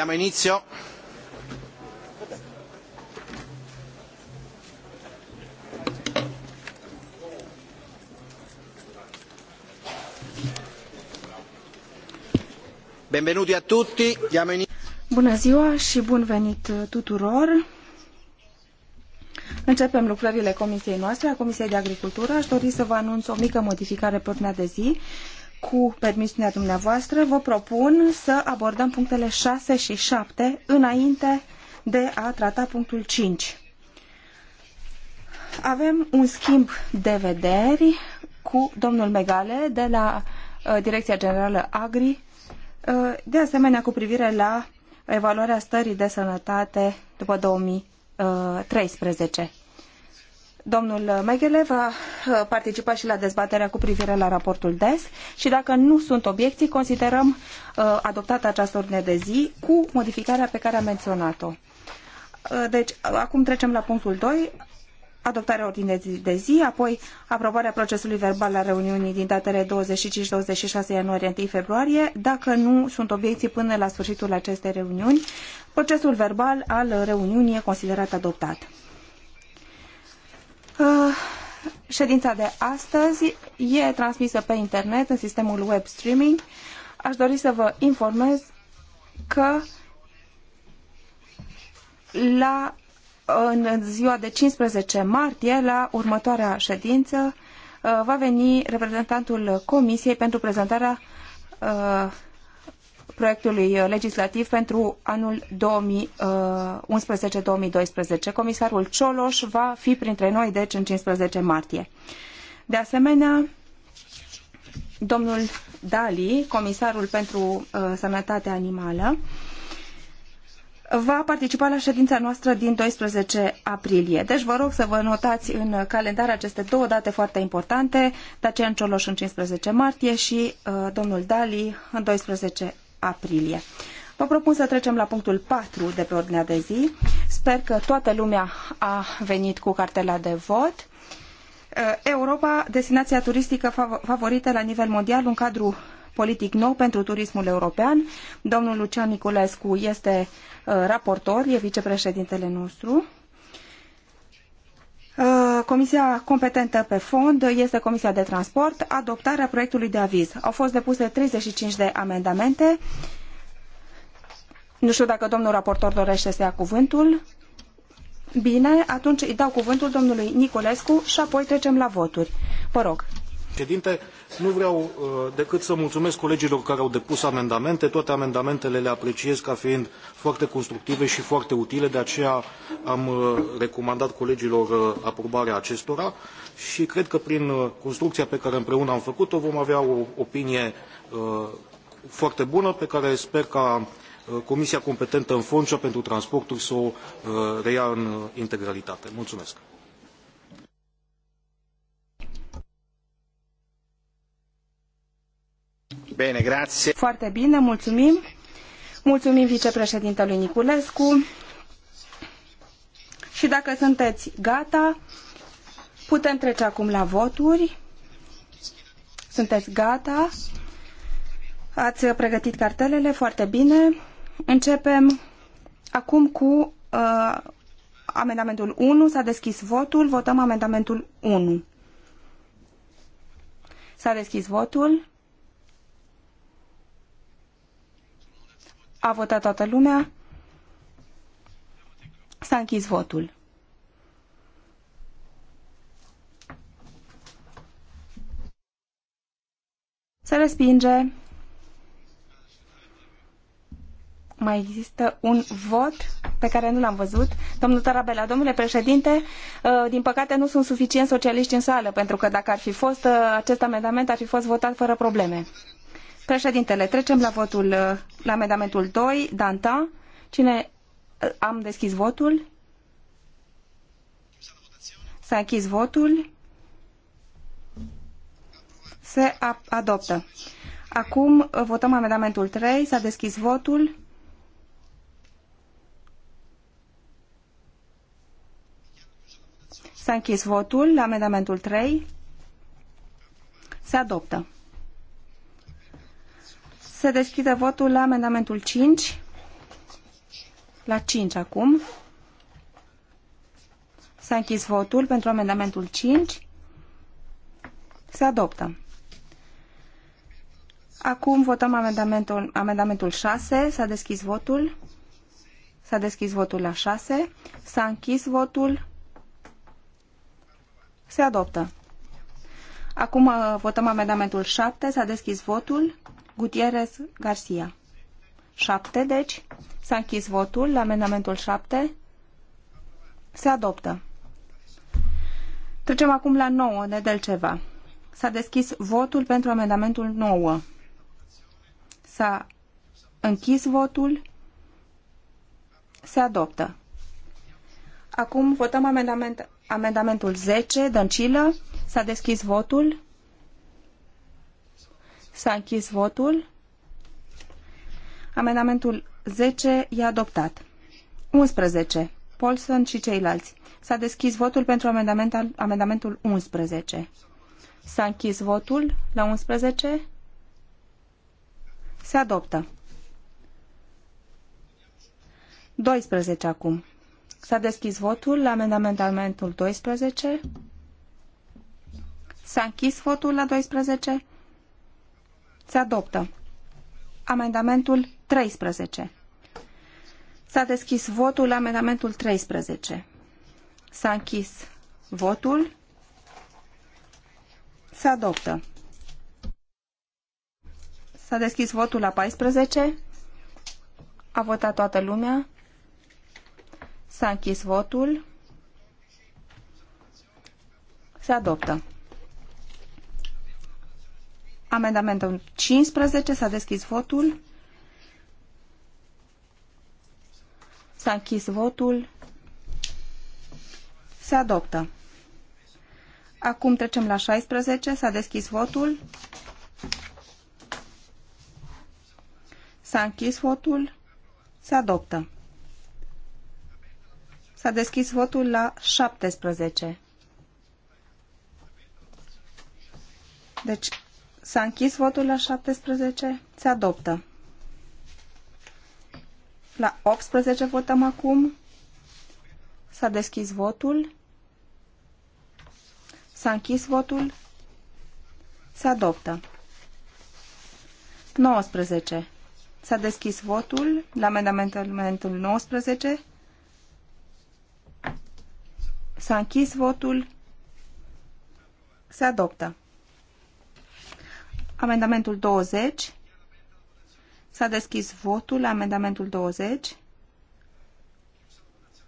Diamo inizio. Benvenuti a tutti. Diamo inizio. Bună ziua și bun venit tuturor. Începem lucrările comisiei noastre, a Comisiei de Agricultură. Aș dori să vă anunț o mică modificare pe de zi cu permisiunea dumneavoastră, vă propun să abordăm punctele 6 și 7 înainte de a trata punctul 5. Avem un schimb de vederi cu domnul Megale de la uh, Direcția Generală Agri, uh, de asemenea cu privire la evaluarea stării de sănătate după 2013. Domnul Meghele va uh, participa și la dezbaterea cu privire la raportul DES și dacă nu sunt obiecții, considerăm uh, adoptată această ordine de zi cu modificarea pe care am menționat-o. Uh, deci, acum trecem la punctul 2, adoptarea ordinei de zi, apoi aprobarea procesului verbal la reuniunii din datele 25-26 ianuarie 1 februarie, dacă nu sunt obiecții până la sfârșitul acestei reuniuni, procesul verbal al reuniunii e considerat adoptat. Uh, ședința de astăzi e transmisă pe internet în sistemul web streaming. Aș dori să vă informez că la, în ziua de 15 martie, la următoarea ședință, uh, va veni reprezentantul Comisiei pentru prezentarea uh, proiectului uh, legislativ pentru anul 2011-2012. Uh, comisarul Cioloș va fi printre noi, deci, în 15 martie. De asemenea, domnul Dali, comisarul pentru uh, sănătatea animală, va participa la ședința noastră din 12 aprilie. Deci vă rog să vă notați în calendar aceste două date foarte importante, Dacian Cioloș în 15 martie și uh, domnul Dali în 12 aprilie. Vă propun să trecem la punctul 4 de pe ordinea de zi. Sper că toată lumea a venit cu cartela de vot. Uh, Europa, destinația turistică favorită la nivel mondial, un cadru politic nou pentru turismul european. Domnul Lucian Niculescu este uh, raportor, e vicepreședintele nostru. Uh, comisia competentă pe fond este Comisia de Transport, adoptarea proiectului de aviz. Au fost depuse 35 de amendamente. Nu știu dacă domnul raportor dorește să ia cuvântul. Bine, atunci îi dau cuvântul domnului Niculescu și apoi trecem la voturi. Vă rog. Ședinte, nu vreau uh, decât să mulțumesc colegilor care au depus amendamente. Toate amendamentele le apreciez ca fiind foarte constructive și foarte utile, de aceea am uh, recomandat colegilor uh, aprobarea acestora și cred că prin construcția pe care împreună am făcut-o vom avea o opinie foarte bună pe care sper ca Comisia competentă în fond, cea pentru transporturi, să o reia în integralitate. Mulțumesc! Bine, Foarte bine, mulțumim. Mulțumim vicepreședintelui Niculescu. Și dacă sunteți gata, putem trece acum la voturi. Sunteți gata? Ați pregătit cartelele foarte bine. Începem acum cu uh, amendamentul 1. S-a deschis votul. Votăm amendamentul 1. S-a deschis votul. A votat toată lumea. S-a închis votul. Se respinge. Mai există un vot pe care nu l-am văzut. Domnul Tarabela, domnule președinte, uh, din păcate nu sunt suficient socialiști în sală, pentru că dacă ar fi fost, uh, acest amendament ar fi fost votat fără probleme. Președintele, trecem la votul, uh, la amendamentul 2, Danta. Cine uh, am deschis votul? S-a închis votul. Se adoptă. Acum uh, votăm amendamentul 3. S-a deschis votul. S-a închis votul la amendamentul 3. Se adoptă. Se deschide votul la amendamentul 5. La 5 acum. S-a închis votul pentru amendamentul 5. Se adoptă. Acum votăm amendamentul, amendamentul 6. S-a deschis votul. S-a deschis votul la 6. S-a închis votul. Se adoptă. Acum uh, votăm amendamentul 7. S-a deschis votul. Gutierrez Garcia. 7, deci. S-a închis votul la amendamentul 7. Se adoptă. Trecem acum la 9 de Delceva. S-a deschis votul pentru amendamentul 9. S-a închis votul. Se adoptă. Acum votăm amendament, amendamentul 10, Dăncilă. S-a deschis votul. S-a închis votul. Amendamentul 10 e adoptat. 11. Paulson și ceilalți. S-a deschis votul pentru amendament, amendamentul 11. S-a închis votul la 11. Se adoptă. 12 acum. S-a deschis votul la amendamentul 12. S-a închis votul la 12. Se adoptă. Amendamentul 13. S-a deschis votul la amendamentul 13. S-a închis votul. Se adoptă. S-a deschis votul la 14. A votat toată lumea. S-a închis votul. Se adoptă. Amendamentul 15. S-a deschis votul. S-a închis votul. Se adoptă. Acum trecem la 16. S-a deschis votul. S-a închis votul. Se adoptă. S-a deschis votul la 17. Deci S-a închis votul la 17? Se adoptă. La 18 votăm acum. S-a deschis votul. S-a închis votul. Se adoptă. 19. S-a deschis votul la amendamentul 19. S-a închis votul. Se adoptă. Amendamentul 20. S-a deschis votul la amendamentul 20.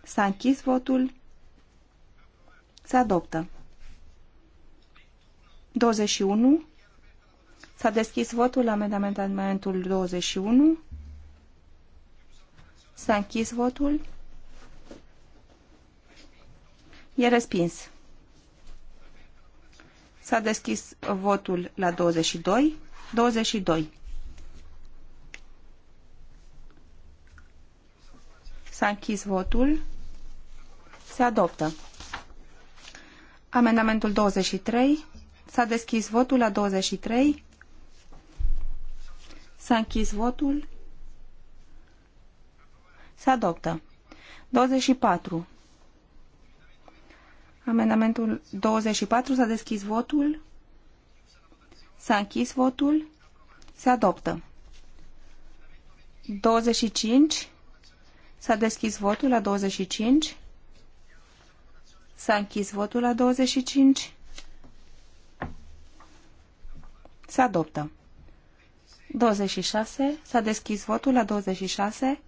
S-a închis votul. Se adoptă. 21. S-a deschis votul la amendamentul 21. S-a închis votul. E respins. S-a deschis votul la 22. 22. S-a închis votul. Se adoptă. Amendamentul 23. S-a deschis votul la 23. S-a închis votul. Se adoptă. 24. Amendamentul 24 s-a deschis votul. S-a închis votul. Se adoptă. 25 s-a deschis votul la 25. S-a închis votul la 25. Se adoptă. 26. S-a deschis votul la 26.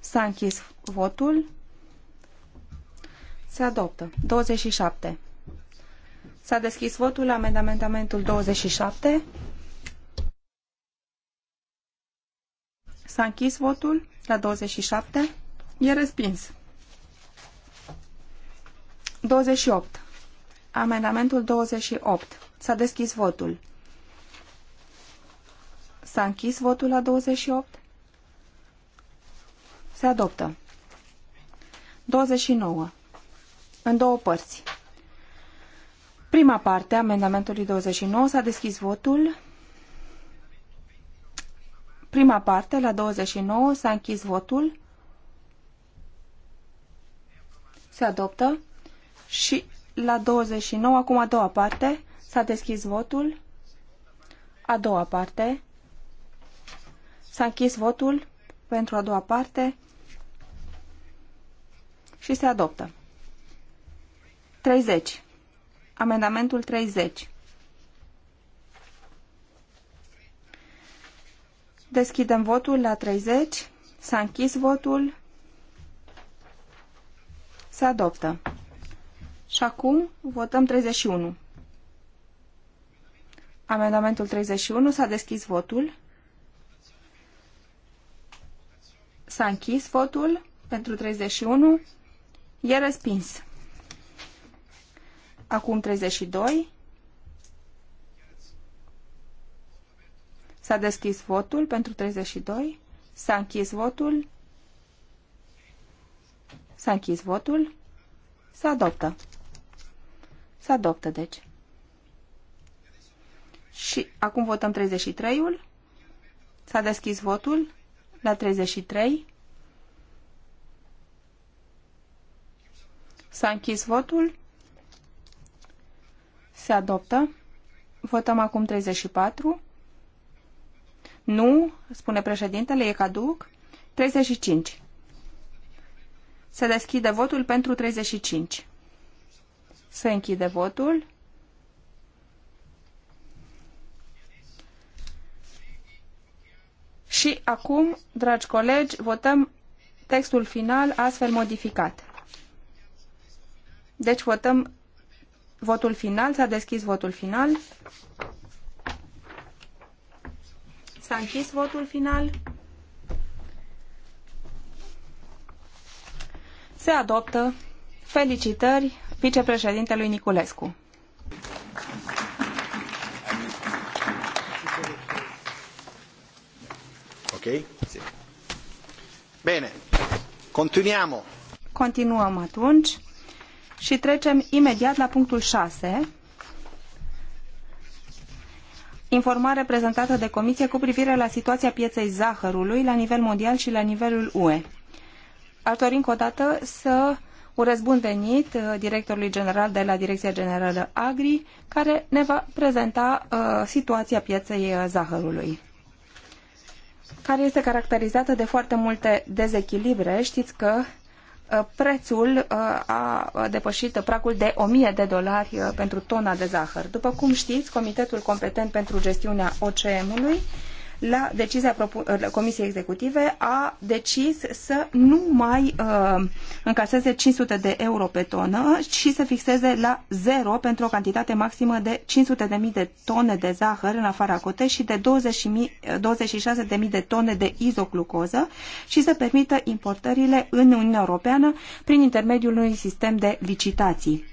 S-a închis votul. Se adoptă. 27. S-a deschis votul la amendamentul 27. S-a închis votul la 27. E respins. 28. Amendamentul 28. S-a deschis votul. S-a închis votul la 28. Se adoptă. 29 în două părți. Prima parte, amendamentului 29, s-a deschis votul. Prima parte, la 29, s-a închis votul. Se adoptă. Și la 29, acum a doua parte, s-a deschis votul. A doua parte. S-a închis votul pentru a doua parte și se adoptă. 30. Amendamentul 30. Deschidem votul la 30. S-a închis votul. Se adoptă. Și acum votăm 31. Amendamentul 31. S-a deschis votul. S-a închis votul pentru 31. E respins. Acum 32. S-a deschis votul pentru 32. S-a închis votul. S-a închis votul. a adoptă. S-a adoptă, deci. Și acum votăm 33-ul. S-a deschis votul la 33. S-a închis votul. Se adoptă. Votăm acum 34. Nu, spune președintele, e caduc. 35. Se deschide votul pentru 35. Se închide votul. Și acum, dragi colegi, votăm textul final astfel modificat. Deci votăm Votul final, s-a deschis votul final. S-a închis votul final. Se adoptă. Felicitări vicepreședintelui Niculescu. Ok? Bine. Continuiamo. Continuăm atunci. Și trecem imediat la punctul 6. Informare prezentată de Comisie cu privire la situația pieței zahărului la nivel mondial și la nivelul UE. Aș dori încă o dată să urez bun venit uh, directorului general de la Direcția Generală Agri, care ne va prezenta uh, situația pieței uh, zahărului care este caracterizată de foarte multe dezechilibre. Știți că Uh, prețul uh, a depășit pragul de 1000 de dolari uh, pentru tona de zahăr. După cum știți, Comitetul Competent pentru Gestiunea OCM-ului la decizia Comisiei Executive, a decis să nu mai uh, încaseze 500 de euro pe tonă și să fixeze la zero pentru o cantitate maximă de 500.000 de tone de zahăr în afara cotei și de 26.000 de tone de izoglucoză și să permită importările în Uniunea Europeană prin intermediul unui sistem de licitații.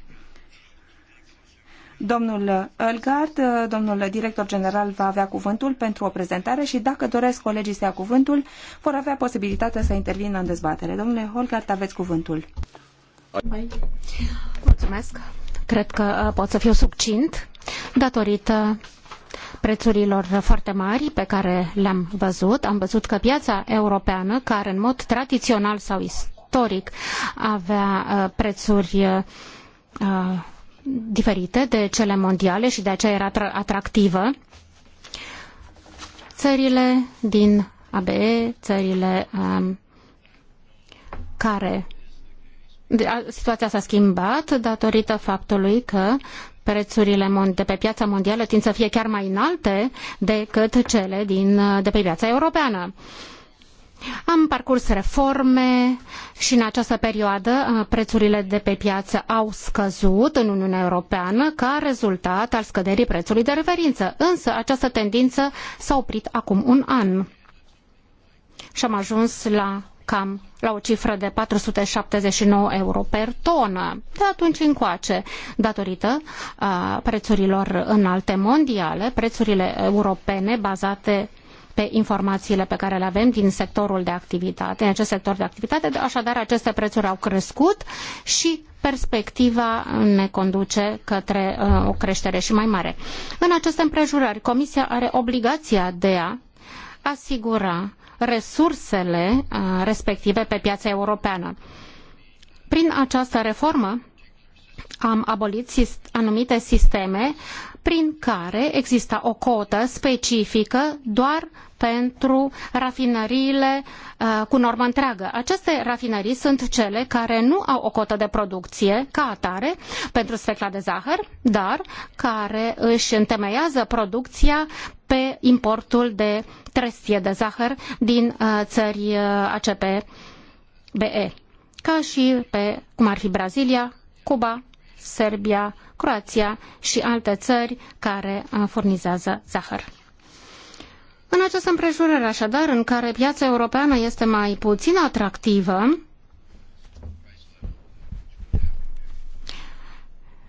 Domnul Elgard, domnul director general, va avea cuvântul pentru o prezentare și dacă doresc colegii să ia cuvântul, vor avea posibilitatea să intervină în dezbatere. Domnule Holgart, aveți cuvântul. Mulțumesc. Cred că uh, pot să fiu succint datorită prețurilor foarte mari pe care le-am văzut. Am văzut că piața europeană, care în mod tradițional sau istoric avea uh, prețuri uh, diferite de cele mondiale și de aceea era atractivă. Țările din ABE, țările um, care situația s-a schimbat datorită faptului că prețurile de pe piața mondială tind să fie chiar mai înalte decât cele din, de pe piața europeană. Uh, am parcurs reforme și în această perioadă uh, prețurile de pe piață au scăzut în Uniunea Europeană ca rezultat al scăderii prețului de referință, însă această tendință s-a oprit acum un an și am ajuns la cam la o cifră de 479 euro per tonă de atunci încoace. Datorită a, uh, prețurilor înalte mondiale, prețurile europene bazate pe informațiile pe care le avem din sectorul de activitate, în acest sector de activitate, așadar aceste prețuri au crescut și perspectiva ne conduce către uh, o creștere și mai mare. În aceste împrejurări, Comisia are obligația de a asigura resursele uh, respective pe piața europeană. Prin această reformă am abolit sist anumite sisteme prin care exista o cotă specifică doar pentru rafinăriile uh, cu normă întreagă. Aceste rafinării sunt cele care nu au o cotă de producție ca atare pentru sfecla de zahăr, dar care își întemeiază producția pe importul de trestie de zahăr din uh, țări uh, ACP BE, ca și pe cum ar fi Brazilia, Cuba, Serbia, Croația și alte țări care uh, furnizează zahăr. În această împrejurare, așadar, în care piața europeană este mai puțin atractivă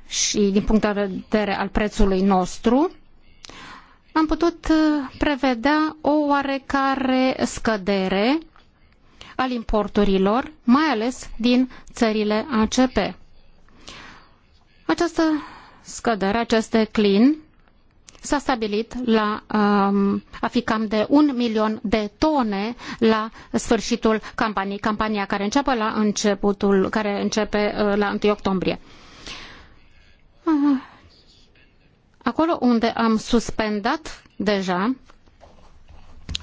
și din punct de vedere al prețului nostru, am putut uh, prevedea o oarecare scădere al importurilor, mai ales din țările ACP. Această scădere, acest declin, s-a stabilit la um, a fi cam de un milion de tone la sfârșitul campaniei, campania care începe la începutul, care începe uh, la 1 octombrie. Uh, acolo unde am suspendat deja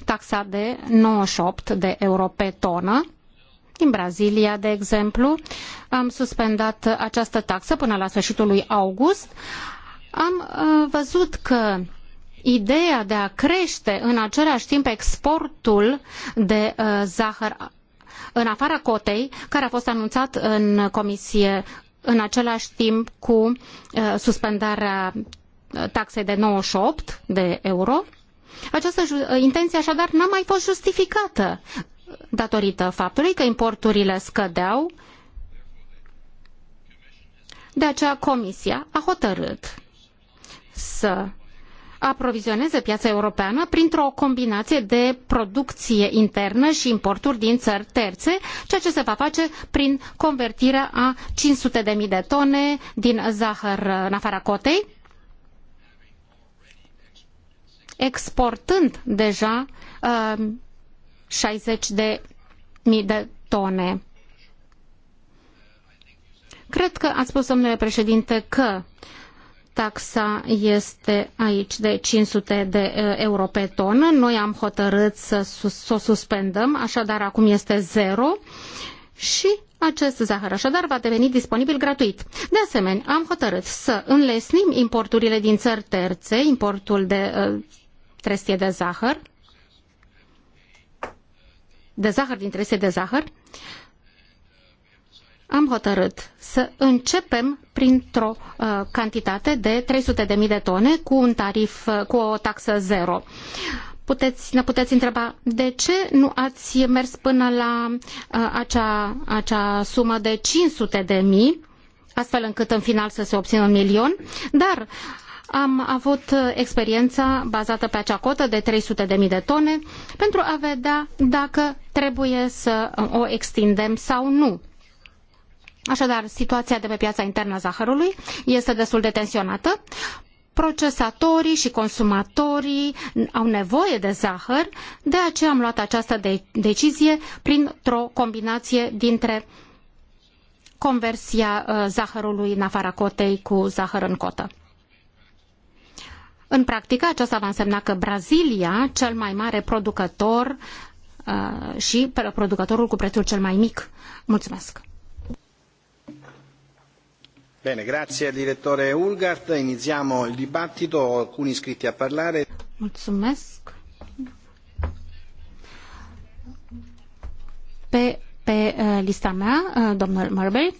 taxa de 98 de euro pe tonă, din Brazilia, de exemplu, am suspendat această taxă până la sfârșitul lui august am uh, văzut că ideea de a crește în același timp exportul de uh, zahăr în afara cotei, care a fost anunțat în comisie în același timp cu uh, suspendarea taxei de 98 de euro. Această intenție așadar n-a mai fost justificată datorită faptului că importurile scădeau. De aceea Comisia a hotărât să aprovizioneze piața europeană printr-o combinație de producție internă și importuri din țări terțe, ceea ce se va face prin convertirea a 500.000 de tone din zahăr în afara cotei, exportând deja uh, 60 de mii de tone. Cred că ați spus, domnule președinte, că Taxa este aici de 500 de euro pe tonă. Noi am hotărât să, să o suspendăm, așadar acum este zero și acest zahăr așadar va deveni disponibil gratuit. De asemenea, am hotărât să înlesnim importurile din țări terțe, importul de uh, trestie de zahăr, de zahăr din trestie de zahăr, am hotărât să începem printr-o uh, cantitate de 300.000 de tone cu un tarif, uh, cu o taxă zero. Puteți, ne puteți întreba de ce nu ați mers până la uh, acea, acea sumă de 500 de mii, astfel încât în final să se obțină un milion, dar am avut uh, experiența bazată pe acea cotă de 300.000 de tone pentru a vedea dacă trebuie să o extindem sau nu Așadar, situația de pe piața internă a zahărului este destul de tensionată. Procesatorii și consumatorii au nevoie de zahăr, de aceea am luat această de- decizie printr-o combinație dintre conversia uh, zahărului în afara cotei cu zahăr în cotă. În practică, aceasta va însemna că Brazilia, cel mai mare producător uh, și producătorul cu prețul cel mai mic. Mulțumesc! Bene, grazie direttore Iniziamo il dibattito. Ho alcuni iscritti a parlare. Mulțumesc. Pe, pe eh, lista mea, eh, domnul Murray.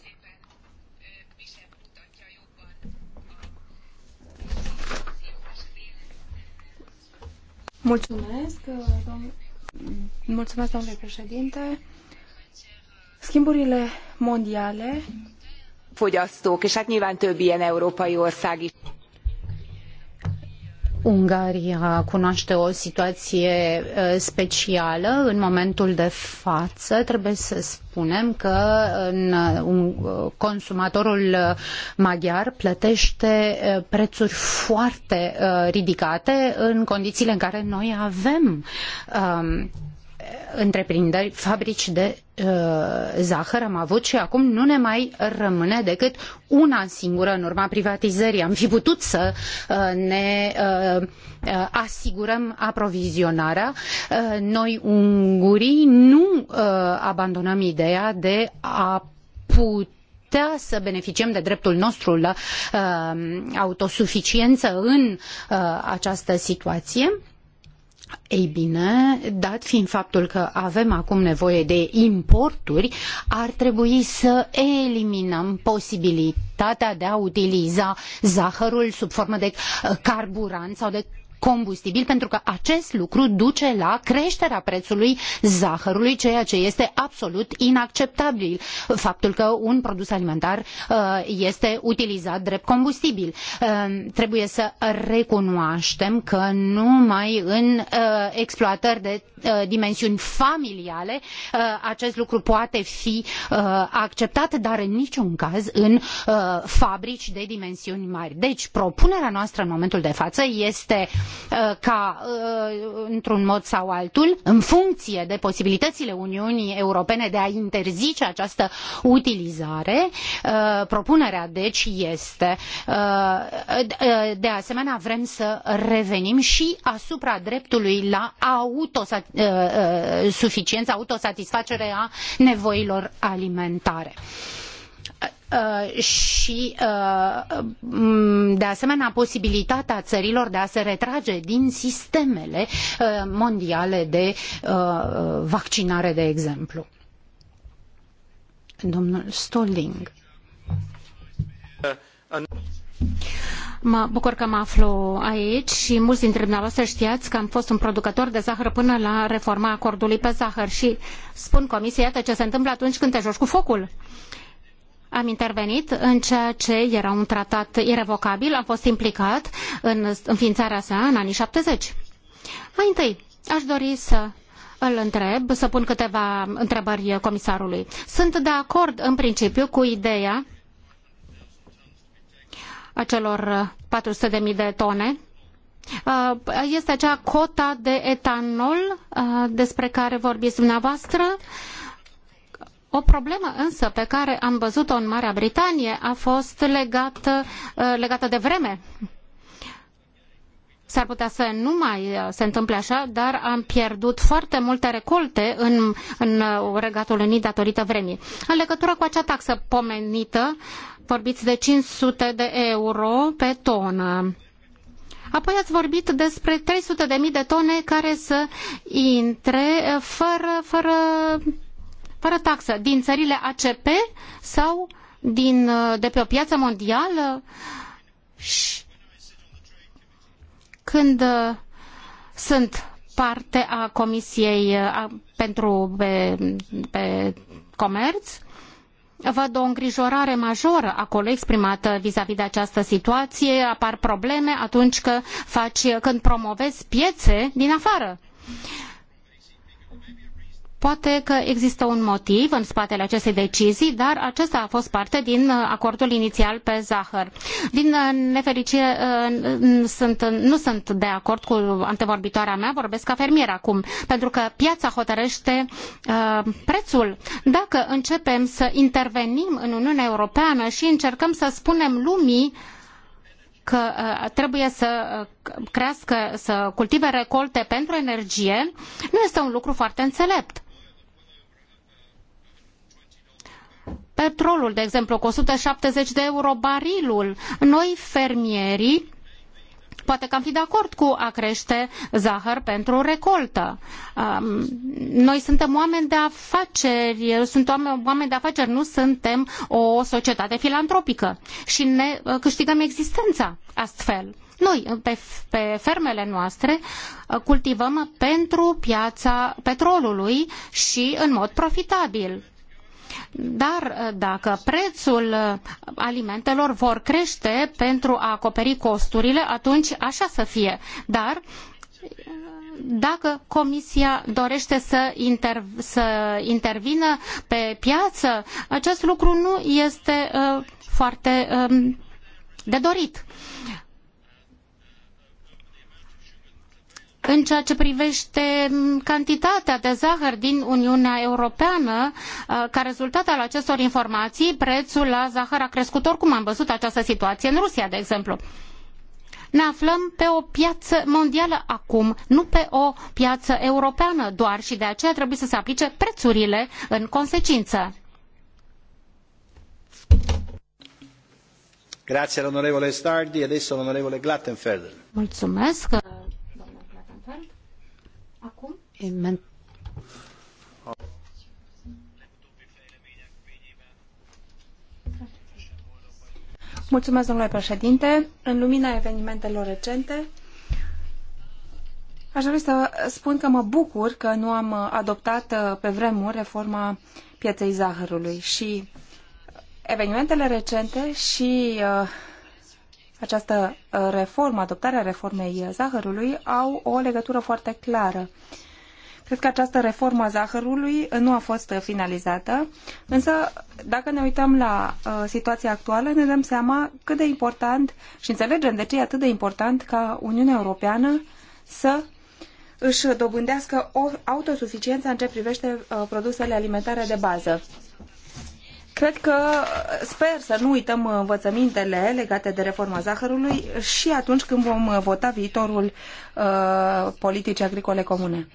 Mulțumesc, eh, domn... Mulțumesc, domnule președinte. Schimburile mondiale fogyasztók, és hát nyilván több ilyen európai ország is. Ungaria cunoaște o situație specială în momentul de față. Trebuie să spunem că consumatorul maghiar plătește prețuri foarte ridicate în condițiile în care noi avem întreprinderi, fabrici de uh, zahăr am avut și acum nu ne mai rămâne decât una singură în urma privatizării. Am fi putut să uh, ne uh, uh asigurăm aprovizionarea. Uh, noi, ungurii, nu uh, abandonăm ideea de a putea putea să beneficiem de dreptul nostru la uh, autosuficiență în uh, această situație. Ei bine, dat fiind faptul că avem acum nevoie de importuri, ar trebui să eliminăm posibilitatea de a utiliza zahărul sub formă de carburant sau de combustibil, pentru că acest lucru duce la creșterea prețului zahărului, ceea ce este absolut inacceptabil. Faptul că un produs alimentar uh, este utilizat drept combustibil. Uh, trebuie să recunoaștem că numai în uh, exploatări de dimensiuni familiale acest lucru poate fi acceptat, dar în niciun caz în fabrici de dimensiuni mari. Deci, propunerea noastră în momentul de față este Uh, ca uh, într-un mod sau altul, în funcție de posibilitățile Uniunii Europene de a interzice această utilizare. Uh, propunerea deci este de asemenea vrem să revenim și asupra dreptului la autosuficiență, autosatisfacere a nevoilor alimentare. Uh, și uh, de asemenea posibilitatea țărilor de a se retrage din sistemele uh, mondiale de vaccinare, de exemplu. Domnul Stolding. Mă bucur că mă aflu aici și mulți dintre dumneavoastră știați că am fost un producător de zahăr până la reforma acordului pe zahăr și spun comisiei, iată ce se întâmplă atunci când te joci cu focul. Uh, am intervenit în ceea ce era un tratat irevocabil, am fost implicat în înființarea sa în anii 70. Mai întâi, aș dori să îl întreb, să pun câteva întrebări comisarului. Sunt de acord în principiu cu ideea acelor 400.000 de tone. Uh, este acea cota de etanol uh, despre care vorbiți dumneavoastră. Uh, o problemă însă pe care am văzut-o în Marea Britanie a fost legată, ă, legată de vreme. S-ar putea să nu mai ă, se întâmple așa, dar am pierdut foarte multe recolte în, în ă, Regatul Unit datorită vremii. În legătură cu acea taxă pomenită, vorbiți de 500 de euro pe tonă. Apoi ați vorbit despre 300.000 de tone care să intre fără, fără fără taxă din țările ACP sau din, uh, de pe o piață mondială? Și când uh, sunt parte a Comisiei uh, pentru pe, pe Comerț, văd o îngrijorare majoră acolo exprimată vizavi de această situație, apar probleme atunci că faci, când promovezi piețe din afară. Uh, Poate că există un motiv în spatele acestei decizii, dar acesta a fost parte din uh, acordul inițial pe zahăr. Din uh, nefericire, uh, sunt, nu sunt de acord cu antevorbitoarea mea, vorbesc ca fermier acum, pentru că piața hotărăște uh, prețul. Dacă începem să intervenim în Uniunea Europeană și încercăm să spunem lumii că trebuie să crească, să cultive recolte pentru energie, nu este un lucru foarte înțelept. petrolul, de exemplu, cu 170 de euro barilul. Noi, fermierii, poate că am fi de acord cu a crește zahăr pentru recoltă. noi suntem oameni de afaceri, suntem oameni de afaceri, nu suntem o societate filantropică și ne uh, câștigăm existența astfel. Noi, pe, pe fermele noastre, uh, cultivăm pentru piața petrolului și în mod profitabil dar eh, dacă prețul eh, alimentelor vor crește pentru a acoperi costurile, atunci așa să fie. Dar eh, dacă Comisia dorește să, inter, să intervină pe piață, acest lucru nu este uh, foarte de dorit. În ceea ce privește cantitatea de zahăr din Uniunea Europeană, ca rezultat al acestor informații, prețul la zahăr a crescut oricum. Am văzut această situație în Rusia, de exemplu. Ne aflăm pe o piață mondială acum, nu pe o piață europeană doar și de aceea trebuie să se aplice prețurile în consecință. Grazie Stardi, adesso l'onorevole Mulțumesc. Acum? Mulțumesc, domnule președinte. În lumina evenimentelor recente, aș dori să spun că mă bucur că nu am adoptat uh, pe vremuri reforma pieței zahărului și evenimentele recente și uh, această uh, reformă, adoptarea reformei zahărului, au o legătură foarte clară. Cred că această reformă a zahărului nu a fost finalizată, însă dacă ne uităm la uh, situația actuală, ne dăm seama cât de important și înțelegem de ce e atât de important ca Uniunea Europeană să își dobândească o autosuficiență în ce privește uh, produsele alimentare de bază. Cred că sper să nu uităm învățămintele legate de reforma zahărului și atunci când vom vota viitorul uh, politicii agricole comune.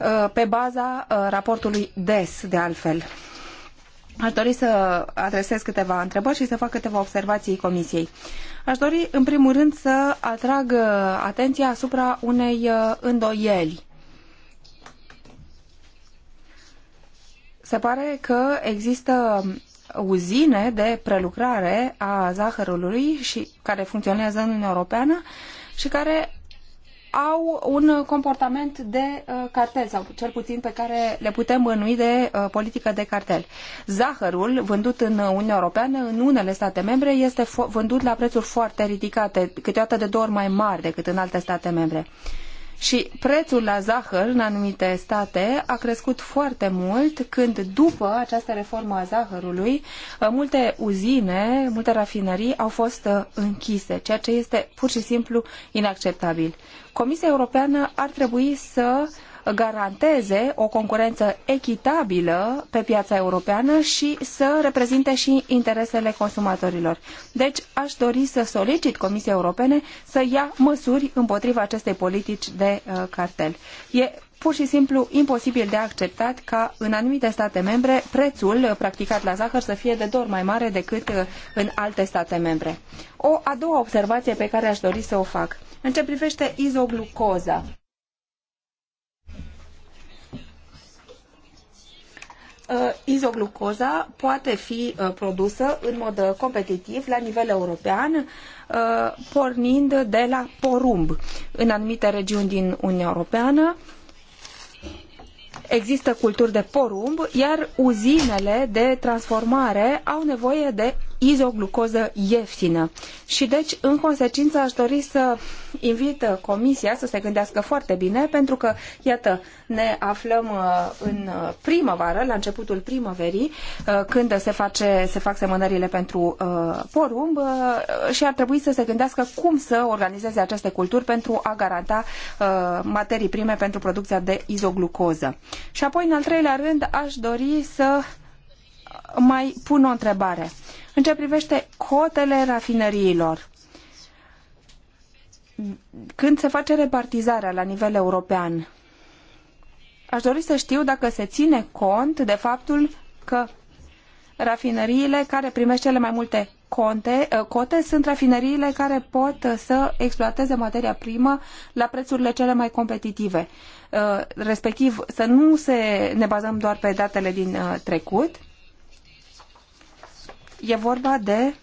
Uh, pe baza uh, raportului DES, de altfel. Aș dori să adresez câteva întrebări și să fac câteva observații comisiei. Aș dori, în primul rând, să atrag uh, atenția asupra unei îndoieli se pare că există uzine de prelucrare a zahărului și care funcționează în Uniunea Europeană și care au un comportament de uh, cartel sau cel puțin pe care le putem bănui de uh, politică de cartel. Zahărul vândut în Uniunea Europeană, în unele state membre, este vândut la prețuri foarte ridicate, câteodată de două ori mai mari decât în alte state membre. Uh, și prețul la zahăr în anumite state a crescut foarte mult când după această reformă a zahărului uh, multe uzine, multe rafinării au fost uh, închise, ceea ce este pur și simplu inacceptabil. Comisia Europeană ar trebui să uh, garanteze o concurență echitabilă pe piața europeană și să reprezinte și interesele consumatorilor. Deci aș dori să solicit Comisiei Europene să ia măsuri împotriva acestei politici de uh, cartel. E pur și simplu imposibil de acceptat ca în anumite state membre prețul uh, practicat la zahăr să fie de două ori mai mare decât uh, în alte state membre. O a doua observație pe care aș dori să o fac. În ce privește izoglucoza, Uh, izoglucoza poate fi uh, produsă în mod uh, competitiv la nivel european, pornind de la porumb. În anumite regiuni din Uniunea Europeană există culturi de porumb, iar uzinele de transformare au nevoie de izoglucoză ieftină. Și deci, în consecință, aș dori să invit uh, Comisia să se gândească foarte bine, pentru că, iată, ne aflăm uh, în uh, primăvară, la începutul primăverii, când se, face, se fac semănările pentru porumb și ar trebui să se gândească cum să organizeze aceste culturi pentru a garanta materii prime pentru producția de izoglucoză. Și apoi, în al treilea rând, aș dori să mai pun o întrebare. În ce privește cotele rafinăriilor, când se face repartizarea la nivel european, aș dori să știu dacă se ține cont de faptul că rafineriile care primește cele mai multe conte, eh, cote sunt rafineriile care pot să exploateze materia primă la prețurile cele mai competitive. Eh, respectiv, să nu se, ne bazăm doar pe datele din eh, trecut, E vorba de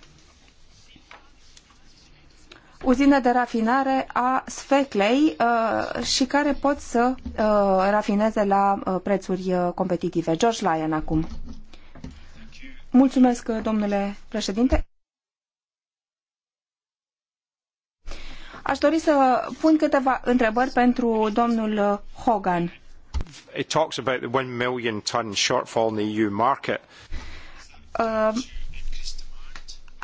uzină de rafinare a sfeclei uh, și care pot să uh, rafineze la uh, prețuri uh, competitive. George Lyon acum. Mulțumesc, uh, domnule președinte. Aș dori să pun câteva întrebări pentru domnul uh, Hogan. It talks about the 1 million ton shortfall in the EU market. Uh,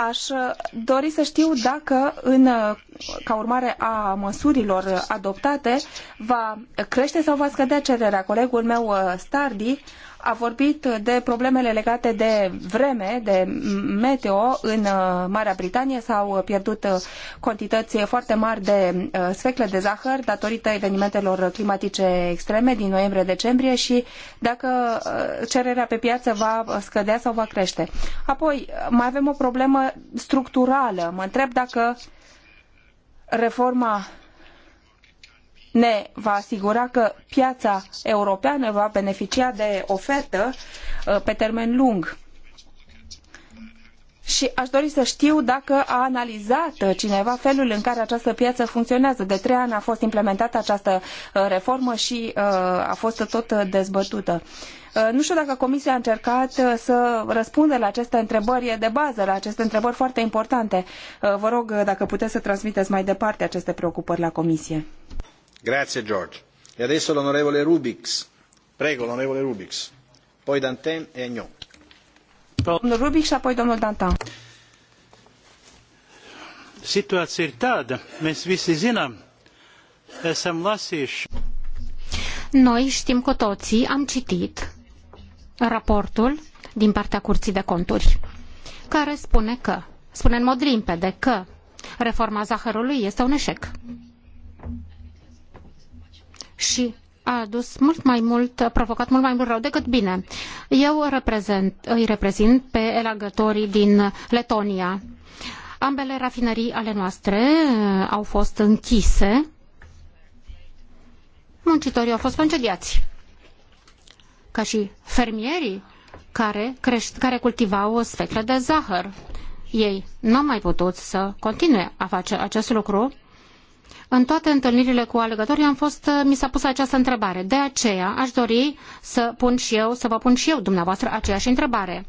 Aș uh, dori să știu dacă, în, uh, ca urmare a măsurilor adoptate, va crește sau va scădea cererea. Colegul meu, uh, Stardi, a vorbit de problemele legate de vreme, de meteo în uh, Marea Britanie. S-au pierdut uh, cantități foarte mari de uh, sfecle de zahăr datorită evenimentelor climatice extreme din noiembrie-decembrie și dacă cererea pe piață va scădea sau va crește. Apoi, mai avem o problemă structurală. Mă întreb dacă reforma ne va asigura că piața europeană va beneficia de ofertă uh, pe termen lung. Și aș dori să știu dacă a analizat cineva felul în care această piață funcționează. De trei ani a fost implementată această uh, reformă și uh, a fost tot dezbătută. Nu știu dacă Comisia a încercat să răspundă la aceste întrebări de bază, la aceste întrebări foarte importante. Vă rog dacă puteți să transmiteți mai departe aceste preocupări la Comisie. Grazie George. E adesso l'onorevole Rubiks. Prego, l'onorevole Rubiks. Poi Dantin e Agnon. Domnul Rubic apoi domnul Dantin. Situācija ir tāda, mēs visi zinām, esam lasījuši. Noi știm cu toții, am citit raportul din partea Curții de Conturi, care spune că, spune în mod limpede că reforma zahărului este un eșec și a adus mult mai mult, a provocat mult mai mult rău decât bine. Eu reprezent, îi reprezint pe elagătorii din Letonia. Ambele rafinării ale noastre uh, au fost închise. Muncitorii au fost concediați. Ca și fermierii care, creșt, care cultivau sfecle de zahăr. Ei nu au mai putut să continue a face acest lucru în toate întâlnirile cu alegătorii am fost, uh, mi s-a pus această întrebare. De aceea aș dori să pun și eu, să vă pun și eu dumneavoastră aceeași întrebare.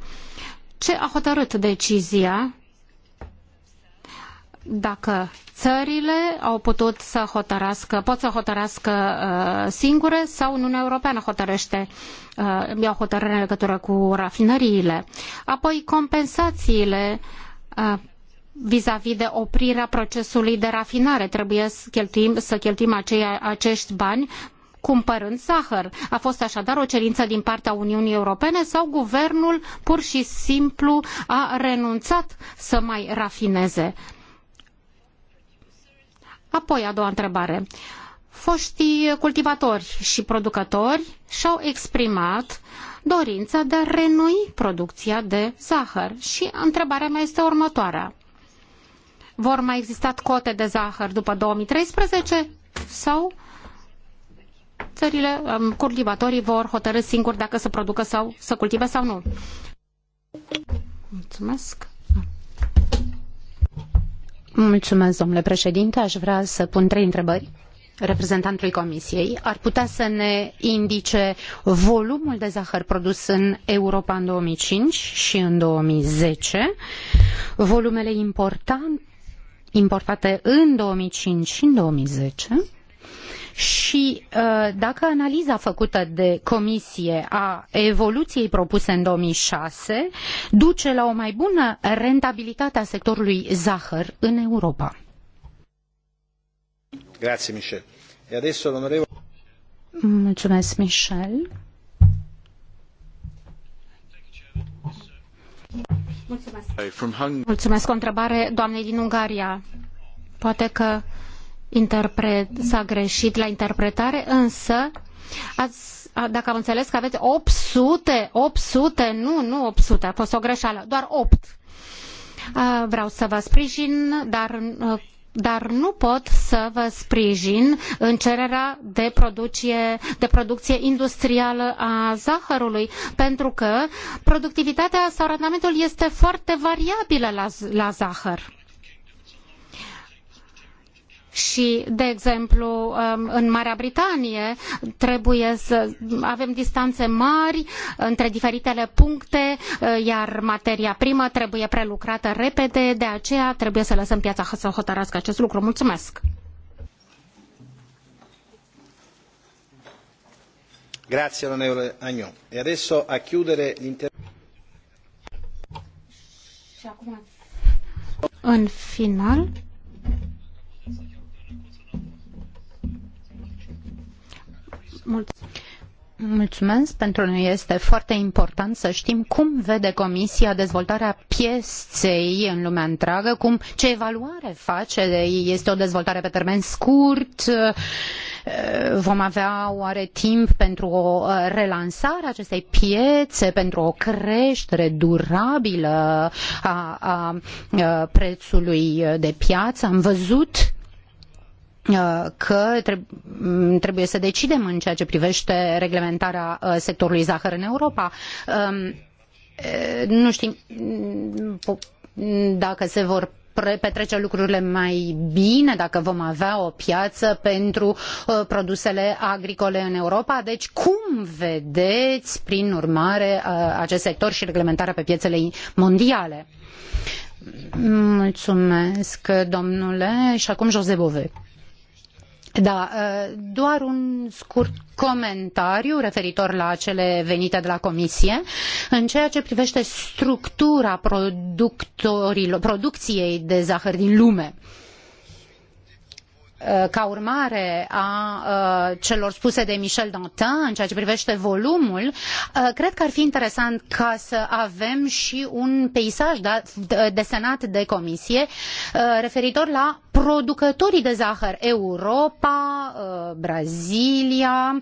Ce a hotărât decizia dacă țările au putut să hotărască, pot să hotărască uh, singure sau Uniunea Europeană hotărăște, uh, ia o hotărâre în legătură cu rafinăriile. Apoi compensațiile uh, vis-a-vis de oprirea procesului de rafinare. Trebuie să cheltuim, să cheltuim aceia, acești bani cumpărând zahăr. A fost așadar o cerință din partea Uniunii Europene sau guvernul pur și simplu a renunțat să mai rafineze? Apoi, a doua întrebare. Foștii cultivatori și producători și-au exprimat dorința de a renoi producția de zahăr. Și întrebarea mea este următoarea. Vor mai exista cote de zahăr după 2013 sau țările, um, cultivatorii vor hotărî singuri dacă să producă sau să cultive sau nu? Mulțumesc. Mulțumesc, domnule președinte. Aș vrea să pun trei întrebări reprezentantului Comisiei. Ar putea să ne indice volumul de zahăr produs în Europa în 2005 și în 2010, volumele importante importate în 2005 și în 2010 și uh, dacă analiza făcută de comisie a evoluției propuse în 2006 duce la o mai bună rentabilitate a sectorului zahăr în Europa. Grazie, Michel. E adesso, Mulțumesc, Michel. Mulțumesc. Mulțumesc. O întrebare doamnei din Ungaria. Poate că interpret, s-a greșit la interpretare, însă ați, dacă am înțeles că aveți 800, 800, nu, nu 800, a fost o greșeală, doar 8. Vreau să vă sprijin, dar dar nu pot să vă sprijin în cererea de producție, de producție industrială a zahărului, pentru că productivitatea sau randamentul este foarte variabilă la, la zahăr și, de exemplu, um, în Marea Britanie trebuie să avem distanțe mari între diferitele puncte, uh, iar materia primă trebuie prelucrată repede, de aceea trebuie să lăsăm piața să hotărască acest lucru. Mulțumesc! Grazie onorevole Agnon. E adesso a chiudere l'intervento. În final, Mulțumesc. Pentru noi este foarte important să știm cum vede Comisia dezvoltarea pieței în lumea întreagă, cum, ce evaluare face, este o dezvoltare pe termen scurt, eh, vom avea oare timp pentru o eh, relansare a acestei piețe, pentru o creștere durabilă a, a eh, prețului de piață. Am văzut Uh, că trebuie să decidem în ceea ce privește reglementarea uh, sectorului zahăr în Europa. Um, uh, nu știm mm, dacă se vor petrece lucrurile mai bine, dacă vom avea o piață pentru produsele agricole în Europa. Deci cum vedeți, prin urmare, acest sector și reglementarea pe piețele mondiale? Mulțumesc, domnule. Și acum Jose Bove. Da, doar un scurt comentariu referitor la cele venite de la Comisie. În ceea ce privește structura producției de zahăr din lume, uh, Uh, ca urmare a uh, celor spuse de Michel Dantin în ceea ce privește volumul, uh, cred că ar fi interesant ca să avem și un peisaj da, desenat de comisie referitor la producătorii de zahăr Europa, Brazilia,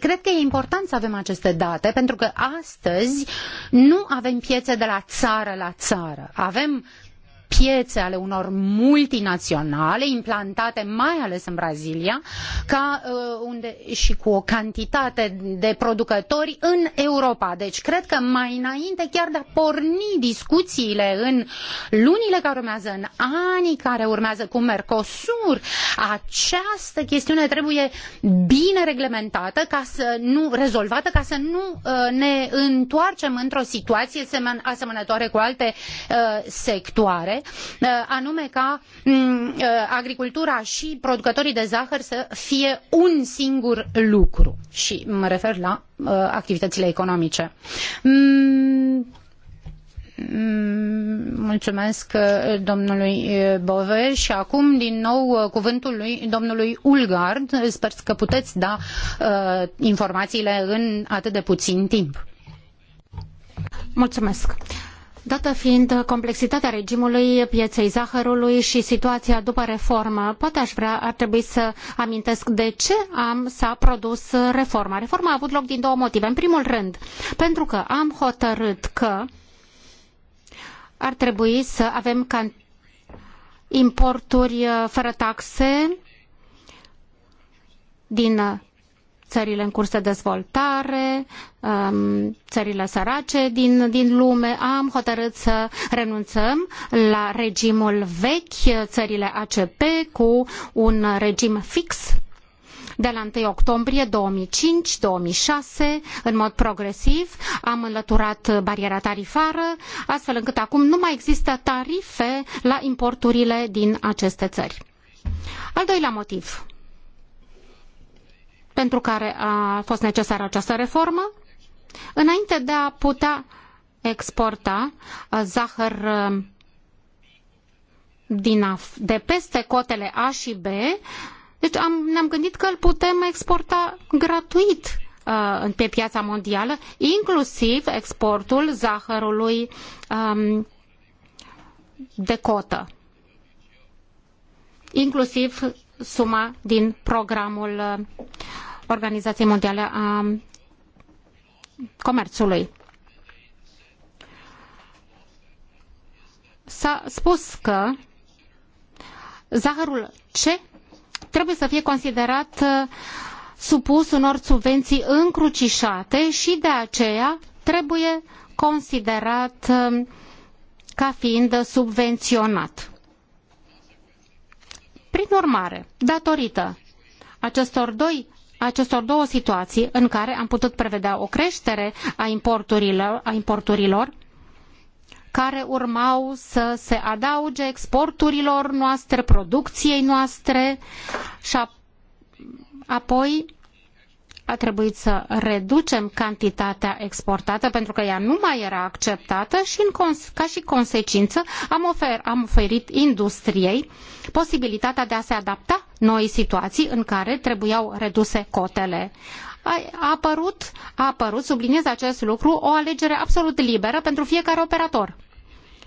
Cred că e important să avem aceste date, pentru că astăzi nu avem piețe de la țară la țară. Avem piețe ale unor multinaționale implantate mai ales în Brazilia ca, uh, unde, și cu o cantitate de producători în Europa. Deci cred că mai înainte chiar de a porni discuțiile în lunile care urmează, în anii care urmează cu Mercosur, această chestiune trebuie bine reglementată ca să nu rezolvată ca să nu uh, ne întoarcem într-o situație asemănătoare cu alte uh, sectoare Uh, anume ca mm, uh, agricultura și producătorii de zahăr să fie un singur lucru. Și mă refer la uh, activitățile economice. Mm, mm, mulțumesc domnului Bove și acum din nou cuvântul lui domnului Ulgard. Sper că puteți da informațiile în atât de puțin timp. Mulțumesc dată fiind complexitatea regimului pieței zahărului și situația după reformă. Poate aș vrea, ar trebui să amintesc de ce am, s-a produs reforma. Reforma a avut loc din două motive. În primul rând, pentru că am hotărât că ar trebui să avem importuri fără taxe din țările în curs de dezvoltare, um, țările sărace din, din lume. Am hotărât să renunțăm la regimul vechi, țările ACP, cu un regim fix de la 1 octombrie 2005-2006, în mod progresiv, am înlăturat bariera tarifară, astfel încât acum nu mai există tarife la importurile din aceste țări. Al doilea motiv pentru care a fost necesară această reformă, înainte de a putea exporta uh, zahăr uh, din de peste cotele A și B, deci am, ne-am gândit că îl putem exporta gratuit uh, pe piața mondială, inclusiv exportul zahărului um, de cotă, inclusiv suma din programul uh, Organizației Mondiale a Comerțului. S-a spus că zahărul C trebuie să fie considerat uh, supus unor subvenții încrucișate și de aceea trebuie considerat uh, ca fiind subvenționat. Prin urmare, datorită acestor doi acestor două situații în care am putut prevedea o creștere a importurilor, a importurilor care urmau să se adauge exporturilor noastre, producției noastre și a, apoi a trebuit să reducem cantitatea exportată pentru că ea nu mai era acceptată și ca și consecință am, ofer, am oferit industriei posibilitatea de a se adapta noi situații în care trebuiau reduse cotele. A apărut, a apărut, subliniez acest lucru, o alegere absolut liberă pentru fiecare operator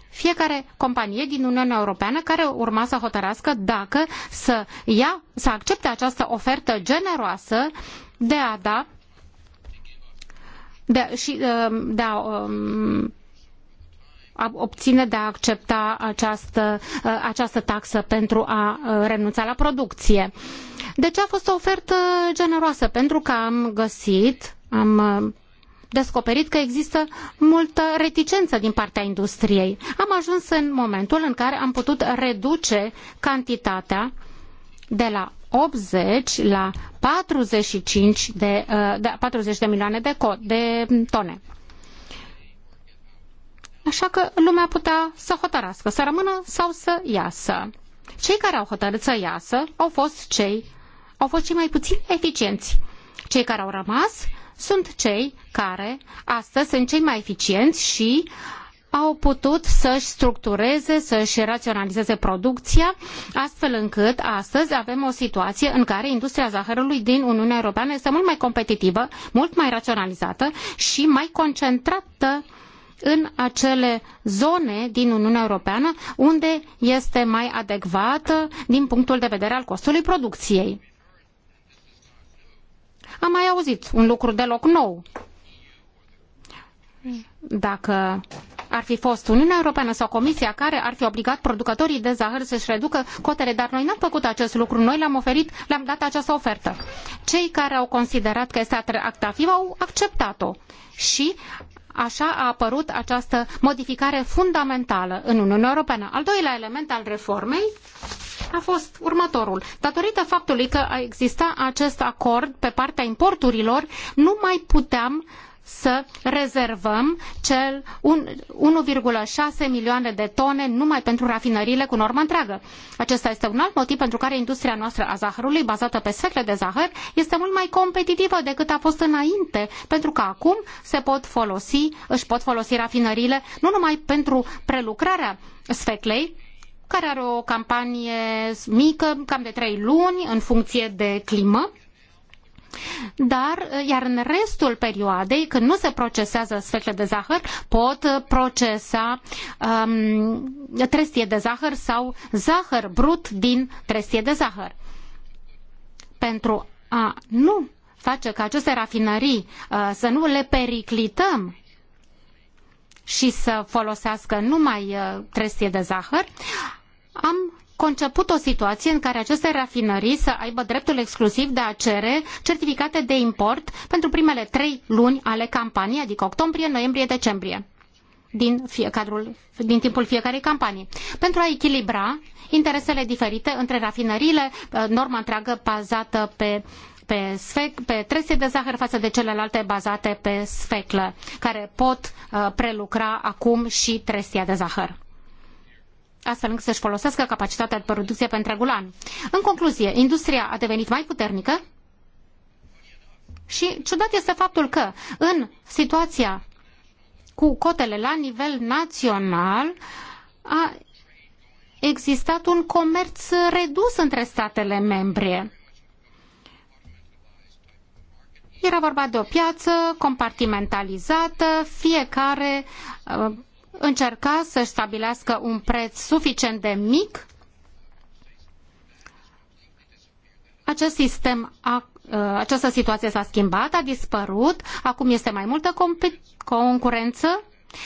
fiecare companie din Uniunea Europeană care urma să hotărască dacă să ia, să accepte această ofertă generoasă de a da de, și uh, de a um, obține de a accepta această, uh, această taxă pentru a uh, renunța la producție. Deci a fost o ofertă generoasă pentru că am găsit, am descoperit că există multă reticență din partea industriei. Am ajuns în momentul în care am putut reduce cantitatea de la 80 la 45 de, uh, de da, 40 de milioane de, co- de tone. Așa că lumea putea să hotărască, să rămână sau să iasă. Cei care au hotărât să iasă au fost cei, au fost cei mai puțin eficienți. Cei care au rămas sunt cei care astăzi sunt cei mai eficienți și au putut să-și structureze, să-și raționalizeze producția, astfel încât astăzi avem o situație în care industria zahărului din Uniunea Europeană este mult mai competitivă, mult mai raționalizată și mai concentrată în acele zone din Uniunea Europeană unde este mai adecvată din punctul de vedere al costului producției. Am mai auzit un lucru deloc nou. Dacă ar fi fost Uniunea Europeană sau Comisia care ar fi obligat producătorii de zahăr să-și reducă cotele, dar noi n-am făcut acest lucru, noi le-am oferit, le-am dat această ofertă. Cei care au considerat că este atractivă au acceptat-o și Așa a apărut această modificare fundamentală în Uniunea Europeană. Al doilea element al reformei a fost următorul. Datorită faptului că exista acest acord pe partea importurilor, nu mai puteam să rezervăm cel 1,6 milioane de tone numai pentru rafinările cu normă întreagă. Acesta este un alt motiv pentru care industria noastră a zahărului, bazată pe sfecle de zahăr, este mult mai competitivă decât a fost înainte, pentru că acum se pot folosi, își pot folosi rafinările nu numai pentru prelucrarea sfeclei, care are o campanie mică, cam de trei luni, în funcție de climă, dar, iar în restul perioadei, când nu se procesează sfecle de zahăr, pot procesa um, trestie de zahăr sau zahăr brut din trestie de zahăr. Pentru a nu face ca aceste rafinării uh, să nu le periclităm și să folosească numai uh, trestie de zahăr, am conceput o situație în care aceste rafinării să aibă dreptul exclusiv de a cere certificate de import pentru primele trei luni ale campaniei, adică octombrie, noiembrie, decembrie din, fiecadrul, din timpul fiecarei campanii. Pentru a echilibra interesele diferite între rafinările, uh, norma întreagă bazată pe pe, sfec, pe trese de zahăr față de celelalte bazate pe sfeclă, care pot uh, prelucra acum și trestia de zahăr astfel încât să-și folosească capacitatea de producție pe întregul an. În concluzie, industria a devenit mai puternică și ciudat este faptul că în situația cu cotele la nivel național a existat un comerț redus între statele membre. Era vorba de o piață compartimentalizată, fiecare uh, încerca să-și stabilească un preț suficient de mic, acest sistem a ă, această situație s-a schimbat, a dispărut, acum este mai multă concurență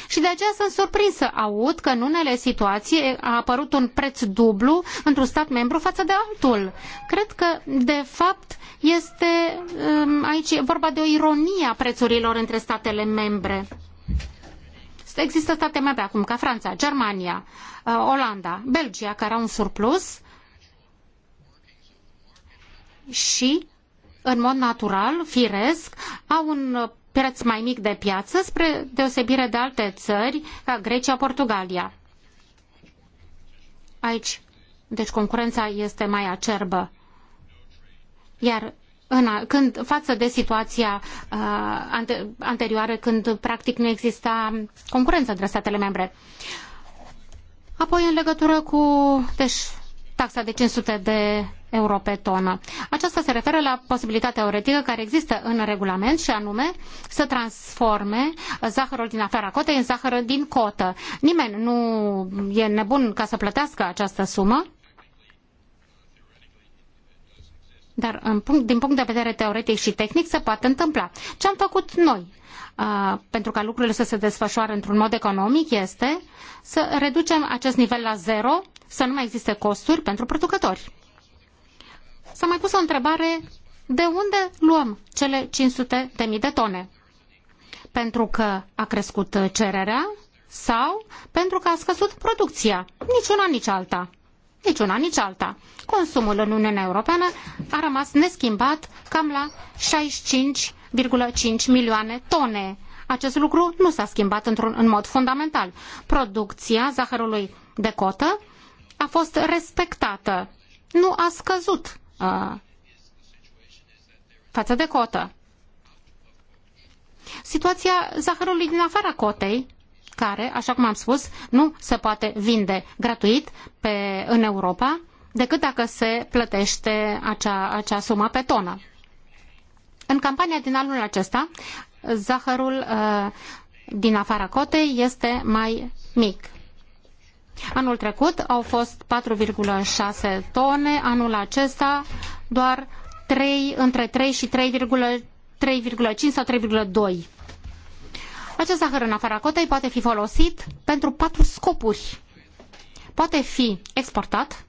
și de aceea sunt surprins să aud că în unele situații a apărut un preț dublu într-un stat membru față de altul. Cred că, de fapt, este ă, aici vorba de o ironie a prețurilor între statele membre. Există state membre acum ca Franța, Germania, uh, Olanda, Belgia care au un surplus și în mod natural, firesc, au un preț mai mic de piață spre deosebire de alte țări ca Grecia, Portugalia. Aici, deci concurența este mai acerbă. Iar în, când, față de situația uh, ante, anterioară când practic nu exista concurență între statele membre. Apoi în legătură cu deci, taxa de 500 de euro pe tonă. Aceasta se referă la posibilitatea teoretică care există în regulament și anume să transforme zahărul din afara cotei în zahăr din cotă. Nimeni nu e nebun ca să plătească această sumă Dar în punct, din punct de vedere teoretic și tehnic se poate întâmpla. Ce am făcut noi uh, pentru ca lucrurile să se desfășoare într-un mod economic este să reducem acest nivel la zero, să nu mai existe costuri pentru producători. S-a mai pus o întrebare de unde luăm cele 500.000 de de tone? Pentru că a crescut cererea sau pentru că a scăzut producția? Nici una, nici alta nici una, nici alta. Consumul în Uniunea Europeană a rămas neschimbat cam la 65,5 milioane tone. Acest lucru nu s-a schimbat într-un în mod fundamental. Producția zahărului de cotă a fost respectată. Nu a scăzut uh, față de cotă. Situația zahărului din afara cotei care, așa cum am spus, nu se poate vinde gratuit pe, în Europa decât dacă se plătește acea, acea sumă pe tonă. În campania din anul acesta, zahărul uh, din afara cotei este mai mic. Anul trecut au fost 4,6 tone, anul acesta doar 3, între 3 și 3,5 sau 3,2 acest zahăr în afara cotei poate fi folosit pentru patru scopuri. Poate fi exportat,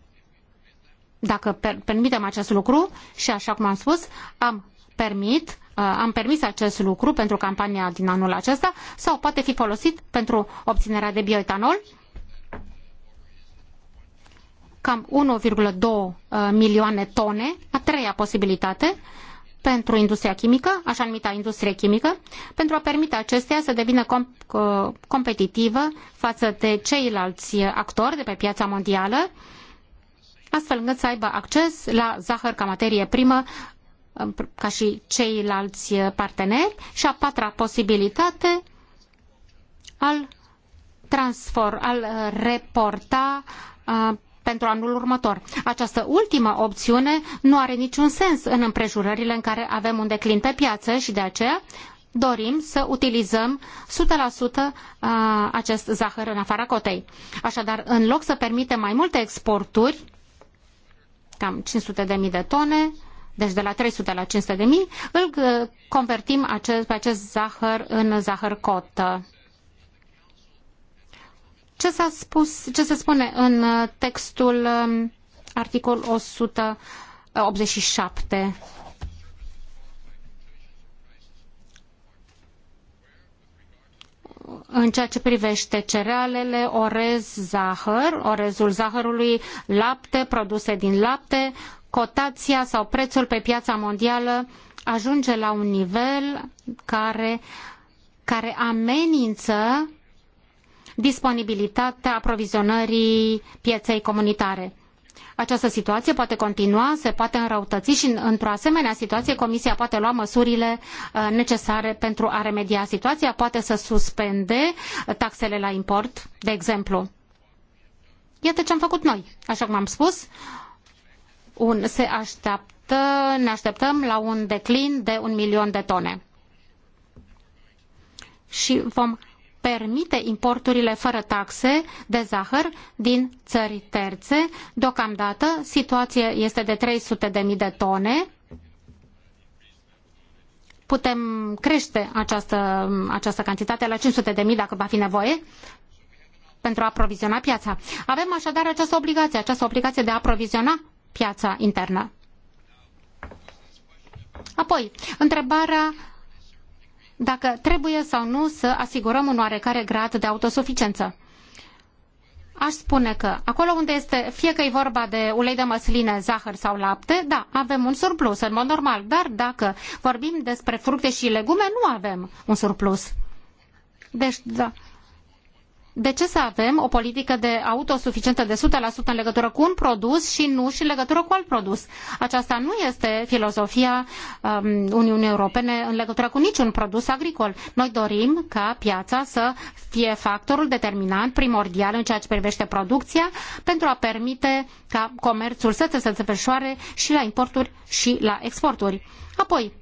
dacă permitem acest lucru, și așa cum am spus, am permit uh, am permis acest lucru pentru campania din anul acesta sau poate fi folosit pentru obținerea de bioetanol cam 1,2 uh, milioane tone, a treia posibilitate pentru industria chimică, așa numita industrie chimică, pentru a permite acesteia să devină comp competitivă față de ceilalți actori de pe piața mondială, astfel încât să aibă acces la zahăr ca materie primă ca și ceilalți parteneri și a patra posibilitate al transfer, al reporta pentru anul următor. Această ultimă opțiune nu are niciun sens în împrejurările în care avem un declin pe piață și de aceea dorim să utilizăm 100% acest zahăr în afara cotei. Așadar, în loc să permitem mai multe exporturi, cam 500.000 de tone, deci de la 300 la 500 de mii, îl uh, convertim acest, pe acest zahăr în zahăr cotă. Ce s-a spus, ce se spune în uh, textul um, articol 187? în ceea ce privește cerealele, orez, zahăr, orezul zahărului, lapte, produse din lapte, cotația sau prețul pe piața mondială ajunge la un nivel care, care amenință disponibilitatea aprovizionării pieței comunitare. Această situație poate continua, se poate înrăutăți și într-o asemenea situație Comisia poate lua măsurile uh, necesare pentru a remedia situația, poate să suspende uh, taxele la import, de exemplu. Iată ce am făcut noi. Așa cum am spus, un, se așteaptă, ne așteptăm la un declin de un milion de tone. Și vom permite importurile fără taxe de zahăr din țări terțe. Deocamdată, situația este de 300.000 de tone. Putem crește această, această cantitate la 500.000 dacă va fi nevoie pentru a aproviziona piața. Avem așadar această obligație, această obligație de a aproviziona piața internă. Apoi, întrebarea dacă trebuie sau nu să asigurăm un oarecare grad de autosuficiență. Aș spune că acolo unde este, fie că e vorba de ulei de măsline, zahăr sau lapte, da, avem un surplus în mod normal, dar dacă vorbim despre fructe și legume, nu avem un surplus. Deci, da, de ce să avem o politică de autosuficientă de 100% în legătură cu un produs și nu și în legătură cu alt produs? Aceasta nu este filozofia um, Uniunii Europene în legătură cu niciun produs agricol. Noi dorim ca piața să fie factorul determinant, primordial în ceea ce privește producția, pentru a permite ca comerțul să se desfășoare și la importuri și la exporturi. Apoi,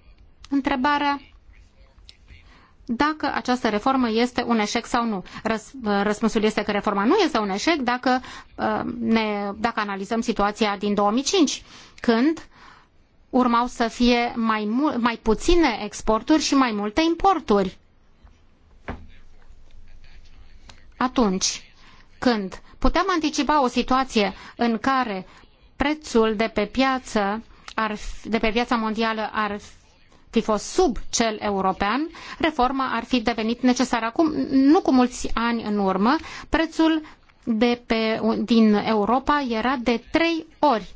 întrebarea dacă această reformă este un eșec sau nu. Răs, răspunsul este că reforma nu este un eșec dacă, uh, ne, dacă analizăm situația din 2005, când urmau să fie mai, mai puține exporturi și mai multe importuri. Atunci când puteam anticipa o situație în care prețul de pe piață ar, de pe piața mondială ar fi fost sub cel european, reforma ar fi devenit necesară. Acum, nu cu mulți ani în urmă, prețul de pe, din Europa era de trei ori.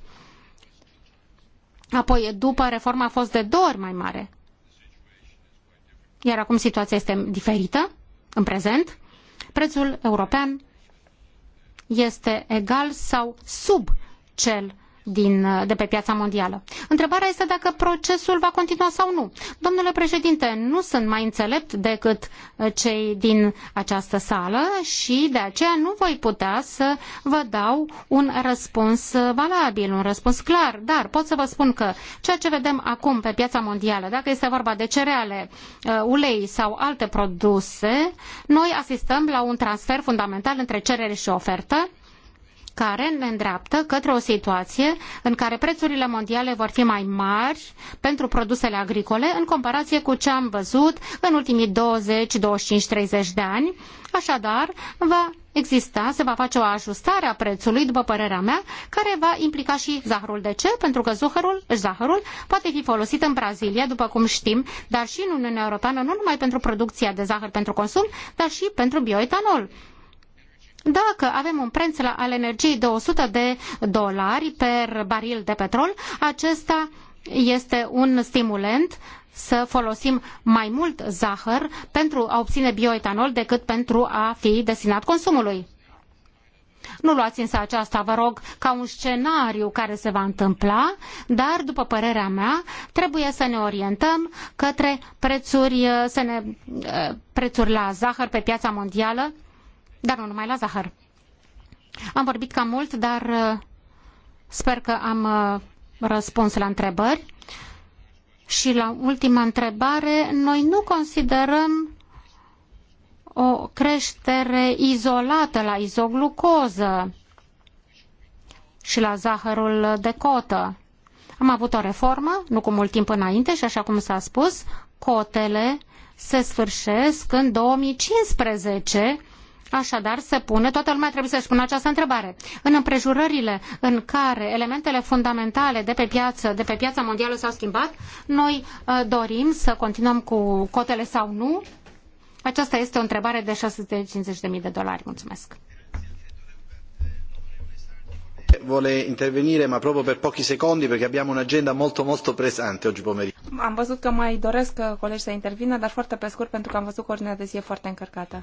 Apoi, după reforma a fost de două ori mai mare. Iar acum situația este diferită, în prezent. Prețul european este egal sau sub cel european din, de pe piața mondială. Întrebarea este dacă procesul va continua sau nu. Domnule președinte, nu sunt mai înțelept decât cei din această sală și de aceea nu voi putea să vă dau un răspuns valabil, un răspuns clar, dar pot să vă spun că ceea ce vedem acum pe piața mondială, dacă este vorba de cereale, uh, ulei sau alte produse, noi asistăm la un transfer fundamental între cerere și ofertă care ne îndreaptă către o situație în care prețurile mondiale vor fi mai mari pentru produsele agricole în comparație cu ce am văzut în ultimii 20, 25, 30 de ani. Așadar, va exista, se va face o ajustare a prețului, după părerea mea, care va implica și zahărul. De ce? Pentru că zahărul, zahărul poate fi folosit în Brazilia, după cum știm, dar și în Uniunea Europeană, nu numai pentru producția de zahăr pentru consum, dar și pentru bioetanol. Dacă avem un preț la, al energiei de 100 de dolari per baril de petrol, acesta este un stimulent să folosim mai mult zahăr pentru a obține bioetanol decât pentru a fi destinat consumului. Nu luați însă aceasta, vă rog, ca un scenariu care se va întâmpla, dar, după părerea mea, trebuie să ne orientăm către prețuri, să ne, prețuri la zahăr pe piața mondială dar nu numai la zahăr. Am vorbit cam mult, dar uh, sper că am uh, răspuns la întrebări. Și la ultima întrebare, noi nu considerăm o creștere izolată la izoglucoză și la zahărul de cotă. Am avut o reformă, nu cu mult timp înainte, și așa cum s-a spus, cotele se sfârșesc în 2015 Așadar, se pune, toată lumea trebuie să-și pună această întrebare. În împrejurările în care elementele fundamentale de pe piață, de pe piața mondială s-au schimbat, noi uh, dorim să continuăm cu cotele sau nu? Aceasta este o întrebare de 650.000 de dolari. Mulțumesc. Vuole intervenire, ma proprio per pochi secondi, perché abbiamo un'agenda molto molto pesante oggi pomeriggio. Am văzut că mai doresc uh, colegi să intervină, dar foarte pe scurt, pentru că am văzut că ordinea de zi e foarte încărcată.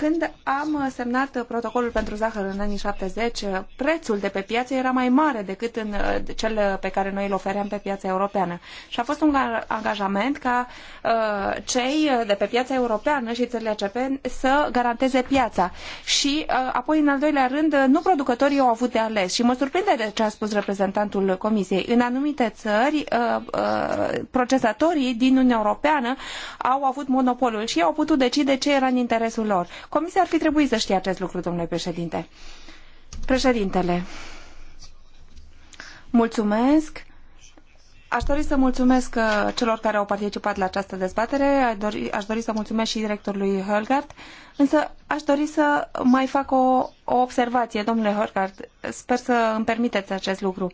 Când am semnat protocolul pentru zahăr în anii 70, prețul de pe piață era mai mare decât în uh, cel pe care noi îl ofeream pe piața europeană. Și a fost un angajament ca uh, cei de pe piața europeană și țările ACP să garanteze piața. Și uh, apoi, în al doilea rând, nu producătorii au avut de ales. Și mă surprinde de ce a spus reprezentantul Comisiei. În anumite țări, uh, uh procesatorii din Uniunea Europeană au avut monopolul și ei au putut decide ce era în interesul lor. Comisia ar fi trebuit să știe acest lucru, domnule președinte. Președintele, mulțumesc. Aș dori să mulțumesc uh, celor care au participat la această dezbatere, aș dori, aș dori să mulțumesc și directorului Holgard, însă aș dori să mai fac o, o observație, domnule Holgard, sper să îmi permiteți acest lucru.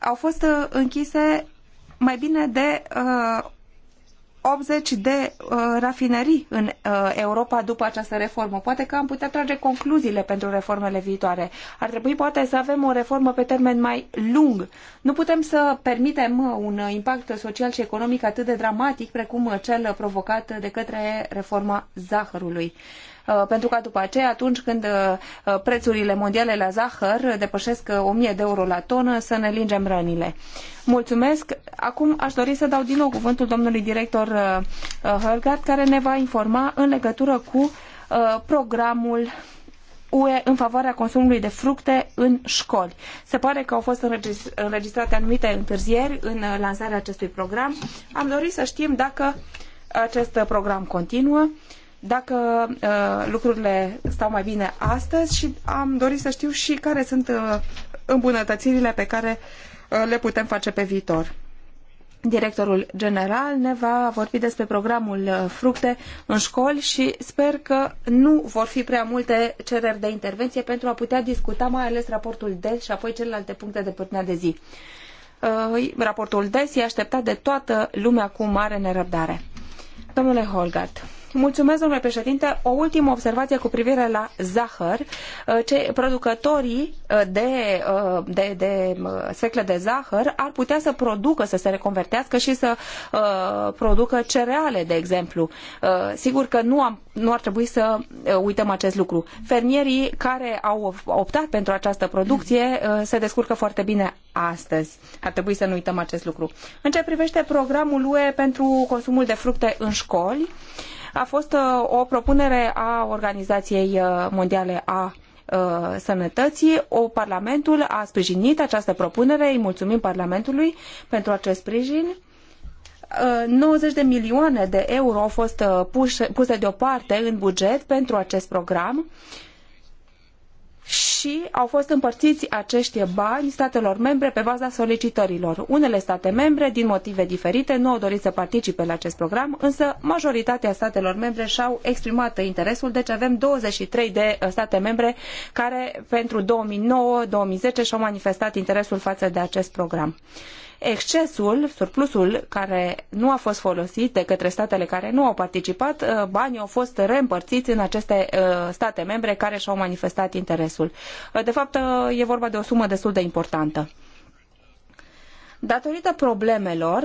Au fost uh, închise mai bine de uh, 80 de uh, rafinării în uh, Europa după această reformă. Poate că am putea trage concluziile pentru reformele viitoare. Ar trebui poate să avem o reformă pe termen mai lung. Nu putem să permitem uh, un impact social și economic atât de dramatic precum cel provocat de către reforma zahărului. Uh, Uh, pentru ca după aceea, atunci când uh, uh, prețurile mondiale la zahăr depășesc 1000 de euro la tonă, să ne lingem rănile. Mulțumesc. Acum aș dori să dau din nou cuvântul domnului director Hărgat, care ne va informa în legătură cu programul UE în favoarea consumului de fructe în școli. Se pare că au fost înregistrate anumite întârzieri în lansarea acestui program. Am dorit să știm dacă acest program continuă dacă uh, lucrurile stau mai bine astăzi și am dorit să știu și care sunt uh, îmbunătățirile pe care uh, le putem face pe viitor. Directorul general ne va vorbi despre programul uh, fructe în școli și sper că nu vor fi prea multe cereri de intervenție pentru a putea discuta mai ales raportul DES și apoi celelalte puncte de până de zi. Uh, raportul DES e așteptat de toată lumea cu mare nerăbdare. Domnule Holgard, Mulțumesc, domnule președinte. O ultimă observație cu privire la zahăr. Uh, ce producătorii uh, uh, de, de, de de zahăr ar putea să producă, să se reconvertească și să producă cereale, de exemplu. sigur că nu, am, nu ar trebui să uităm acest lucru. Fermierii care au optat pentru această producție se descurcă foarte bine astăzi. Ar trebui să nu uităm acest lucru. În ceea ce privește programul UE pentru consumul de fructe în școli, a fost uh, o propunere a Organizației uh, Mondiale a uh, Sănătății. O, Parlamentul a sprijinit această propunere. Îi mulțumim Parlamentului pentru acest sprijin. 90 de milioane de euro au fost puse deoparte în buget pentru acest program și au fost împărțiți acești bani statelor membre pe baza solicitărilor. Unele state membre, din motive diferite, nu au dorit să participe la acest program, însă majoritatea statelor membre și-au exprimat interesul, deci avem 23 de uh, state membre care pentru 2009-2010 și-au manifestat interesul față de acest program excesul, surplusul care nu a fost folosit de către statele care nu au participat, uh, banii au fost reîmpărțiți în aceste uh, state membre care și-au manifestat interesul. Uh, de fapt, e vorba de o sumă destul de importantă. Datorită problemelor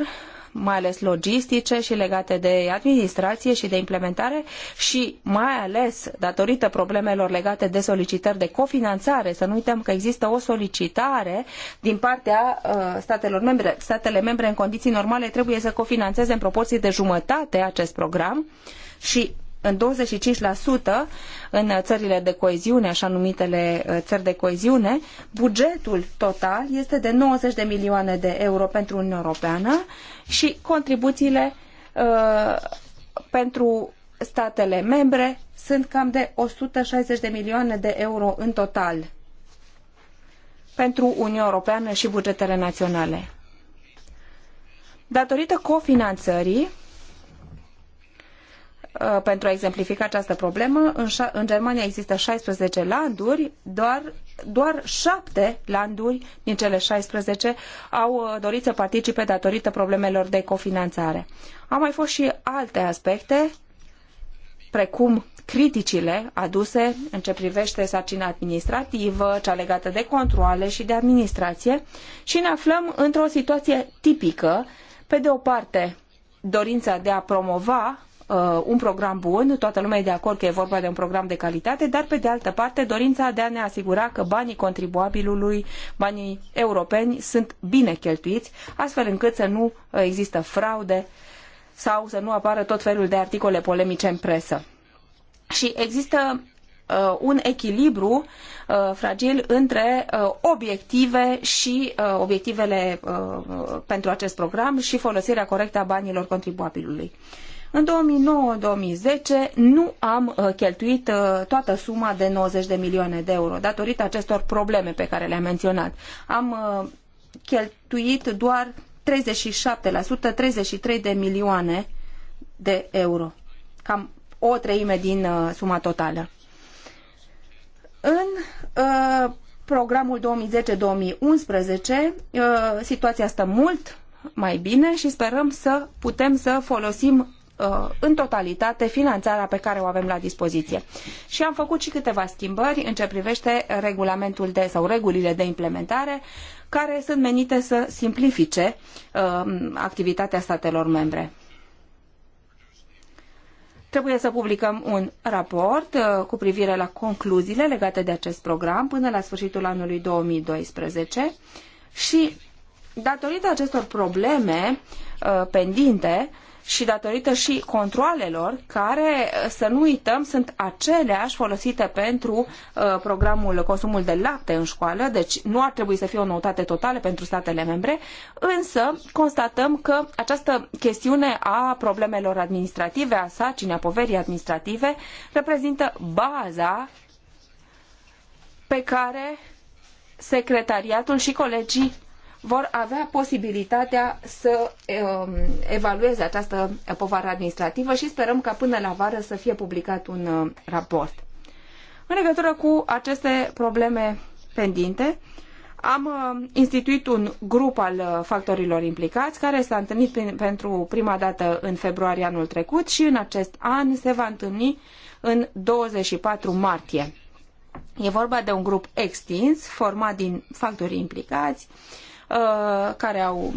mai ales logistice și legate de administrație și de implementare și mai ales datorită problemelor legate de solicitări de cofinanțare. Să nu uităm că există o solicitare din partea uh, statelor membre. Statele membre în condiții normale trebuie să cofinanțeze în proporție de jumătate acest program și în 25% în țările de coeziune, așa numitele uh, țări de coeziune, bugetul total este de 90 de milioane de euro pentru Uniunea Europeană și contribuțiile uh, pentru statele membre sunt cam de 160 de milioane de euro în total pentru Uniunea Europeană și bugetele naționale. Datorită cofinanțării, Uh, pentru a exemplifica această problemă, în, în Germania există 16 landuri, doar, doar 7 landuri din cele 16 au uh, dorit să participe datorită problemelor de cofinanțare. Au mai fost și alte aspecte, precum criticile aduse în ce privește sarcina administrativă, cea legată de controle și de administrație și ne aflăm într-o situație tipică, pe de o parte dorința de a promova Uh, un program bun, toată lumea e de acord că e vorba de un program de calitate, dar pe de altă parte dorința de a ne asigura că banii contribuabilului, banii europeni sunt bine cheltuiți, astfel încât să nu uh, există fraude sau să nu apară tot felul de articole polemice în presă. Și există uh, un echilibru fragil între obiective și obiectivele pentru acest program și folosirea corectă a banilor contribuabilului. Uh, în 2009-2010 nu am uh, cheltuit uh, toată suma de 90 de milioane de euro datorită acestor probleme pe care le-am menționat. Am uh, cheltuit doar 37%, 33 de milioane de euro. Cam o treime din suma totală. În programul 2010-2011 situația stă mult mai bine și sperăm să putem să folosim Uh, în totalitate finanțarea pe care o avem la dispoziție. Și am făcut și câteva schimbări în ce privește regulamentul de, sau regulile de implementare care sunt menite să simplifice uh, activitatea statelor membre trebuie să publicăm un raport uh, cu privire la concluziile legate de acest program până la sfârșitul anului 2012 și datorită acestor probleme uh, pendinte, și datorită și controalelor care, să nu uităm, sunt aceleași folosite pentru uh, programul consumul de lapte în școală, deci nu ar trebui să fie o noutate totală pentru statele membre, însă constatăm că această chestiune a problemelor administrative, a sacinii, a poverii administrative, reprezintă baza pe care secretariatul și colegii vor avea posibilitatea să um, evalueze această povară administrativă și sperăm ca până la vară să fie publicat un uh, raport. În legătură cu aceste probleme pendinte, am uh, instituit un grup al uh, factorilor implicați care s-a întâlnit prin, pentru prima dată în februarie anul trecut și în acest an se va întâlni în 24 martie. E vorba de un grup extins format din factorii implicați, uh, Uh, care au,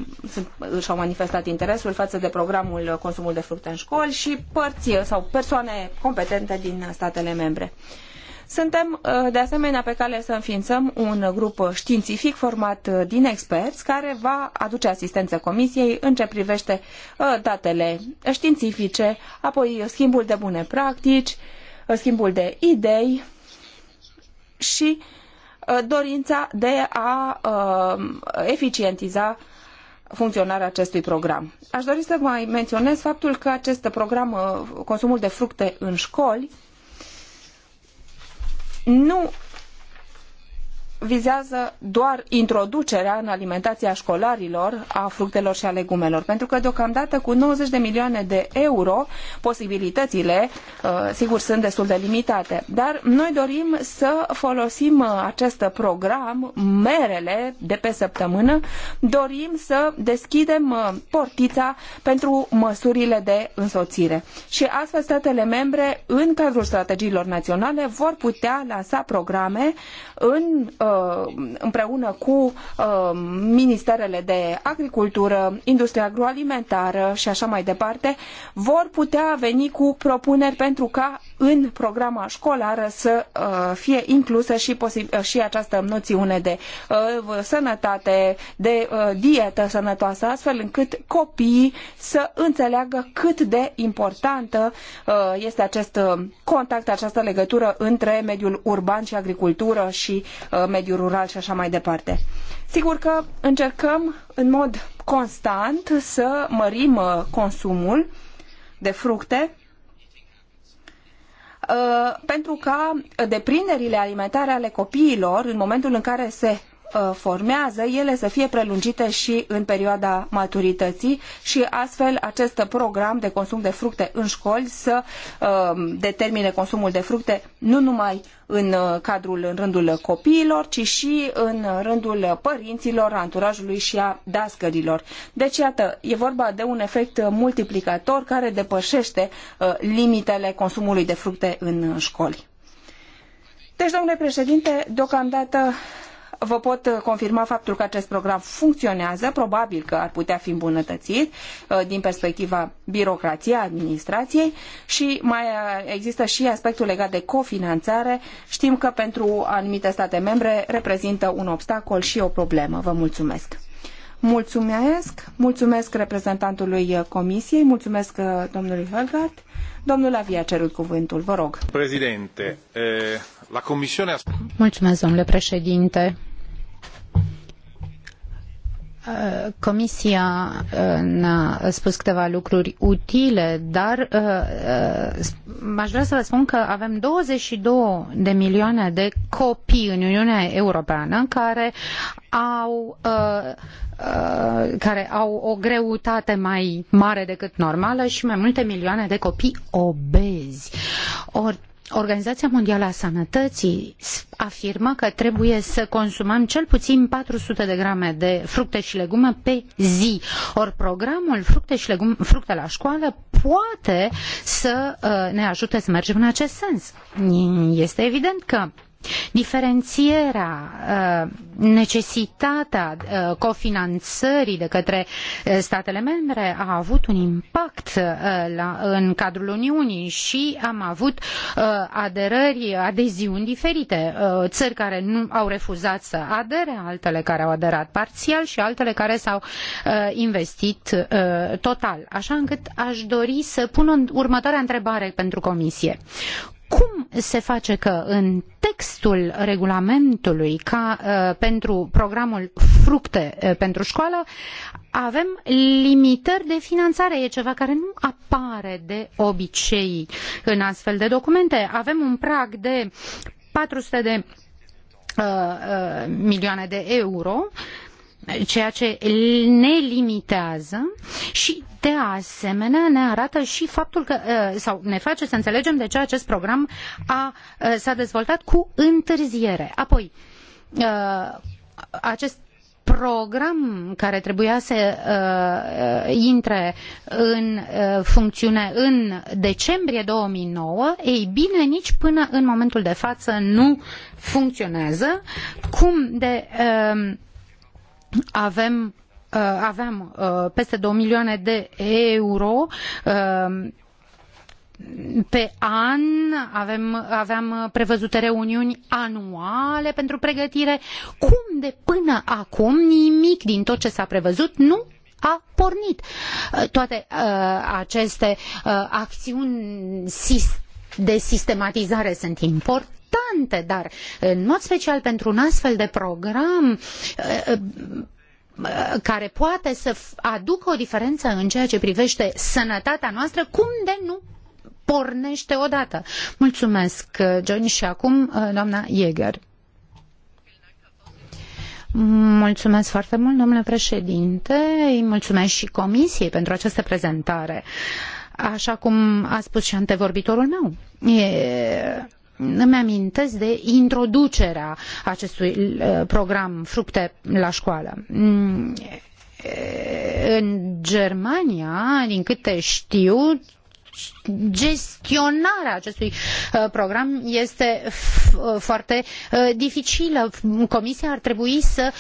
și-au manifestat interesul față de programul consumul de fructe în școli și părți sau persoane competente din statele membre. Suntem uh, de asemenea pe cale să înființăm un grup științific format uh, din experți care va aduce asistență comisiei în ce privește datele științifice, apoi schimbul de bune practici, schimbul de idei și uh, Uh, dorința de a uh, eficientiza funcționarea acestui program. Aș dori să mai menționez faptul că acest program, uh, consumul de fructe în școli, nu vizează doar introducerea în alimentația școlarilor a fructelor și a legumelor, pentru că deocamdată cu 90 de milioane de euro posibilitățile, uh, sigur, sunt destul de limitate. Dar noi dorim să folosim uh, acest program, merele de pe săptămână, dorim să deschidem uh, portița pentru măsurile de însoțire. Și astfel statele membre, în cadrul strategiilor naționale, vor putea lansa programe în uh, Uh, împreună cu uh, ministerele de agricultură, industria agroalimentară și așa mai departe, vor putea veni cu propuneri pentru ca în programa școlară să uh, fie inclusă și, uh, și această noțiune de uh, sănătate, de dietă sănătoasă, astfel încât copiii să înțeleagă cât de importantă este acest contact, această legătură între mediul urban și agricultură și mediul rural și așa mai departe. Sigur că încercăm în mod constant să mărim consumul de fructe, Uh, pentru ca deprinderile alimentare ale copiilor, în momentul în care se Uh, formează, ele să fie prelungite și în perioada maturității și astfel acest program de consum de fructe în școli să uh, determine consumul de fructe nu numai în uh, cadrul în rândul copiilor, ci și în rândul părinților, anturajului și a dascărilor. Deci, iată, e vorba de un efect multiplicator care depășește limitele consumului de fructe în școli. Deci, domnule președinte, deocamdată vă pot uh, confirma faptul că acest program funcționează, probabil că ar putea fi îmbunătățit uh, din perspectiva birocrației, administrației și mai uh, există și aspectul legat de cofinanțare. Știm că pentru anumite state membre reprezintă un obstacol și o problemă. Vă mulțumesc! Mulțumesc, mulțumesc reprezentantului Comisiei, mulțumesc domnului Helgard. Domnul Avia a cerut cuvântul, vă rog. Președinte, la Mulțumesc, domnule președinte. Uh, comisia uh, ne-a spus câteva lucruri utile, dar uh, aș vrea să vă spun că avem 22 de milioane de copii în Uniunea Europeană care au, care au o greutate mai mare decât normală și mai multe milioane de copii obezi. Ori Organizația Mondială a Sănătății afirmă că trebuie să consumăm cel puțin 400 de grame de fructe și legume pe zi. Ori programul fructe și legume, fructe la școală poate să uh, ne ajute să mergem în acest sens. Este evident că Diferențierea, uh, necesitatea uh, cofinanțării de către uh, statele membre a avut un impact în cadrul Uniunii și am avut aderări, adeziuni diferite. Țări care nu au refuzat să adere, altele care au aderat parțial și altele care s-au investit total. Așa încât aș dori să pun următoarea întrebare pentru Comisie cum se face că în textul regulamentului ca uh, pentru programul fructe uh, pentru școală avem limitări de finanțare. E ceva care nu apare de obicei în astfel de documente. Avem un prag de 400 de uh, uh, milioane de euro ceea ce ne limitează și de asemenea, ne arată și faptul că, uh, sau ne face să înțelegem de ce acest program a, uh, s-a dezvoltat cu întârziere. Apoi, uh, acest program care trebuia să uh, intre în uh, funcțiune în decembrie 2009, ei bine, nici până în momentul de față nu funcționează. Cum de uh, avem Uh, aveam uh, peste 2 milioane de euro uh, pe an avem, aveam prevăzute reuniuni anuale pentru pregătire. Cum de până acum nimic din tot ce s-a prevăzut nu a pornit. Toate uh, aceste uh, acțiuni de sistematizare sunt importante importante, dar în mod special pentru un astfel de program care poate să aducă o diferență în ceea ce privește sănătatea noastră, cum de nu pornește odată. Mulțumesc, John, și acum uh, doamna Jäger. Mulțumesc foarte mult, domnule președinte, îi mulțumesc și comisiei pentru această prezentare. Așa cum a spus și antevorbitorul meu, e îmi amintesc de introducerea acestui uh, program fructe la școală mm, în Germania, din câte știu, gestionarea acestui uh, program este uh, foarte uh, dificilă. Comisia ar trebui să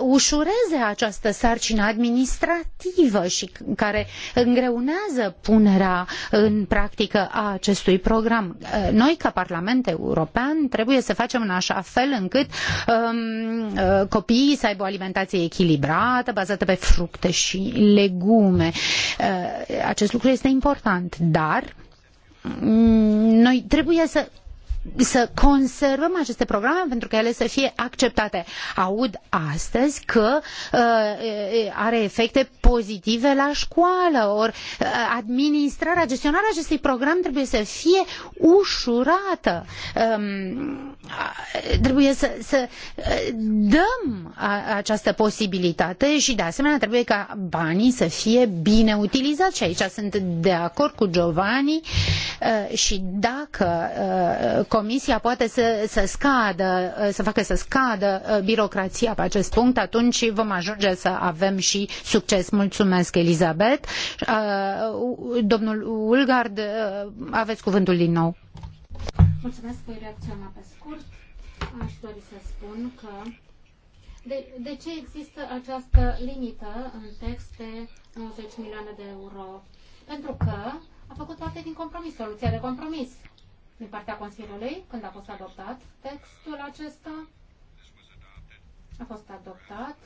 ușureze această sarcină administrativă și care îngreunează punerea în practică a acestui program. Noi, ca Parlament European, trebuie să facem în așa fel încât um, copiii să aibă o alimentație echilibrată, bazată pe fructe și legume. Acest lucru este important dar mm, noi trebuie să să conservăm aceste programe pentru că ele să fie acceptate. Aud astăzi că uh, are efecte pozitive la școală, ori uh, administrarea, gestionarea acestui program trebuie să fie ușurată. Um, uh, trebuie să, să uh, dăm a, această posibilitate și de asemenea trebuie ca banii să fie bine utilizați și aici sunt de acord cu Giovanni uh, și dacă uh, Comisia poate să, să scadă, să facă să scadă uh, birocrația pe acest punct, atunci vom ajunge să avem și succes. Mulțumesc, Elizabeth. Uh, domnul Ulgard, uh, aveți cuvântul din nou. Mulțumesc, voi reacționa pe scurt. Aș dori să spun că de, de ce există această limită în text de 90 milioane de euro? Pentru că a făcut parte din compromis, soluția de compromis din partea Consiliului când a fost adoptat textul acesta. A fost adoptat.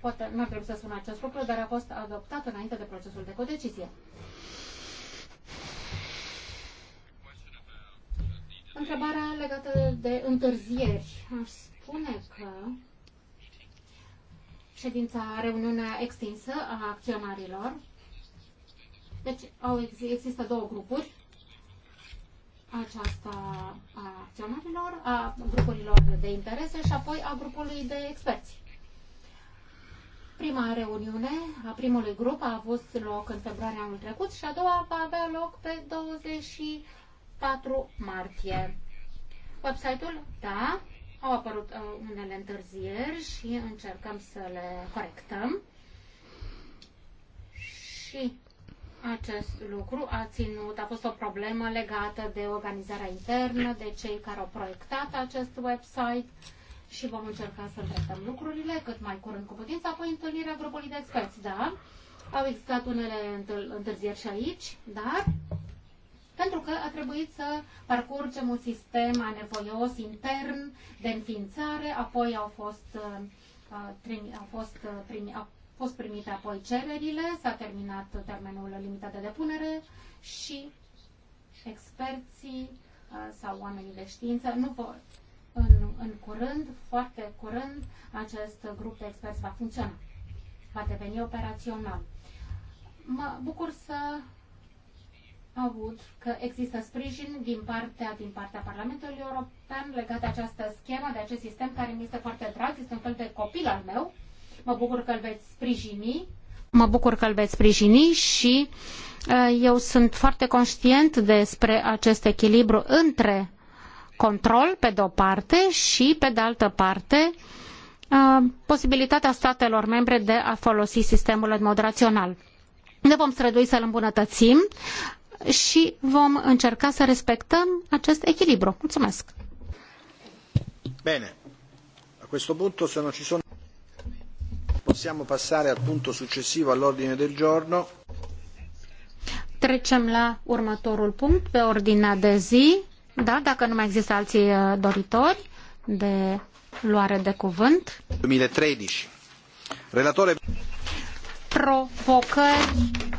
Poate nu ar trebui să spun acest lucru, dar a fost adoptat înainte de procesul de codecizie. Întrebarea legată de întârzieri. Aș spune că ședința, reuniunea extinsă a acționarilor. Deci au, există două grupuri aceasta a acționarilor, a grupurilor de interese și apoi a grupului de experți. Prima reuniune a primului grup a avut loc în februarie anul trecut și a doua va avea loc pe 24 martie. Website-ul, da, au apărut uh, unele întârzieri și încercăm să le corectăm. Și acest lucru a ținut, a fost o problemă legată de organizarea internă, de cei care au proiectat acest website și vom încerca să îndreptăm lucrurile cât mai curând cu putință, apoi întâlnirea grupului de experți, da? Au existat unele întârzieri și aici, dar pentru că a trebuit să parcurgem un sistem anevoios intern de înființare, apoi au fost, uh, uh trimi, au fost uh, primi, au fost primite apoi cererile, s-a terminat termenul limitat de depunere și experții uh, sau oamenii de știință nu vor. În, în curând, foarte curând, acest grup de experți va funcționa, va deveni operațional. Mă bucur să aud că există sprijin din partea, din partea Parlamentului European legat de această schemă, de acest sistem care mi este foarte drag, este un fel de copil al meu Mă bucur că îl veți sprijini. Mă bucur că îl veți sprijini și eu sunt foarte conștient despre acest echilibru între control pe de o parte și pe de altă parte posibilitatea statelor membre de a folosi sistemul în mod rațional. Ne vom strădui să-l îmbunătățim și vom încerca să respectăm acest echilibru. Mulțumesc! Bine. A questo punto, se non ci sono Possiamo passare al punto successivo all'ordine del giorno. Trecem la următorul punct pe ordinea de zi. Da, dacă nu mai există alții uh, doritori de luare de cuvânt. 2013. Relatore provocări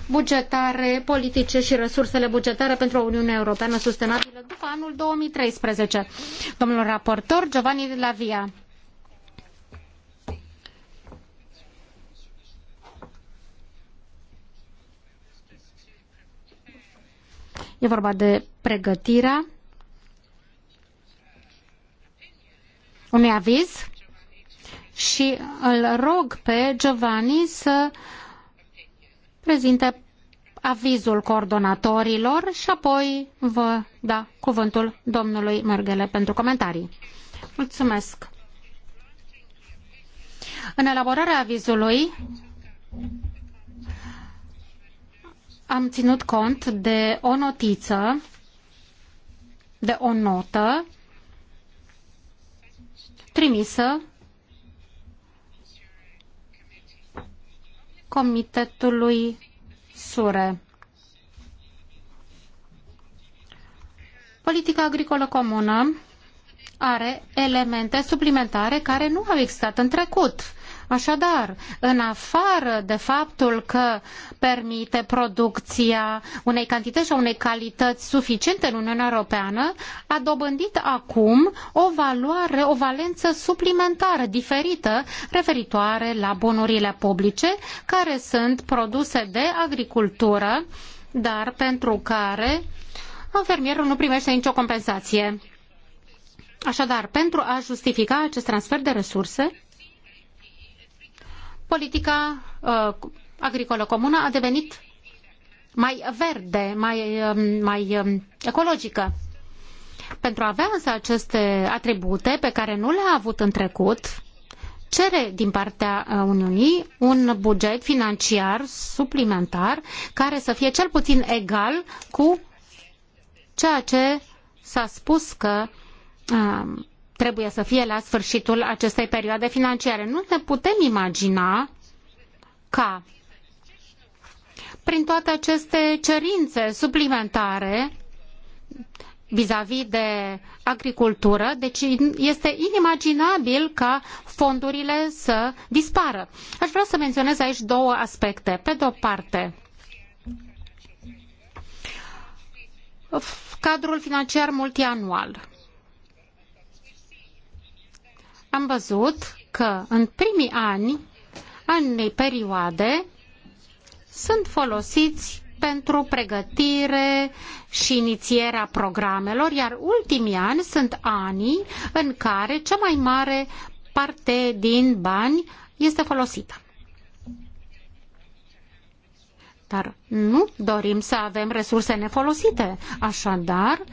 bugetare, politice și resursele bugetare pentru o Uniune Europeană sustenabilă după anul 2013. Domnul raportor Giovanni Lavia. E vorba de pregătirea unui aviz și îl rog pe Giovanni să prezinte avizul coordonatorilor și apoi vă da cuvântul domnului Mărghele pentru comentarii. Mulțumesc! În elaborarea avizului am ținut cont de o notiță, de o notă trimisă Comitetului SURE. Politica agricolă comună are elemente suplimentare care nu au existat în trecut Așadar, în afară de faptul că permite producția unei cantități și a unei calități suficiente în Uniunea Europeană, a dobândit acum o valoare, o valență suplimentară, diferită, referitoare la bunurile publice, care sunt produse de agricultură, dar pentru care fermierul nu primește nicio compensație. Așadar, pentru a justifica acest transfer de resurse, politica uh, agricolă comună a devenit mai verde, mai, uh, mai uh, ecologică. Pentru a avea însă aceste atribute pe care nu le-a avut în trecut, cere din partea uh, Uniunii un buget financiar suplimentar care să fie cel puțin egal cu ceea ce s-a spus că um, trebuie să fie la sfârșitul acestei perioade financiare. Nu ne putem imagina ca prin toate aceste cerințe suplimentare vizavi de agricultură, deci este inimaginabil ca fondurile să dispară. Aș vrea să menționez aici două aspecte. Pe de o parte, cadrul financiar multianual am văzut că în primii ani, anii perioade, sunt folosiți pentru pregătire și inițierea programelor, iar ultimii ani sunt anii în care cea mai mare parte din bani este folosită. Dar nu dorim să avem resurse nefolosite, așadar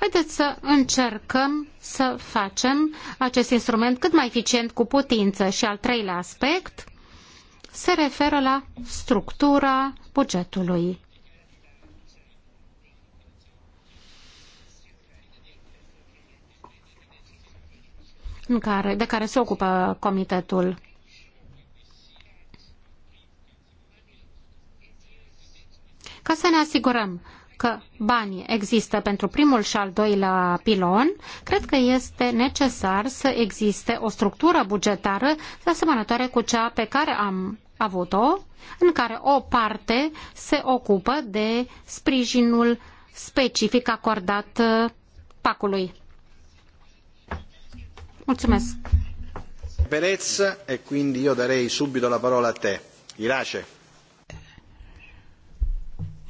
Haideți să încercăm să facem acest instrument cât mai eficient cu putință. Și al treilea aspect se referă la structura bugetului. În care, de care se ocupă comitetul. Ca să ne asigurăm că banii există pentru primul și al doilea pilon, cred că este necesar să existe o structură bugetară asemănătoare cu cea pe care am avut-o, în care o parte se ocupă de sprijinul specific acordat uh, pacului. Mulțumesc. Perez, e quindi io darei subito la parola a te. Irace.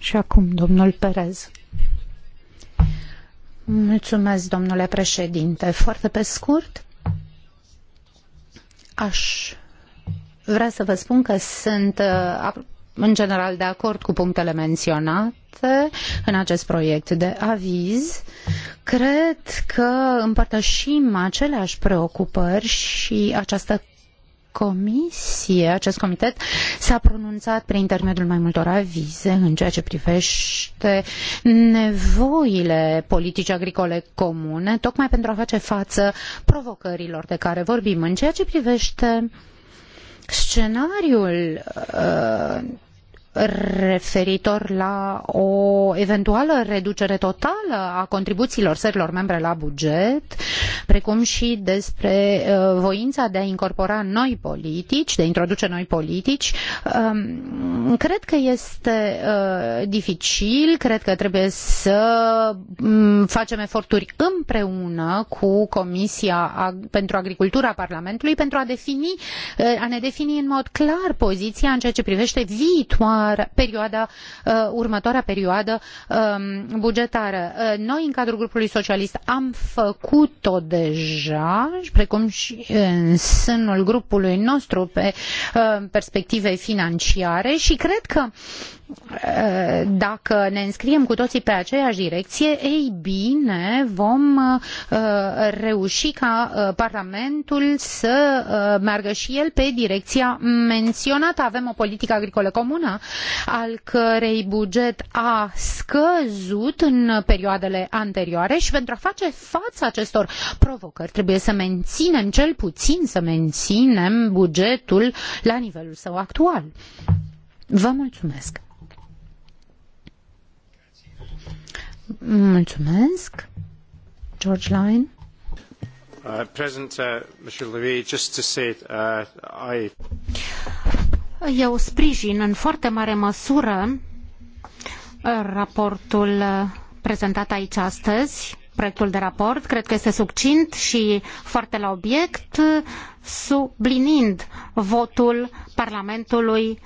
Și acum, domnul Perez. Mulțumesc, domnule președinte. Foarte pe scurt, aș vrea să vă spun că sunt uh, în general de acord cu punctele menționate în acest proiect de aviz. Cred că împărtășim aceleași preocupări și această comisie, acest comitet, s-a pronunțat prin intermediul mai multor avize în ceea ce privește nevoile politicii agricole comune, tocmai pentru a face față provocărilor de care vorbim. În ceea ce privește scenariul uh, referitor la o eventuală reducere totală a contribuțiilor țărilor membre la buget, precum și despre uh, voința de a incorpora noi politici, de a introduce noi politici. Um, cred că este uh, dificil, cred că trebuie să mm, facem eforturi împreună cu Comisia pentru Agricultura Parlamentului pentru a, defini, uh, a ne defini în mod clar poziția în ceea ce privește viitoarea perioada, următoarea perioadă uh, um, bugetară. Uh, noi, în cadrul grupului socialist, am făcut-o deja, precum și în sânul grupului nostru pe uh, perspective financiare și cred că Eh, dacă ne înscriem cu toții pe aceeași direcție, ei bine, vom eh, reuși ca eh, Parlamentul să meargă și el pe direcția menționată. Avem o politică agricolă comună, al cărei buget a scăzut în perioadele anterioare și pentru a face față acestor provocări trebuie să menținem, cel puțin să menținem bugetul la nivelul său actual. Vă mulțumesc! Mulțumesc. George Lyon. Uh, present, uh, Louis, just to say, uh, I... Eu sprijin în foarte mare măsură uh, raportul uh, prezentat aici astăzi, proiectul de raport. Cred că este succint și foarte la obiect, uh, sublinind votul Parlamentului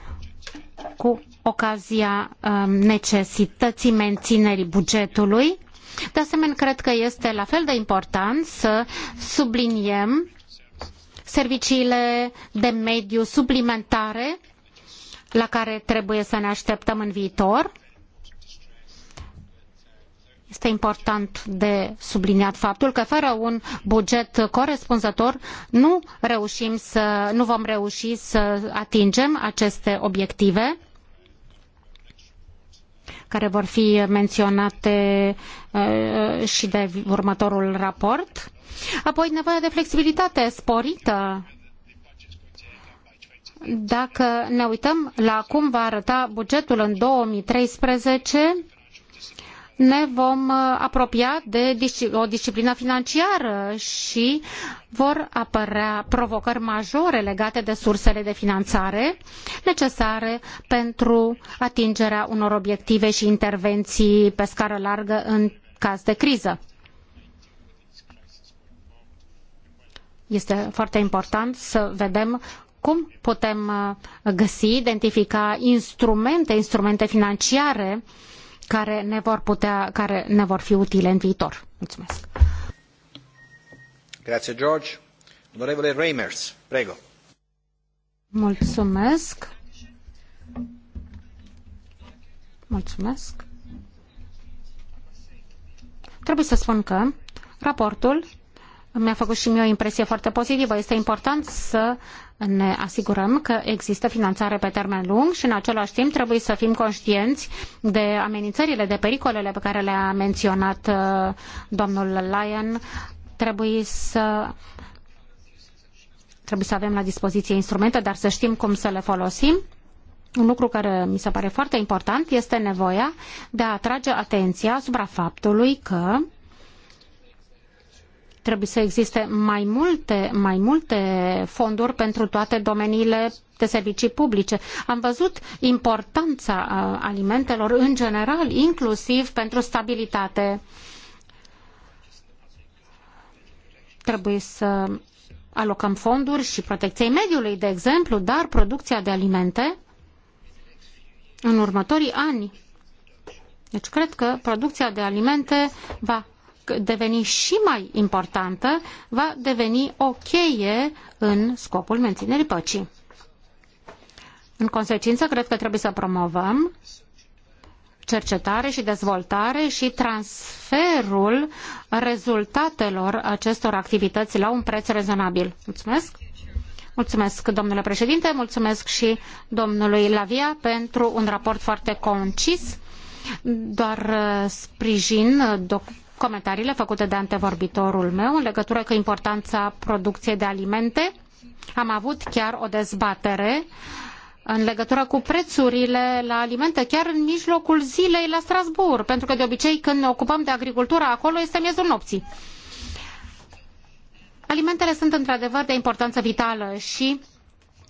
cu ocazia um, necesității menținerii bugetului. De asemenea, cred că este la fel de important să subliniem serviciile de mediu suplimentare la care trebuie să ne așteptăm în viitor. Este important de subliniat faptul că fără un buget corespunzător nu, reușim să, nu vom reuși să atingem aceste obiective care vor fi menționate uh, uh, și de următorul raport. Apoi nevoia de flexibilitate sporită dacă ne uităm la cum va arăta bugetul în 2013, ne vom uh, apropia de o disciplină financiară și vor apărea provocări majore legate de sursele de finanțare necesare pentru atingerea unor obiective și intervenții pe scară largă în caz de criză. Este foarte important să vedem cum putem uh, găsi, identifica instrumente, instrumente financiare uh, care ne vor, putea, care ne vor fi utile în viitor. Mulțumesc. Grazie, George. Onorevole Reimers, prego. Mulțumesc. Mulțumesc. Trebuie să spun că raportul mi-a făcut și mie o impresie foarte pozitivă. Este important să ne asigurăm că există finanțare pe termen lung și în același timp trebuie să fim conștienți de amenințările, de pericolele pe care le-a menționat uh, domnul Lyon. Trebuie să trebuie să avem la dispoziție instrumente, dar să știm cum să le folosim. Un lucru care mi se pare foarte important este nevoia de a atrage atenția asupra faptului că trebuie să existe mai multe, mai multe fonduri pentru toate domeniile de servicii publice. Am văzut importanța uh, alimentelor în general, inclusiv pentru stabilitate. Trebuie să alocăm fonduri și protecției mediului, de exemplu, dar producția de alimente în următorii ani. Deci cred că producția de alimente va deveni și mai importantă, va deveni o cheie în scopul menținerii păcii. În consecință, cred că trebuie să promovăm cercetare și dezvoltare și transferul rezultatelor acestor activități la un preț rezonabil. Mulțumesc! Mulțumesc, domnule președinte, mulțumesc și domnului Lavia pentru un raport foarte concis. Doar uh, sprijin uh, doc- comentariile făcute de antevorbitorul meu în legătură cu importanța producției de alimente. Am avut chiar o dezbatere în legătură cu prețurile la alimente, chiar în mijlocul zilei la Strasbourg, pentru că de obicei când ne ocupăm de agricultură acolo este miezul nopții. Alimentele sunt într-adevăr de importanță vitală și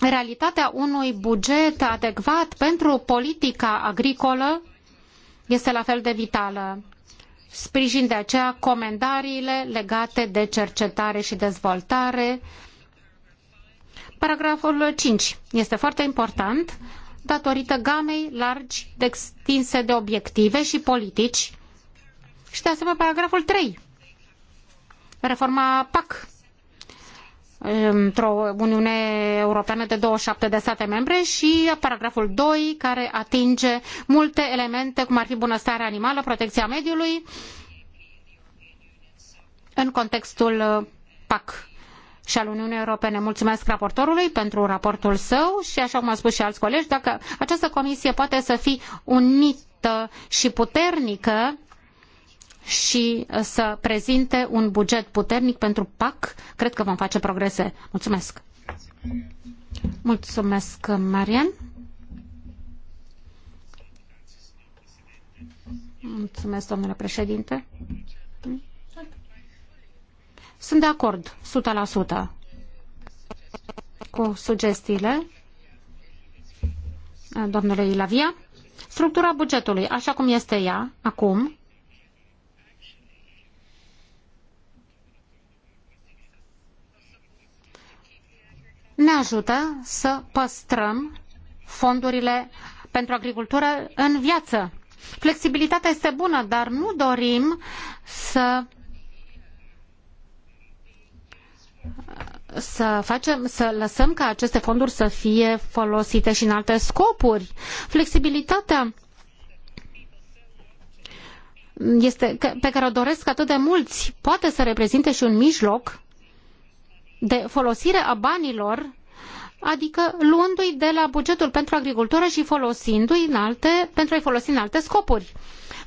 realitatea unui buget adecvat pentru politica agricolă este la fel de vitală. Sprijin de aceea comentariile legate de cercetare și dezvoltare. Paragraful 5 este foarte important datorită gamei largi de extinse de obiective și politici și de asemenea paragraful 3 reforma PAC într-o Uniune Europeană de 27 de state membre și paragraful 2 care atinge multe elemente cum ar fi bunăstarea animală, protecția mediului în contextul PAC și al Uniunii Europene. Mulțumesc raportorului pentru raportul său și așa cum au spus și alți colegi, dacă această comisie poate să fie unită și puternică și uh, să prezinte un buget puternic pentru PAC. Cred că vom face progrese. Mulțumesc! Mulțumesc, Marian! Mulțumesc, domnule președinte! Sunt de acord, 100% cu sugestiile uh, domnului Ilavia. Structura bugetului, așa cum este ea acum, ne ajută să păstrăm fondurile pentru agricultură în viață. Flexibilitatea este bună, dar nu dorim să să facem, să lăsăm ca aceste fonduri să fie folosite și în alte scopuri. Flexibilitatea este, pe care o doresc atât de mulți, poate să reprezinte și un mijloc de folosire a banilor, adică luându-i de la bugetul pentru agricultură și folosindu-i în alte, pentru a-i folosi în alte scopuri.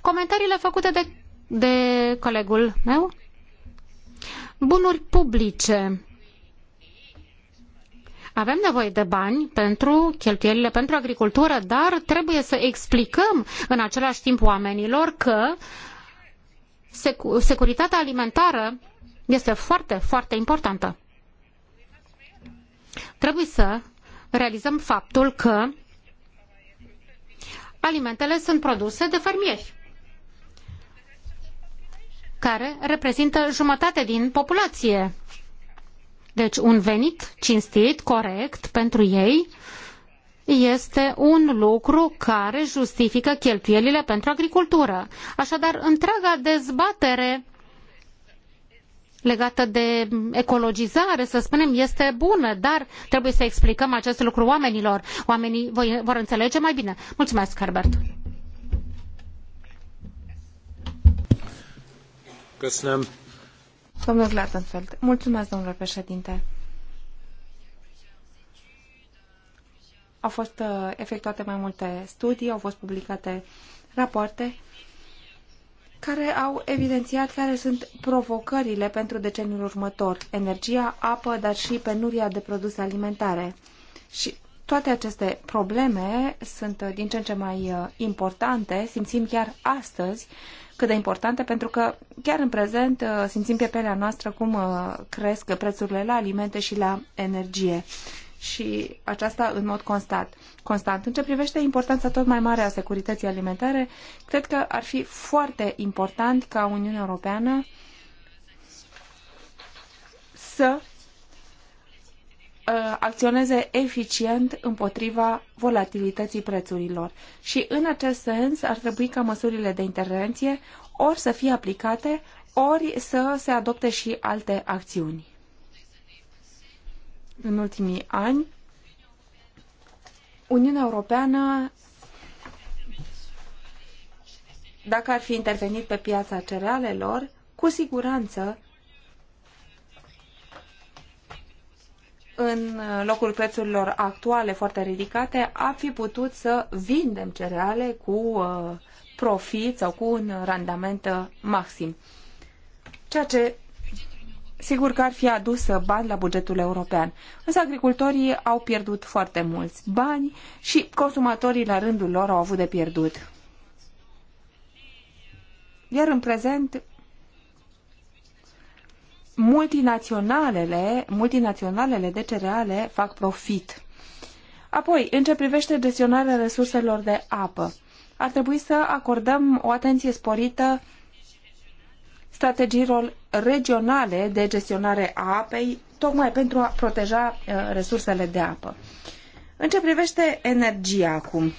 Comentariile făcute de, de colegul meu. Bunuri publice. Avem nevoie de bani pentru cheltuielile pentru agricultură, dar trebuie să explicăm în același timp oamenilor că securitatea alimentară este foarte, foarte importantă. Trebuie să realizăm faptul că alimentele sunt produse de fermieri care reprezintă jumătate din populație. Deci un venit cinstit, corect pentru ei este un lucru care justifică cheltuielile pentru agricultură. Așadar, întreaga dezbatere legată de ecologizare, să spunem, este bună, dar trebuie să explicăm acest lucru oamenilor. Oamenii vor înțelege mai bine. Mulțumesc, Herbert. Căsnem. Domnul Glattenfeld. Mulțumesc, domnule președinte. Au fost uh, efectuate mai multe studii, au fost publicate rapoarte care au evidențiat care sunt provocările pentru deceniul următor. Energia, apă, dar și penuria de produse alimentare. Și toate aceste probleme sunt uh, din ce în ce mai uh, importante, simțim chiar astăzi cât de importante, pentru că chiar în prezent uh, simțim pe pielea noastră cum cresc prețurile la alimente și la energie și aceasta în mod constant. constant. În ce privește importanța tot mai mare a securității alimentare, cred că ar fi foarte important ca Uniunea Europeană să uh, acționeze eficient împotriva volatilității prețurilor. Și în acest sens ar trebui ca măsurile de intervenție ori să fie aplicate, ori să se adopte și alte acțiuni în ultimii ani, Uniunea Europeană, dacă ar fi intervenit pe piața cerealelor, cu siguranță în locul prețurilor actuale foarte ridicate, ar fi putut să vindem cereale cu uh, profit sau cu un randament uh, maxim. Ceea ce sigur că ar fi adus bani la bugetul european. Însă agricultorii au pierdut foarte mulți bani și consumatorii la rândul lor au avut de pierdut. Iar în prezent, multinaționalele, multinaționalele de cereale fac profit. Apoi, în ce privește gestionarea resurselor de apă, ar trebui să acordăm o atenție sporită strategiilor regionale de gestionare a apei, tocmai pentru a proteja uh, resursele de apă. În ce privește energia acum,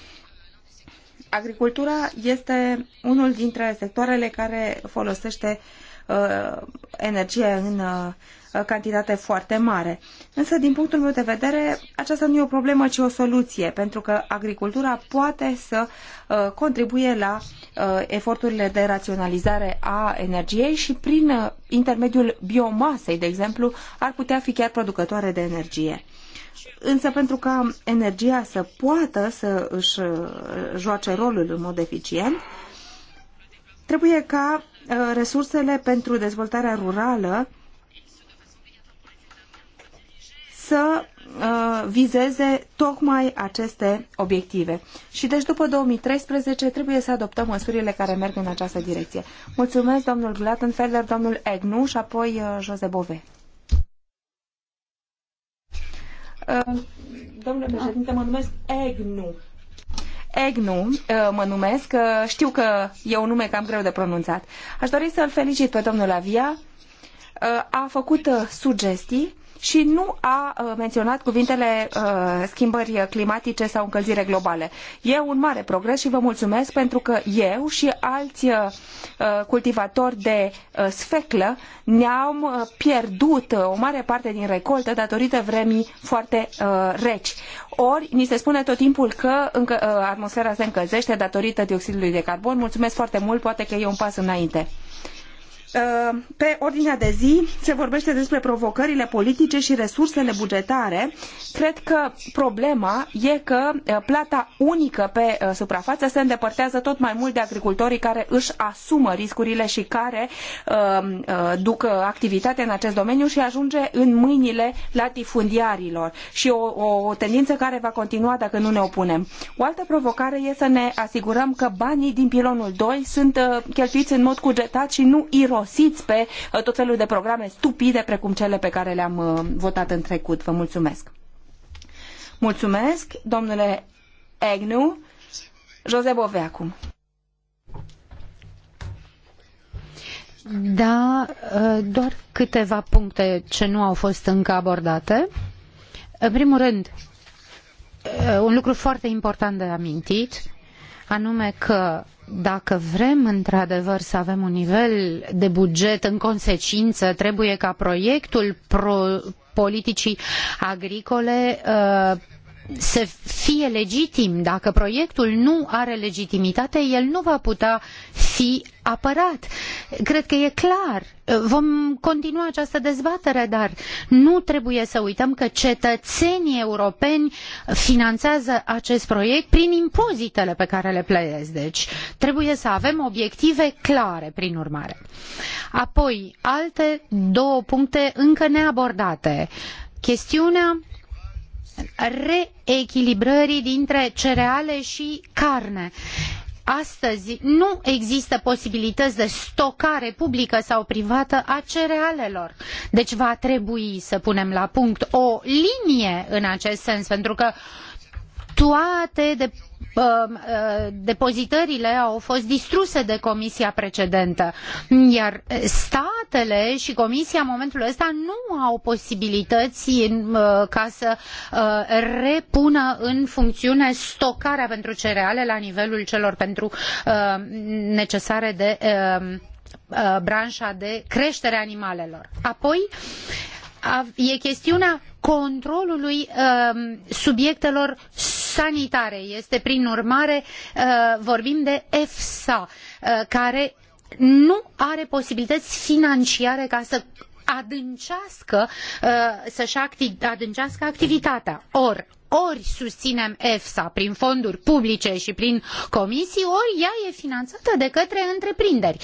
agricultura este unul dintre sectoarele care folosește uh, energie în uh, Uh, cantitate foarte mare. Însă, din punctul meu de vedere, aceasta nu e o problemă, ci o soluție, pentru că agricultura poate să uh, contribuie la uh, eforturile de raționalizare a energiei și prin intermediul biomasei, de exemplu, ar putea fi chiar producătoare de energie. Însă pentru ca energia să poată să își joace rolul în mod eficient, trebuie ca resursele pentru dezvoltarea rurală să uh, vizeze tocmai aceste obiective. Și deci după 2013 trebuie să adoptăm măsurile care merg în această direcție. Mulțumesc domnul Glattenfelder, domnul Egnu și apoi uh, Jose Bove. Uh, domnule președinte, mă numesc Egnu. Egnu mă numesc, știu că e un nume cam greu de pronunțat. Aș dori să-l felicit pe domnul Avia, a făcut sugestii și nu a uh, menționat cuvintele uh, schimbări climatice sau încălzire globale. E un mare progres și vă mulțumesc pentru că eu și alți uh, cultivatori de sfeclă ne-am pierdut o mare parte din recoltă datorită vremii foarte reci. Ori ni se spune tot timpul că încă, atmosfera se încălzește datorită dioxidului de carbon. Mulțumesc foarte mult, poate că e un pas înainte. Uh, pe ordinea de zi se vorbește despre provocările politice și resursele bugetare. Cred că problema e că uh, plata unică pe uh, suprafață se îndepărtează tot mai mult de agricultorii care își asumă riscurile și care uh, duc activitatea în acest domeniu și ajunge în mâinile latifundiarilor și o, o tendință care va continua dacă nu ne opunem. O altă provocare e să ne asigurăm că banii din pilonul 2 sunt uh, cheltuiți în mod cugetat și nu ironic irosiți pe uh, tot felul de programe stupide precum cele pe care le-am uh, votat în trecut. Vă mulțumesc! Mulțumesc, domnule Egnu. Jose Bove acum. Da, uh, doar câteva puncte ce nu au fost încă abordate. În primul rând, un lucru foarte important de amintit anume că dacă vrem într-adevăr să avem un nivel de buget în consecință, trebuie ca proiectul pro- politicii agricole uh, să fie legitim. Dacă proiectul nu are legitimitate, el nu va putea fi apărat. Cred că e clar. Vom continua această dezbatere, dar nu trebuie să uităm că cetățenii europeni finanțează acest proiect prin impozitele pe care le plătesc. Deci trebuie să avem obiective clare, prin urmare. Apoi, alte două puncte încă neabordate. Chestiunea reechilibrării dintre cereale și carne. Astăzi nu există posibilități de stocare publică sau privată a cerealelor. Deci va trebui să punem la punct o linie în acest sens, pentru că uh, toate de, um, uh, depozitările au fost distruse de comisia precedentă, iar statele și comisia în momentul ăsta nu au posibilități uh, ca să uh, repună în funcțiune stocarea pentru cereale la nivelul celor pentru uh, necesare de uh, uh, branșa de creștere animalelor. Apoi, e chestiunea controlului ehm, subiectelor sanitare. Este prin urmare, eh, vorbim de EFSA, eh, care nu are posibilități financiare ca să adâncească, eh, să-și adâncească activitatea. Or, ori susținem EFSA prin fonduri publice și prin comisii, ori ea e finanțată de către întreprinderi.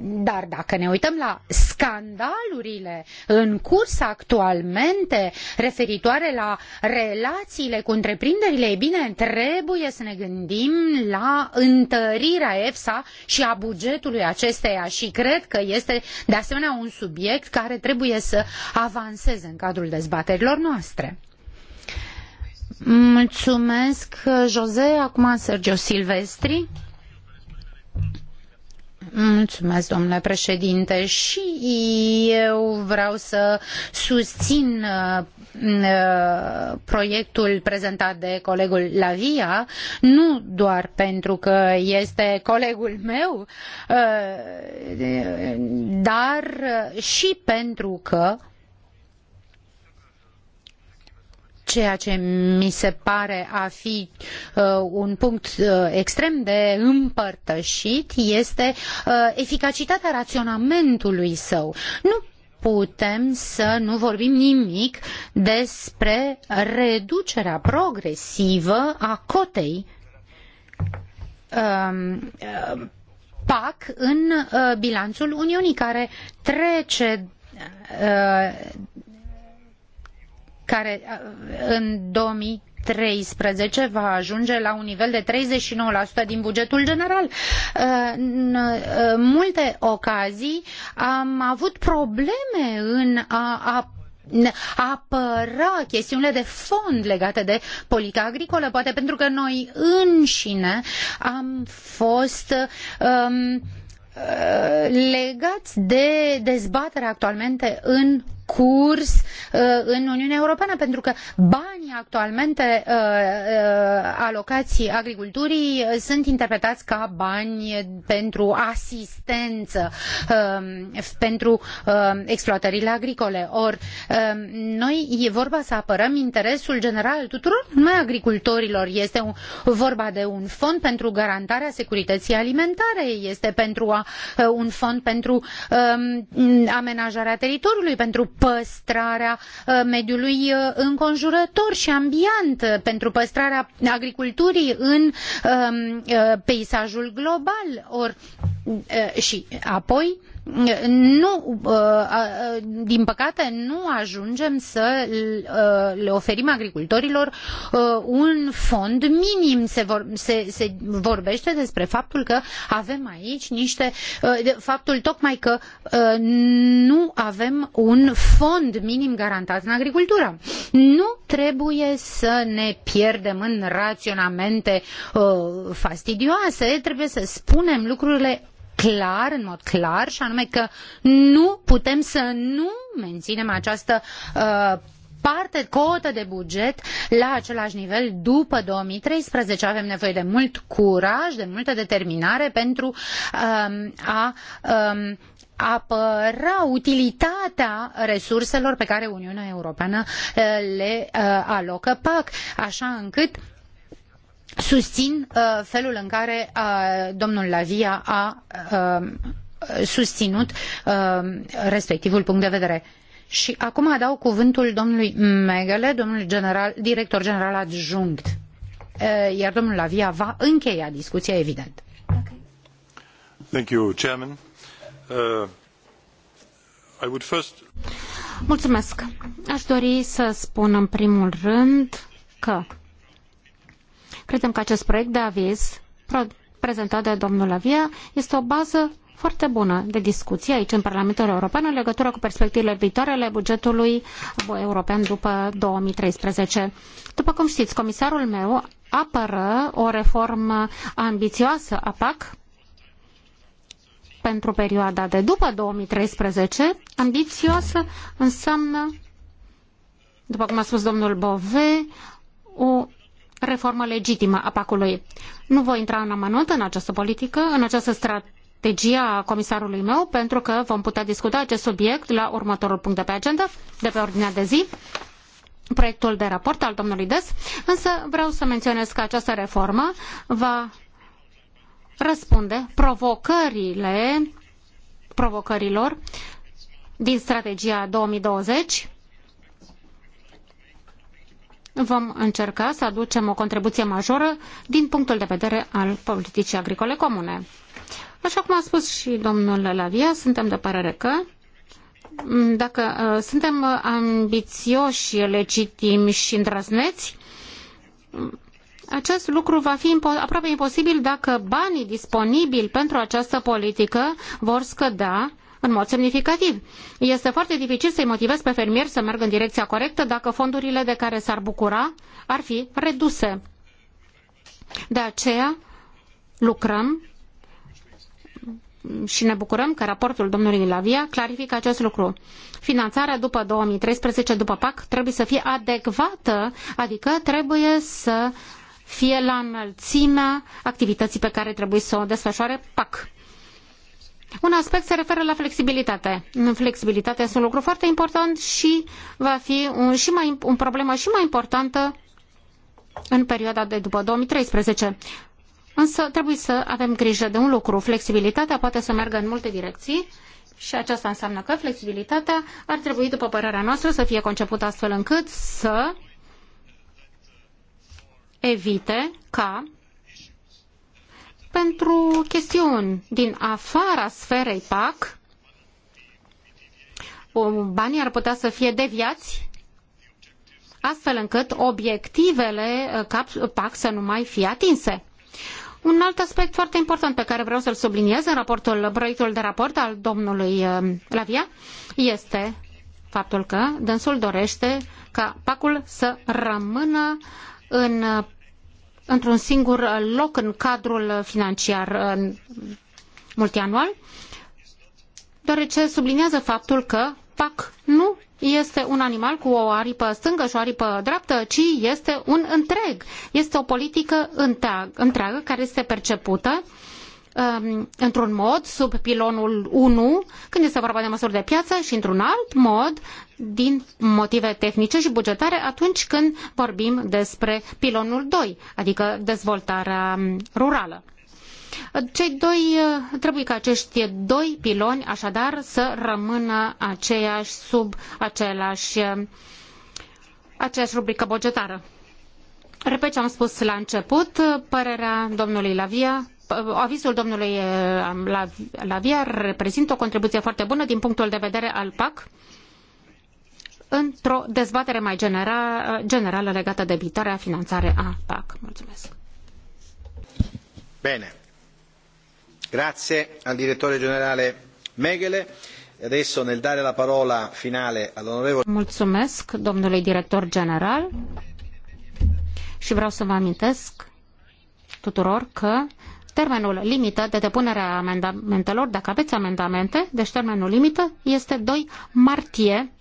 Dar dacă ne uităm la scandalurile în curs actualmente referitoare la relațiile cu întreprinderile, e bine, trebuie să ne gândim la întărirea EFSA și a bugetului acesteia și cred că este de asemenea un subiect care trebuie să avanseze în cadrul dezbaterilor noastre. Mulțumesc, Jose. Acum Sergio Silvestri. Mulțumesc, domnule președinte. Și eu vreau să susțin uh, proiectul prezentat de colegul Lavia, nu doar pentru că este colegul meu, uh, dar și pentru că ceea ce mi se pare a fi uh, un punct uh, extrem de împărtășit este uh, eficacitatea raționamentului său. Nu putem să nu vorbim nimic despre reducerea progresivă a cotei um, PAC în bilanțul Uniunii, care trece care uh, în 2000 2013 va ajunge la un nivel de 39% din bugetul general. Uh, în uh, multe ocazii am avut probleme în a apăra chestiunile de fond legate de politica agricolă, poate pentru că noi înșine am fost um, legați de dezbaterea actualmente în curs uh, în Uniunea Europeană, pentru că banii actualmente uh, uh, alocați agriculturii sunt interpretați ca bani pentru asistență, um, pentru um, exploatările agricole. Or, um, noi e vorba să apărăm interesul general tuturor, noi agricultorilor. Este vorba de un fond pentru garantarea securității alimentare, este pentru un fond pentru amenajarea teritoriului, pentru păstrarea uh, mediului uh, înconjurător și ambiant, uh, pentru păstrarea agriculturii în um, peisajul global. Or, și apoi nu, uh, uh, din păcate, nu ajungem să uh, le oferim agricultorilor un fond minim. Se, vor, se, se vorbește despre faptul că avem aici niște, faptul tocmai că nu avem un fond minim garantat în agricultură. Nu trebuie să ne pierdem în raționamente fastidioase, trebuie să spunem lucrurile clar, în mod clar, și anume că nu putem să nu menținem această uh, parte, cotă de buget la același nivel după 2013. Avem nevoie de mult curaj, de multă determinare pentru um, a um, apăra utilitatea resurselor pe care Uniunea Europeană uh, le uh, alocă PAC, așa încât susțin uh, felul în care uh, domnul Lavia a uh, susținut uh, respectivul punct de vedere. Și acum dau cuvântul domnului Megale, domnul general, director general adjunct. Uh, iar domnul Lavia va încheia discuția, evident. Okay. Thank you, Chairman. Uh, I would first... Mulțumesc. Aș dori să spun în primul rând că Credem că acest proiect de aviz prezentat de domnul Avia este o bază foarte bună de discuție aici în Parlamentul European în legătură cu perspectivele viitoare ale bugetului european după 2013. După cum știți, comisarul meu apără o reformă ambițioasă a PAC pentru perioada de după 2013. Ambițioasă înseamnă, după cum a spus domnul Bove, o reformă legitimă a pacului. Nu voi intra în amănunt în această politică, în această strategie a comisarului meu, pentru că vom putea discuta acest subiect la următorul punct de pe agenda, de pe ordinea de zi proiectul de raport al domnului Des, însă vreau să menționez că această reformă va răspunde provocările, provocărilor din strategia 2020 vom încerca să aducem o contribuție majoră din punctul de vedere al politicii agricole comune. Așa cum a spus și domnul Lavia, suntem de părere că mm, dacă uh, suntem ambițioși, legitimi și îndrăzneți, mm, acest lucru va fi aproape imposibil dacă banii disponibili pentru această politică vor scădea în mod semnificativ. Este foarte dificil să-i motivezi pe fermieri să meargă în direcția corectă dacă fondurile de care s-ar bucura ar fi reduse. De aceea lucrăm și ne bucurăm că raportul domnului Lavia clarifică acest lucru. Finanțarea după 2013, după PAC, trebuie să fie adecvată, adică trebuie să fie la înălțimea activității pe care trebuie să o desfășoare PAC. Un aspect se referă la flexibilitate. Flexibilitatea este un lucru foarte important și va fi un, și mai, un problemă și mai importantă în perioada de după 2013. Însă trebuie să avem grijă de un lucru. Flexibilitatea poate să meargă în multe direcții și aceasta înseamnă că flexibilitatea ar trebui, după părerea noastră, să fie concepută astfel încât să evite ca pentru chestiuni din afara sferei PAC. Banii ar putea să fie deviați astfel încât obiectivele uh, PAC să nu mai fie atinse. Un alt aspect foarte important pe care vreau să-l subliniez în raportul, proiectul de raport al domnului uh, Lavia este faptul că dânsul dorește ca pacul să rămână în într-un singur loc în cadrul financiar multianual, deoarece subliniază faptul că PAC nu este un animal cu o aripă stângă și o aripă dreaptă, ci este un întreg. Este o politică întreagă, întreagă care este percepută uh, Um, într-un mod sub pilonul 1 când este vorba de măsuri de piață și într-un alt mod din motive tehnice și bugetare atunci când vorbim despre pilonul 2, adică dezvoltarea um, rurală. Cei doi, uh, trebuie ca acești doi piloni așadar să rămână aceiași sub același, um, aceeași rubrică bugetară. Repet ce am spus la început, uh, părerea domnului Lavia avizul domnului eh, Lavier reprezintă o contribuție foarte bună din punctul de vedere al PAC într-o dezbatere mai generală legată de viitoarea finanțare a PAC. Mulțumesc. Bine. Grazie al direttore generale Megele. Adesso nel dare la parola finale all'onorevole Mulțumesc domnului director general și vreau să vă amintesc tuturor că Termenul limită de depunere a amendamentelor, dacă aveți amendamente, deci termenul limită este 2 martie.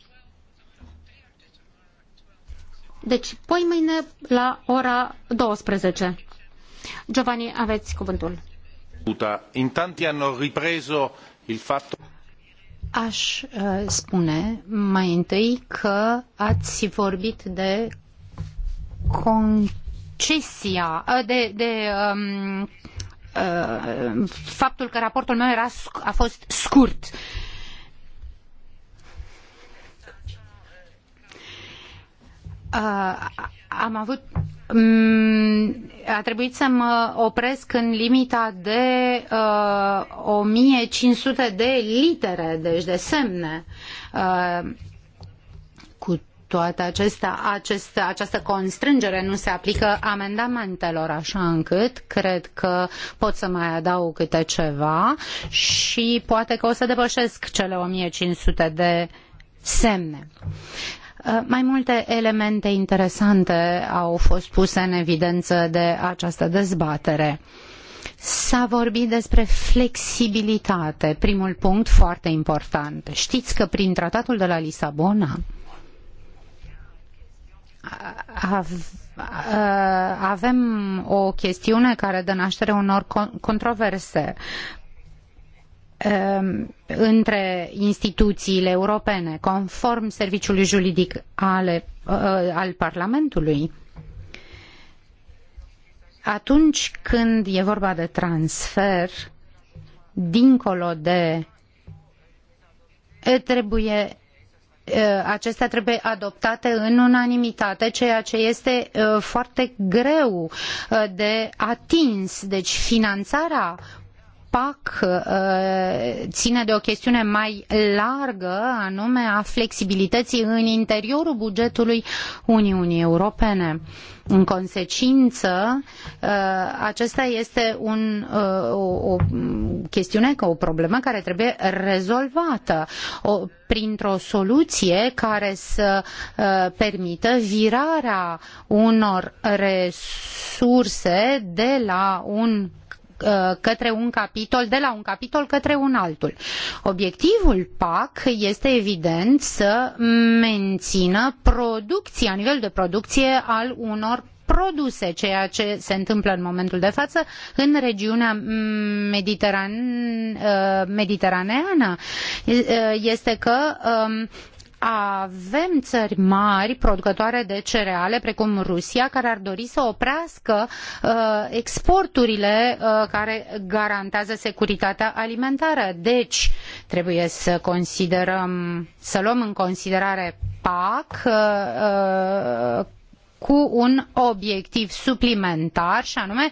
Deci, poi mâine la ora 12. Giovanni, aveți cuvântul. In tanti hanno ripreso il fatto... Aș uh, spune mai întâi că ați vorbit de concesia, uh, de, de um, Uh, faptul că raportul meu era, a fost scurt. Uh, am avut mm, a trebuit să mă opresc în limita de uh, 1500 de litere, deci de semne. Uh, toate acestea, acest, această constrângere nu se aplică amendamentelor, așa încât cred că pot să mai adaug câte ceva și poate că o să depășesc cele 1500 de semne. Uh, mai multe elemente interesante au fost puse în evidență de această dezbatere. S-a vorbit despre flexibilitate, primul punct foarte important. Știți că prin tratatul de la Lisabona, Uh, avem o chestiune care dă naștere unor controverse um, între instituțiile europene, conform serviciului juridic ale, uh, al Parlamentului. Atunci când e vorba de transfer, dincolo de trebuie Uh, acestea trebuie adoptate în unanimitate, ceea ce este uh, foarte greu uh, de atins. Deci finanțarea PAC uh, ține de o chestiune mai largă, anume a flexibilității în interiorul bugetului Uniunii Europene. În consecință, uh, acesta este un, uh, o, o chestiune, o problemă care trebuie rezolvată o, printr-o soluție care să permită virarea unor resurse de la un Uh, către un capitol, de la un capitol către un altul. Obiectivul PAC este evident să mențină producția, nivelul de producție al unor produse, ceea ce se întâmplă în momentul de față în regiunea uh, mediteraneană, uh, este că um, avem țări mari producătoare de cereale, precum Rusia, care ar dori să oprească uh, exporturile uh, care garantează securitatea alimentară. Deci, trebuie să considerăm, să luăm în considerare PAC, uh, uh cu un obiectiv suplimentar și anume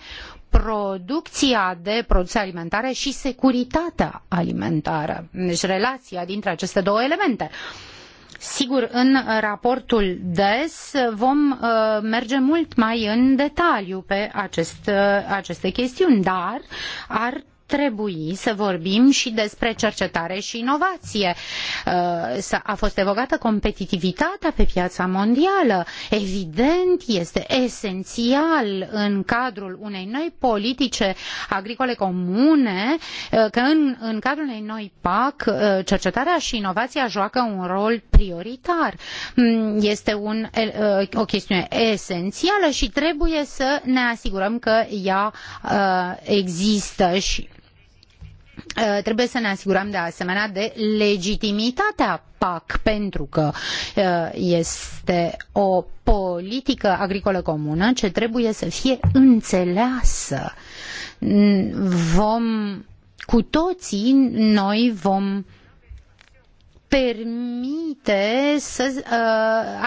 producția de produse alimentare și securitatea alimentară. Deci relația dintre aceste două elemente. Uh, Sigur, în uh, raportul DES uh, vom uh, merge mult mai în detaliu pe acest, aceste chestiuni, dar ar trebui să vorbim și despre cercetare și inovație. Uh, a fost evocată competitivitatea pe piața mondială. Evident, este esențial în cadrul unei noi politice agricole comune uh, că în, în cadrul unei noi PAC uh, cercetarea și inovația joacă un rol prioritar. Mm, este un, o chestiune esențială și trebuie să ne asigurăm că ea există și Eh, trebuie să ne asigurăm de asemenea de legitimitatea PAC pentru că eh, este o politică agricolă comună ce trebuie să fie înțeleasă. Vom cu toții noi vom uh, permite să uh,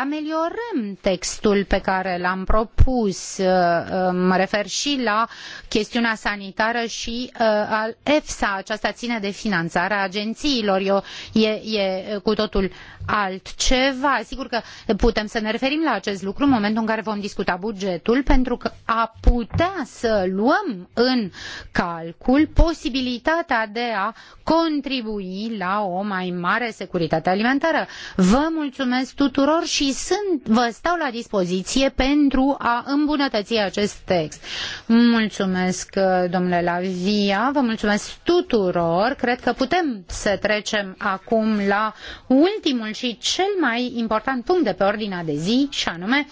ameliorăm textul pe care l-am propus. Uh, uh, mă refer și la chestiunea sanitară și uh, al EFSA. Aceasta ține de finanțarea agențiilor. E, e, e cu totul altceva. Sigur că putem să ne referim la acest lucru în momentul în care vom discuta bugetul, pentru că a putea să luăm în calcul posibilitatea de a contribui la o mai mare securitate alimentară. Vă mulțumesc tuturor și sunt, vă stau la dispoziție pentru a îmbunătăți acest text. Mulțumesc, domnule Lavia, vă mulțumesc tuturor. Cred că putem să trecem acum la ultimul important și cel mai important punct de pe ordinea de zi, și anume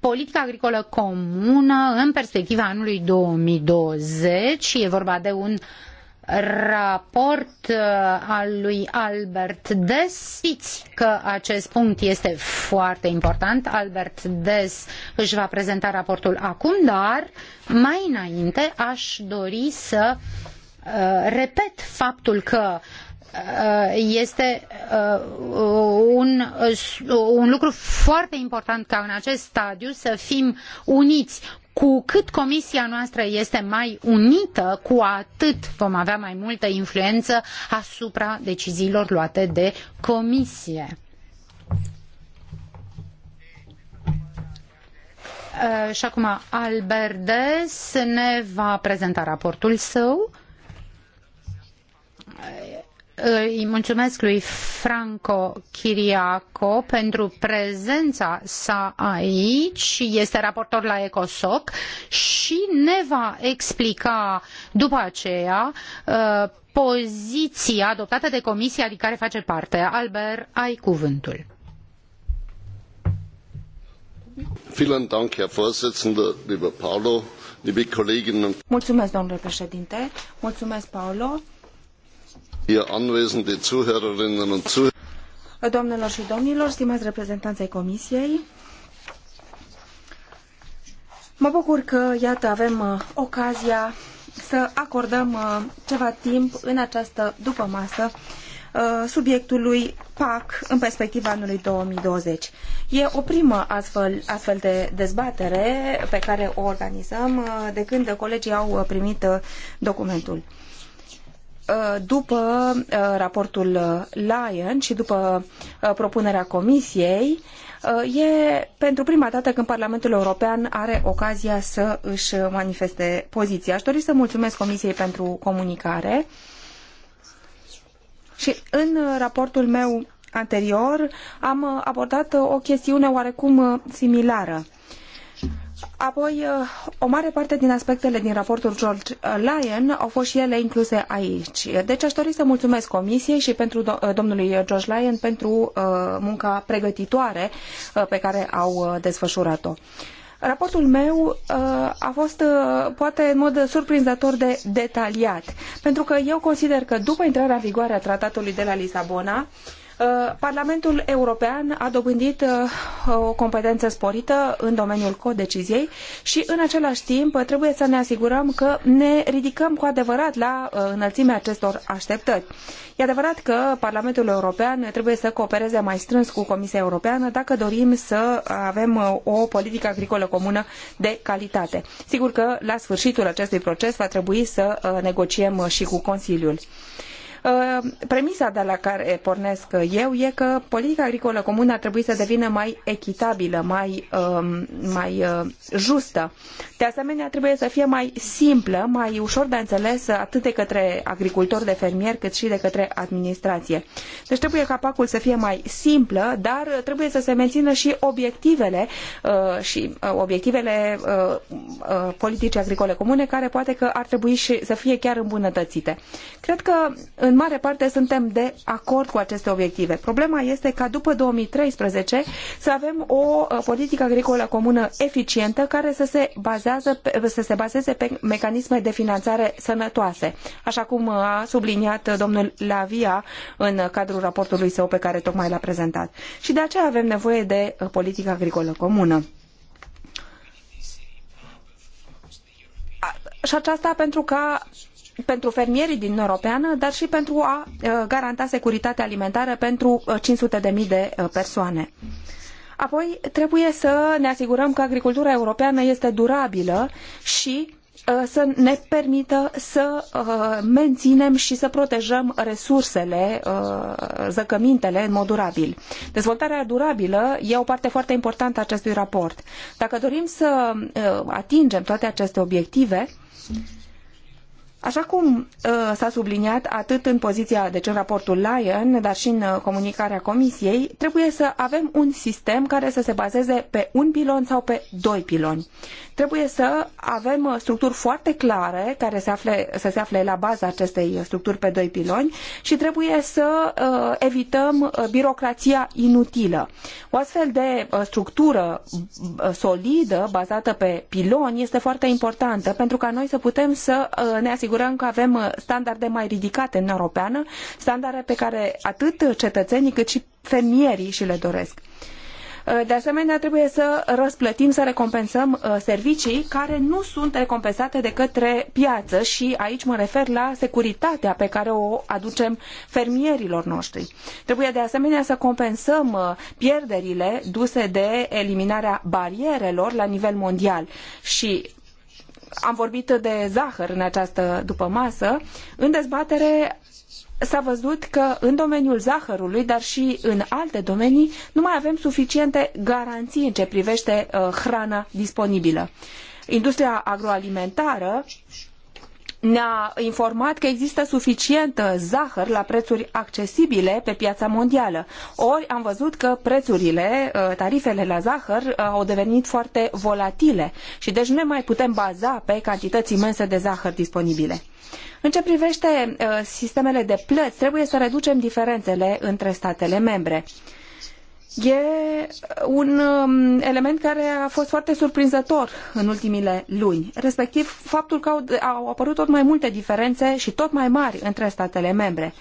politica agricolă comună în perspectiva anului 2020. E vorba de un raport uh, al lui Albert Des. că acest punct este foarte important. Albert Des își va prezenta raportul acum, dar mai înainte aș dori să uh, repet faptul că uh, Uh, este uh, un, uh, un lucru foarte important ca în acest stadiu să fim uniți. Cu cât comisia noastră este mai unită, cu atât vom avea mai multă influență asupra deciziilor luate de comisie. Și acum Alberdes ne va prezenta raportul său îi mulțumesc lui Franco Chiriaco pentru prezența sa aici, este raportor la ECOSOC și ne va explica după aceea uh, poziția adoptată de comisia din care face parte. Albert, ai cuvântul. Vielen Dank, Herr Vorsitzender, lieber Paolo, liebe Kolleginnen Mulțumesc, domnule președinte. Mulțumesc, Paolo. Doamnelor și domnilor, stimați reprezentanți ai Comisiei, mă bucur că, iată, avem uh, ocazia să acordăm uh, ceva timp în această dupămasă uh, subiectului PAC în perspectiva anului 2020. E o primă astfel, astfel de dezbatere pe care o organizăm de când colegii au primit documentul. Uh, după uh, raportul uh, Lyon și după propunerea Comisiei, e pentru prima dată când Parlamentul European are ocazia să își manifeste poziția. Aș dori să mulțumesc Comisiei pentru comunicare și în raportul meu anterior am abordat o chestiune oarecum similară Apoi, o mare parte din aspectele din raportul George Lyon au fost și ele incluse aici. Deci aș dori să mulțumesc Comisiei și pentru domnului George Lyon pentru uh, munca pregătitoare uh, pe care au uh, desfășurat-o. Raportul meu a fost poate în mod surprinzător de detaliat, pentru că eu consider că după intrarea în vigoare a tratatului de la Lisabona, uh, Uh, Parlamentul European a dobândit uh, o competență sporită în domeniul codeciziei și în același timp trebuie să ne asigurăm că ne ridicăm cu adevărat la uh, înălțimea acestor așteptări. E adevărat că Parlamentul European trebuie să coopereze mai strâns cu Comisia Europeană dacă dorim să avem o politică agricolă comună de calitate. Sigur că la sfârșitul acestui proces va trebui să negociem și cu Consiliul. Ă, premisa de la care pornesc eu e că politica agricolă comună ar trebui să devină mai echitabilă, mai, ă, mai ă, justă. De asemenea, trebuie să fie mai simplă, mai ușor de înțeles atât de către agricultori de fermieri cât și de către administrație. Deci trebuie ca pacul să fie mai simplă, dar trebuie să se mențină și obiectivele și obiectivele politicii agricole comune care poate că ar trebui și să fie chiar îmbunătățite. Cred că în mare parte suntem de acord cu aceste obiective. Problema este ca după 2013 să avem o uh, politică agricolă comună eficientă care să se, bazează, uh, să se bazeze pe mecanisme de finanțare sănătoase, așa cum uh, a subliniat domnul Lavia în cadrul raportului său pe care tocmai l-a prezentat. Și de aceea avem nevoie de politică agricolă comună. Și aceasta pentru ca pentru fermierii din Europeană, dar și pentru a uh, garanta securitatea alimentară pentru 500.000 uh, de uh, persoane. Apoi, trebuie să ne asigurăm că agricultura europeană este durabilă și să ne permită să menținem și să protejăm resursele, zăcămintele în mod durabil. Dezvoltarea durabilă e o parte foarte importantă a acestui raport. Dacă dorim să atingem toate aceste obiective, Așa cum uh, s-a subliniat atât în poziția, deci în raportul Lyon, dar și în uh, comunicarea Comisiei, trebuie să avem un sistem care să se bazeze pe un pilon sau pe doi piloni. Trebuie să avem uh, structuri foarte clare care se afle, să se afle la baza acestei structuri pe doi piloni și trebuie să evităm birocrația inutilă. O astfel de structură solidă, bazată pe piloni, este foarte importantă pentru ca noi să putem să ne asigurăm asigurăm că avem uh, standarde mai ridicate în Europeană, standarde pe care atât cetățenii cât și fermierii și le doresc. Uh, de asemenea, trebuie să răsplătim, să recompensăm uh, servicii care nu sunt recompensate de către piață și aici mă refer la securitatea pe care o aducem fermierilor noștri. Trebuie de asemenea să compensăm pierderile duse de eliminarea barierelor la nivel mondial și am vorbit de zahăr în această dupămasă, în dezbatere s-a văzut că în domeniul zahărului, dar și în alte domenii, nu mai avem suficiente garanții în ce privește uh, hrana disponibilă. Industria agroalimentară ne-a informat că există suficient zahăr la prețuri accesibile pe piața mondială. Ori am văzut că prețurile, ă, tarifele la zahăr ă, au devenit foarte volatile și deci nu ne mai putem baza pe cantități imense de zahăr disponibile. În ce privește ă, sistemele de plăți, trebuie să reducem diferențele între statele membre. E uh, un um, element care a fost foarte surprinzător în ultimile luni, respectiv faptul că au apărut tot mai multe diferențe și tot mai mari între statele membre.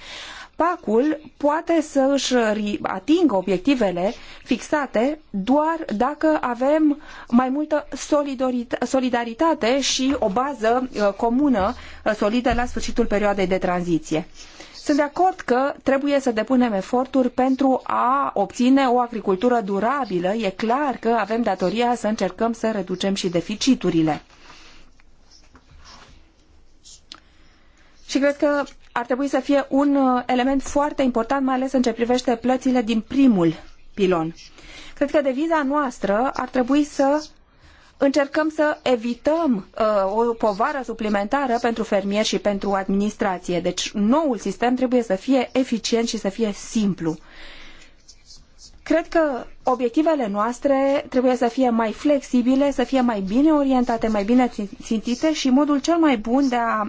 PAC-ul poate să își atingă obiectivele fixate doar dacă avem mai multă solidaritate și o bază uh, comună uh, solidă la sfârșitul perioadei de tranziție. Sunt de acord că trebuie să depunem eforturi pentru a obține o agricultură durabilă. E clar că avem datoria să încercăm să reducem și deficiturile. Și cred că ar trebui să fie un uh, element foarte important, mai ales în ce privește plățile din primul pilon. Cred că deviza noastră ar trebui să încercăm să evităm uh, o povară suplimentară pentru fermieri și pentru administrație. Deci noul sistem trebuie să fie eficient și să fie simplu. Cred că obiectivele noastre trebuie să fie mai flexibile, să fie mai bine orientate, mai bine țintite și modul cel mai bun de a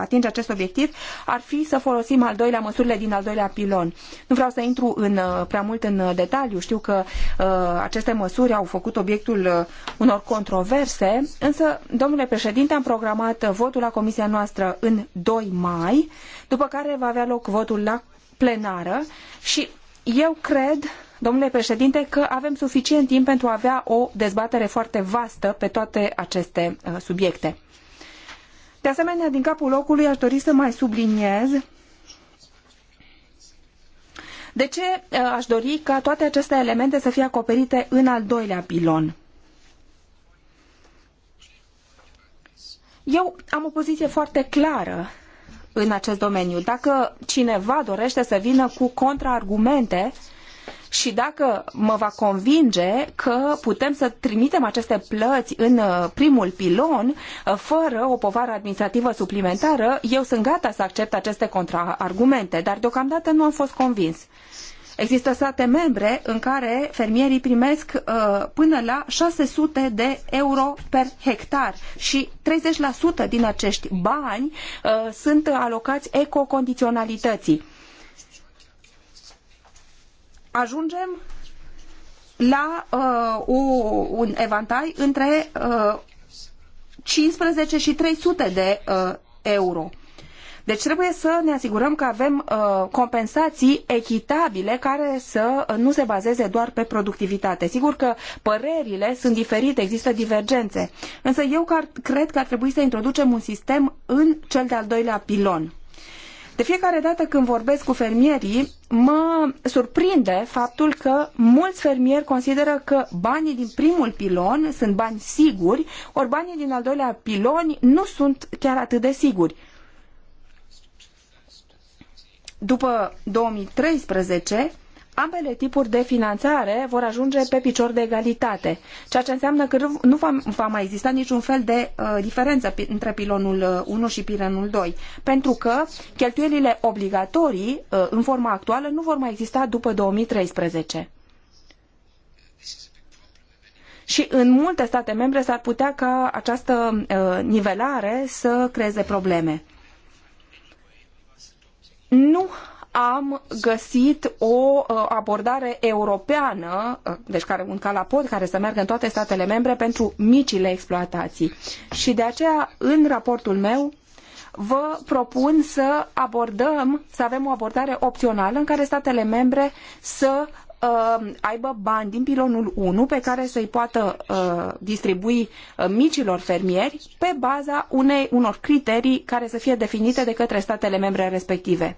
atinge acest obiectiv ar fi să folosim al doilea măsurile din al doilea pilon. Nu vreau să intru în, uh, prea mult în uh, detaliu, știu că uh, aceste măsuri au făcut obiectul uh, unor controverse, însă, domnule președinte, am programat votul la comisia noastră în 2 mai, după care va avea loc votul la plenară și eu cred domnule președinte, că avem suficient timp pentru a avea o dezbatere foarte vastă pe toate aceste uh, subiecte. De asemenea, din capul locului aș dori să mai subliniez de ce uh, aș dori ca toate aceste elemente să fie acoperite în al doilea pilon. Eu am o poziție foarte clară în acest domeniu. Dacă cineva dorește să vină cu contraargumente uh, și dacă mă va convinge că putem să trimitem aceste plăți în uh, primul pilon uh, fără o povară administrativă suplimentară, eu sunt gata să accept aceste contraargumente, dar deocamdată nu am fost convins. Există state membre în care fermierii primesc uh, până la 600 de euro per hectar și 30% din acești bani uh, sunt alocați ecocondiționalității ajungem la uh, o, un evantai între uh, 15 și 300 de uh, euro. Deci trebuie să ne asigurăm că avem uh, compensații echitabile care să nu se bazeze doar pe productivitate. Sigur că părerile sunt diferite, există divergențe, însă eu cred că ar trebui să introducem un sistem în cel de-al doilea pilon. De fiecare dată când vorbesc cu fermierii, mă surprinde faptul că mulți fermieri consideră că banii din primul pilon sunt bani siguri, ori banii din al doilea pilon nu sunt chiar atât de siguri. După 2013, ambele tipuri de finanțare vor ajunge pe picior de egalitate, ceea ce înseamnă că nu va, va mai exista niciun fel de uh, diferență între pilonul 1 uh, și pilonul 2, pentru că cheltuielile obligatorii uh, în forma actuală nu vor mai exista după 2013. Și în multe state membre s-ar putea ca această uh, nivelare să creeze probleme. Nu am găsit o uh, abordare europeană, uh, deci care un calapod care să meargă în toate statele membre pentru micile exploatații. Și de aceea, în raportul meu, vă propun să abordăm, să avem o abordare opțională în care statele membre să uh, aibă bani din pilonul 1 pe care să-i poată uh, distribui uh, micilor fermieri pe baza unei, unor criterii care să fie definite de către statele membre respective.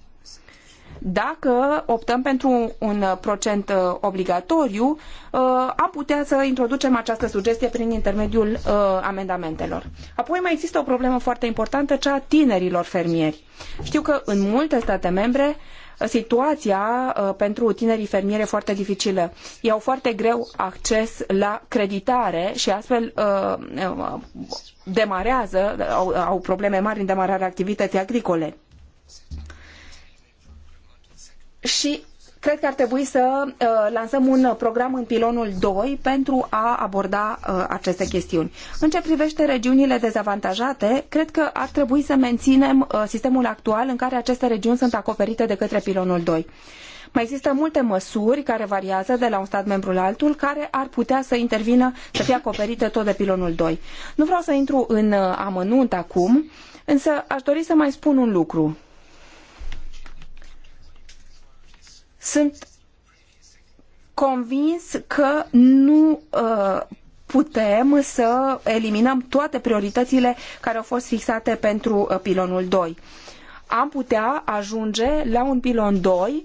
Dacă optăm pentru un uh, procent uh, obligatoriu, uh, am putea să introducem această sugestie prin intermediul amendamentelor. Apoi mai există o problemă foarte importantă, cea a tinerilor fermieri. Știu că în multe state membre situația pentru tinerii fermieri e foarte dificilă. Ei au foarte greu acces la creditare și astfel demarează, au, probleme mari în demararea activității agricole și cred că ar trebui să uh, lansăm un program în pilonul 2 pentru a aborda uh, aceste chestiuni. În ce privește regiunile dezavantajate, cred că ar trebui să menținem uh, sistemul actual în care aceste regiuni sunt acoperite de către pilonul 2. Mai există multe măsuri care variază de la un stat membru la altul care ar putea să intervină, să fie acoperite tot de pilonul 2. Nu vreau să intru în amănunt acum, însă aș dori să mai spun un lucru Sunt convins că nu uh, putem să eliminăm toate prioritățile care au fost fixate pentru uh, pilonul 2. Am putea ajunge la un pilon 2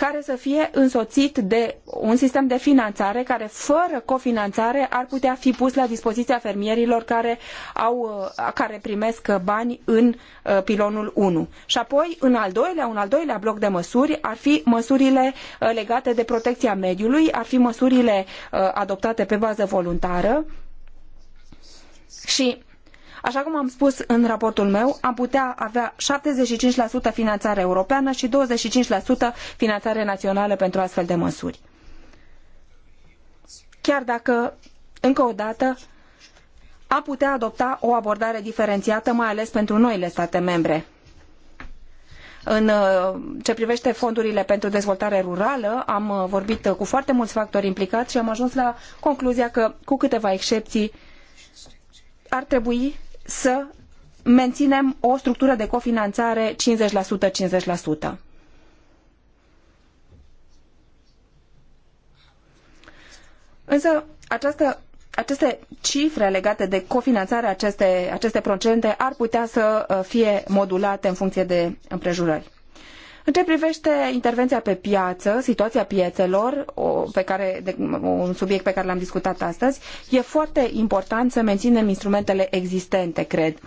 care să fie însoțit de un sistem de finanțare care, fără cofinanțare, ar putea fi pus la dispoziția fermierilor care, au, uh, care primesc bani în uh, pilonul 1. Și apoi, în al doilea, un al doilea bloc de măsuri ar fi măsurile uh, legate de protecția mediului, ar fi măsurile adoptate pe bază voluntară și Așa cum am spus în raportul meu, am putea avea 75% finanțare europeană și 25% finanțare națională pentru astfel de măsuri. Chiar dacă, încă o dată, am putea adopta o abordare diferențiată, mai ales pentru noile state membre. În uh, ce privește fondurile pentru dezvoltare rurală, am uh, vorbit cu foarte mulți factori implicați și am ajuns la concluzia că, cu câteva excepții, ar trebui să menținem o structură de cofinanțare 50%-50%. Însă această, aceste cifre legate de cofinanțare, aceste, aceste procente, ar putea să uh, fie modulate în funcție de împrejurări. În ce privește intervenția pe piață, situația piețelor, o, pe care, de, un subiect pe care l-am discutat astăzi, e foarte important să menținem instrumentele existente, cred.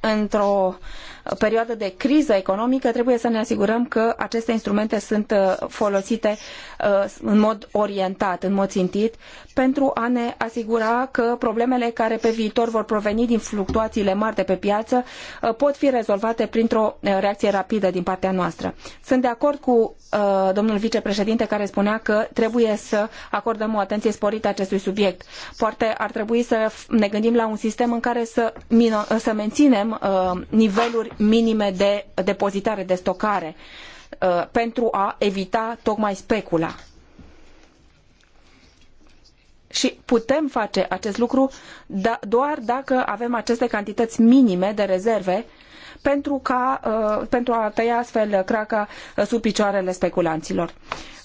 Într-o perioadă de criză economică, trebuie să ne asigurăm că aceste instrumente sunt uh, folosite uh, în mod orientat, în mod țintit, pentru a ne asigura că problemele care pe viitor vor proveni din fluctuațiile mari de pe piață uh, pot fi rezolvate printr-o uh, reacție rapidă din partea noastră. Sunt de acord cu uh, domnul vicepreședinte care spunea că trebuie să acordăm o atenție sporită acestui subiect. Poate ar trebui să ne gândim la un sistem în care să, uh, să menținem uh, niveluri minime de depozitare, de stocare pentru a evita tocmai specula. Și putem face acest lucru da, doar dacă avem aceste cantități minime de rezerve pentru, ca, uh, pentru a tăia astfel craca uh, sub picioarele speculanților.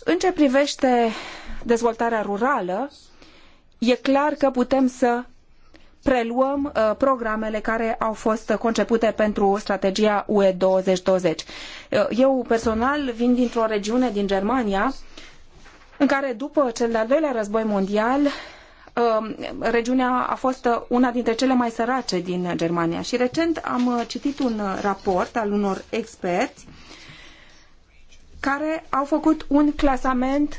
În ce privește dezvoltarea rurală, e clar că putem să preluăm uh, programele care au fost concepute pentru strategia UE 2020. eu personal vin dintr-o regiune din Germania în care după cel de-al doilea război mondial um, regiunea a fost uh, una dintre cele mai sărace din Germania și recent am uh, citit un uh, raport al unor experți care au făcut un clasament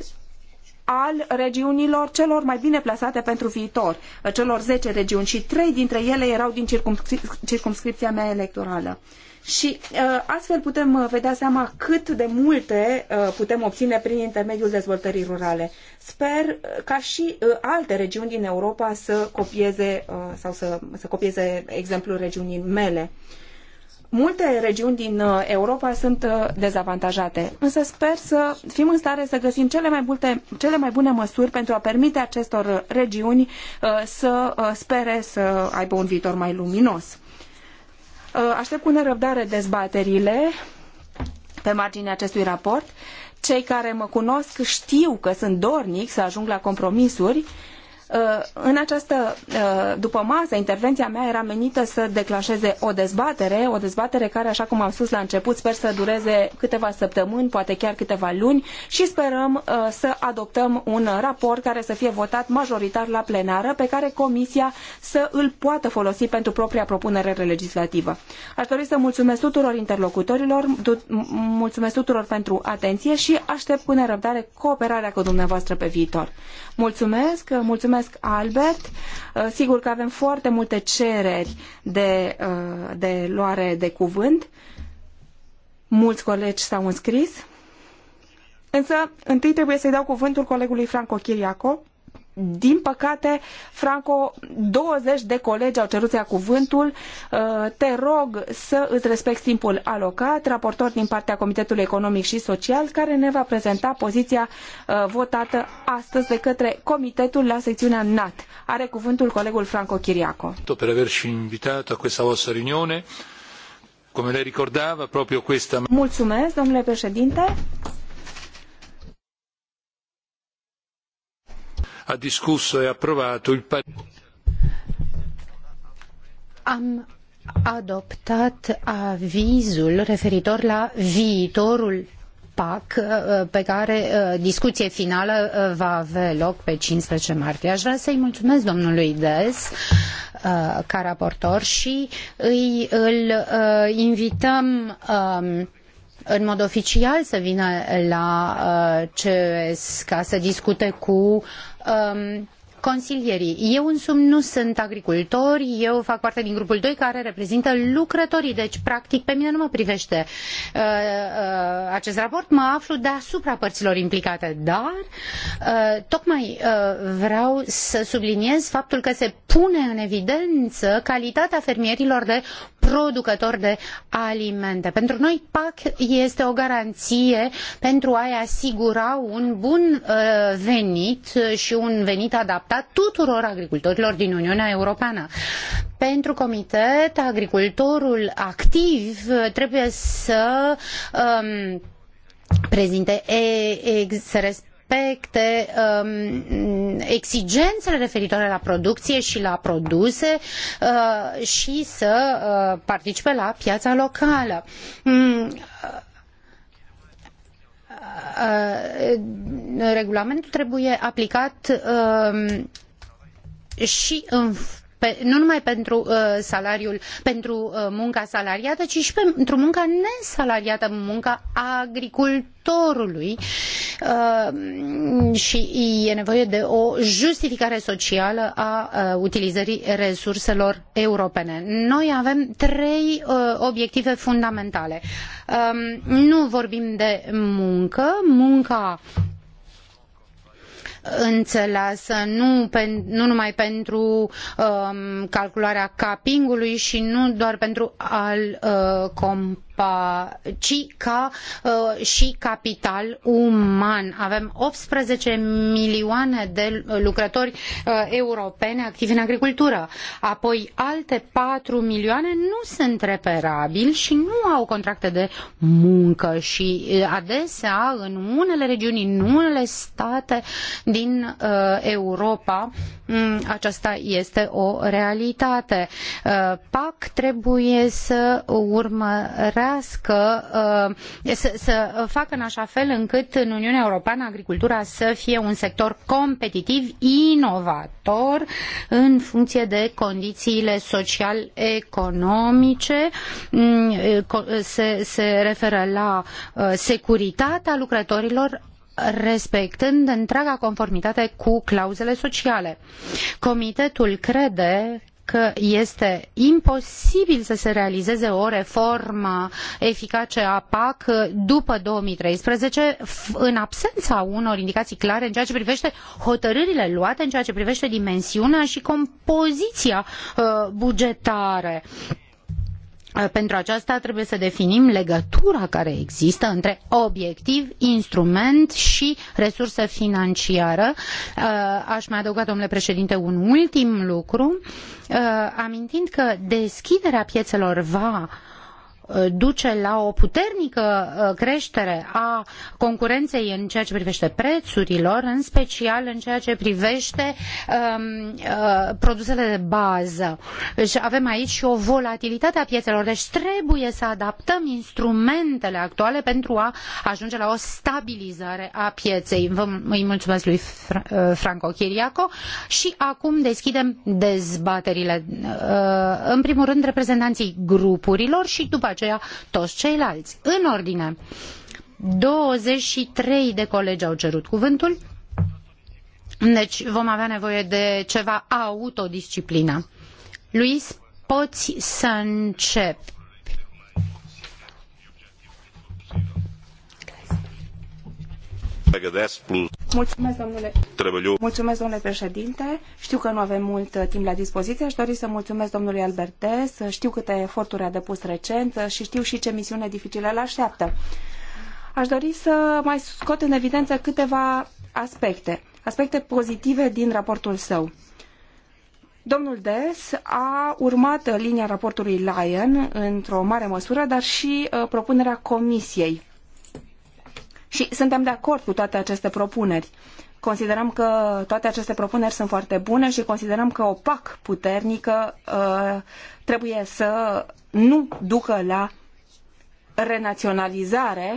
al regiunilor celor mai bine plasate pentru viitor, celor zece regiuni și trei dintre ele erau din circumscripția mea electorală. Uh, și uh, astfel putem uh, vedea seama cât de multe uh, putem obține prin intermediul dezvoltării rurale. Sper ca și alte regiuni din Europa să copieze sau să, să copieze exemplul regiunii mele. Multe regiuni din Europa sunt dezavantajate, însă sper să fim în stare să găsim cele mai, multe, cele mai bune măsuri pentru a permite acestor regiuni să spere să aibă un viitor mai luminos. Uh, aștept cu nerăbdare dezbaterile pe marginea acestui raport. Cei care mă cunosc știu că sunt dornic să ajung la compromisuri uh, Uh, în această uh, după masă, intervenția mea era menită să declanșeze o dezbatere, o dezbatere care, așa cum am spus la început, sper să dureze câteva săptămâni, poate chiar câteva luni și sperăm uh, să adoptăm un raport care să fie votat majoritar la plenară, pe care Comisia să îl poată folosi pentru propria propunere legislativă. Aș dori să mulțumesc tuturor interlocutorilor, mulțumesc tuturor pentru atenție și aștept cu nerăbdare cooperarea cu dumneavoastră pe viitor. Mulțumesc, mulțumesc Mulțumesc, Albert. Uh, sigur că avem foarte multe cereri de, uh, de luare de cuvânt. Mulți colegi s-au înscris. Însă, întâi trebuie să-i dau cuvântul colegului Franco Chiriaco din păcate, Franco, 20 de colegi au cerut să ia cuvântul. Uh, te rog să îți respecti timpul alocat, raportor din partea Comitetului Economic și Social, care ne va prezenta poziția uh, votată astăzi de către Comitetul la secțiunea NAT. Are cuvântul colegul Franco Chiriaco. Per averci invitato a questa vostra riunione. Come lei ricordava, proprio questa... Mulțumesc, domnule președinte. ha discusso e approvato il Am adoptat avizul referitor la viitorul PAC uh, pe care uh, discuție finală uh, va avea loc pe 15 martie. Aș vrea să-i mulțumesc domnului Des ca raportor și îi, îl invităm um, în mod oficial să vină la CES ca să discute cu um, consilierii. Eu însumi nu sunt agricultor, eu fac parte din grupul 2 care reprezintă lucrătorii, deci practic pe mine nu mă privește uh, uh, acest raport, mă aflu deasupra părților implicate, dar uh, tocmai uh, vreau să subliniez faptul că se pune în evidență calitatea fermierilor de producători de alimente. Pentru noi PAC este o garanție pentru a-i asigura un bun uh, venit și un venit adaptat tuturor agricultorilor din Uniunea Europeană. Pentru comitet, agricultorul activ trebuie să um, prezinte, e, e, să respecte respecte um, exigențele referitoare la producție și la produse uh, și să uh, participe la piața locală. Mm, uh, uh, regulamentul trebuie aplicat um, și în pe, nu numai pentru uh, salariul, pentru uh, munca salariată, ci și pentru munca nesalariată, munca agricultorului uh, și e nevoie de o justificare socială a utilizării resurselor europene. Noi avem trei obiective fundamentale. Um, nu vorbim de muncă, munca înțeleasă nu, nu numai pentru um, calcularea capingului și nu doar pentru a-l uh, compara Europa, ci ca uh, și capital uman. Avem 18 milioane de lucrători uh, europeni activi în agricultură. Apoi alte 4 milioane nu sunt reperabili și nu au contracte de muncă și uh, adesea în unele regiuni, în unele state din uh, Europa um, aceasta este o realitate. Uh, PAC trebuie să urmărească sporească, uh, să, să facă în așa fel încât în Uniunea Europeană agricultura să fie un sector competitiv, inovator, în funcție de condițiile social-economice. Mm, se, se referă la uh, securitatea lucrătorilor, respectând întreaga conformitate cu clauzele sociale. Comitetul crede că este imposibil să se realizeze o reformă eficace a PAC după 2013 în absența unor indicații clare în ceea ce privește hotărârile luate, în ceea ce privește dimensiunea și compoziția bugetare. Uh, Uh, pentru aceasta trebuie să definim legătura care există între obiectiv, instrument și resursă financiară. Uh, aș mai adăuga, domnule președinte, un ultim lucru, uh, amintind că deschiderea piețelor va Uh, duce la o puternică uh, creștere a concurenței în ceea ce privește prețurilor, în special în ceea ce privește um, uh, produsele de bază. Deci avem aici și o volatilitate a piețelor, deci trebuie să adaptăm instrumentele actuale pentru a ajunge la o stabilizare a pieței. Vă îi mulțumesc lui uh, Franco Chiriaco și acum deschidem dezbaterile. Uh, în primul rând, reprezentanții grupurilor și după aceea toți ceilalți. În ordine, 23 de colegi au cerut cuvântul, deci vom avea nevoie de ceva autodisciplină. Luis, poți să începi. Mulțumesc, domnule. președinte. Știu că nu avem mult uh, timp la dispoziție. Aș dori să mulțumesc domnului Albertes. Știu câte eforturi a depus recent uh, și știu și ce misiune dificilă îl așteaptă. Aș dori să mai scot în evidență câteva aspecte, aspecte pozitive din raportul său. Domnul Des a urmat linia raportului Lyon într-o mare măsură, dar și uh, propunerea comisiei și suntem de acord cu toate aceste propuneri. Considerăm că toate aceste propuneri sunt foarte bune și considerăm că o PAC puternică uh, trebuie să nu ducă la renaționalizare.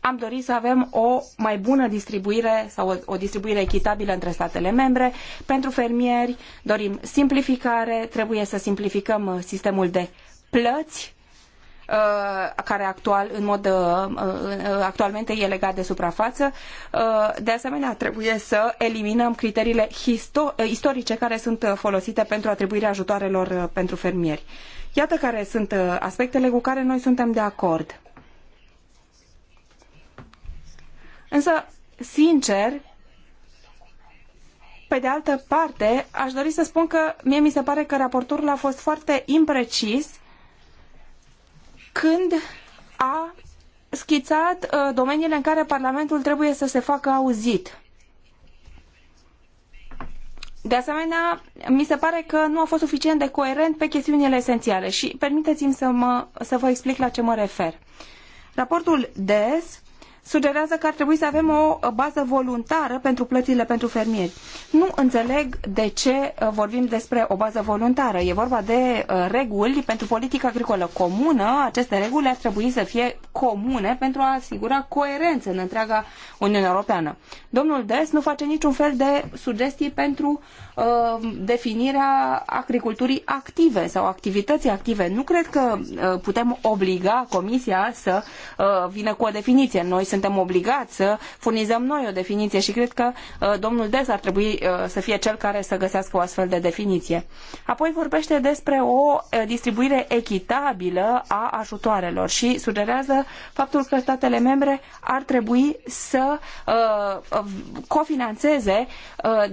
Am dorit să avem o mai bună distribuire sau o, o distribuire echitabilă între statele membre. Pentru fermieri dorim simplificare, trebuie să simplificăm sistemul de plăți Uh, care actual, în mod, uh, uh, actualmente e legat de suprafață. De asemenea, trebuie să eliminăm criteriile istorice care sunt folosite pentru atribuirea ajutoarelor pentru fermieri. Iată care sunt aspectele cu care noi suntem de acord. Însă, sincer, pe de altă parte, aș dori să spun că mie mi se pare că raportorul a fost foarte imprecis când a schițat uh, domeniile în care Parlamentul trebuie să se facă auzit. De asemenea, mi se pare că nu a fost suficient de coerent pe chestiunile esențiale și permiteți-mi să, mă, să vă explic la ce mă refer. Raportul DES sugerează că ar trebui să avem o bază voluntară pentru plățile pentru fermieri. Nu înțeleg de ce uh, vorbim despre o bază voluntară. E vorba de uh, reguli pentru politica agricolă comună. Aceste reguli ar trebui să fie comune pentru a asigura coerență în întreaga Uniune Europeană. Domnul Des nu face niciun fel de sugestii pentru Uh, definirea agriculturii active sau activității active. Nu cred că uh, putem obliga Comisia să uh, vină cu o definiție. Noi suntem obligați să furnizăm noi o definiție și cred că domnul Des ar trebui să fie cel care să găsească o astfel de definiție. Apoi vorbește despre o distribuire echitabilă a ajutoarelor și sugerează faptul că statele membre ar trebui să cofinanțeze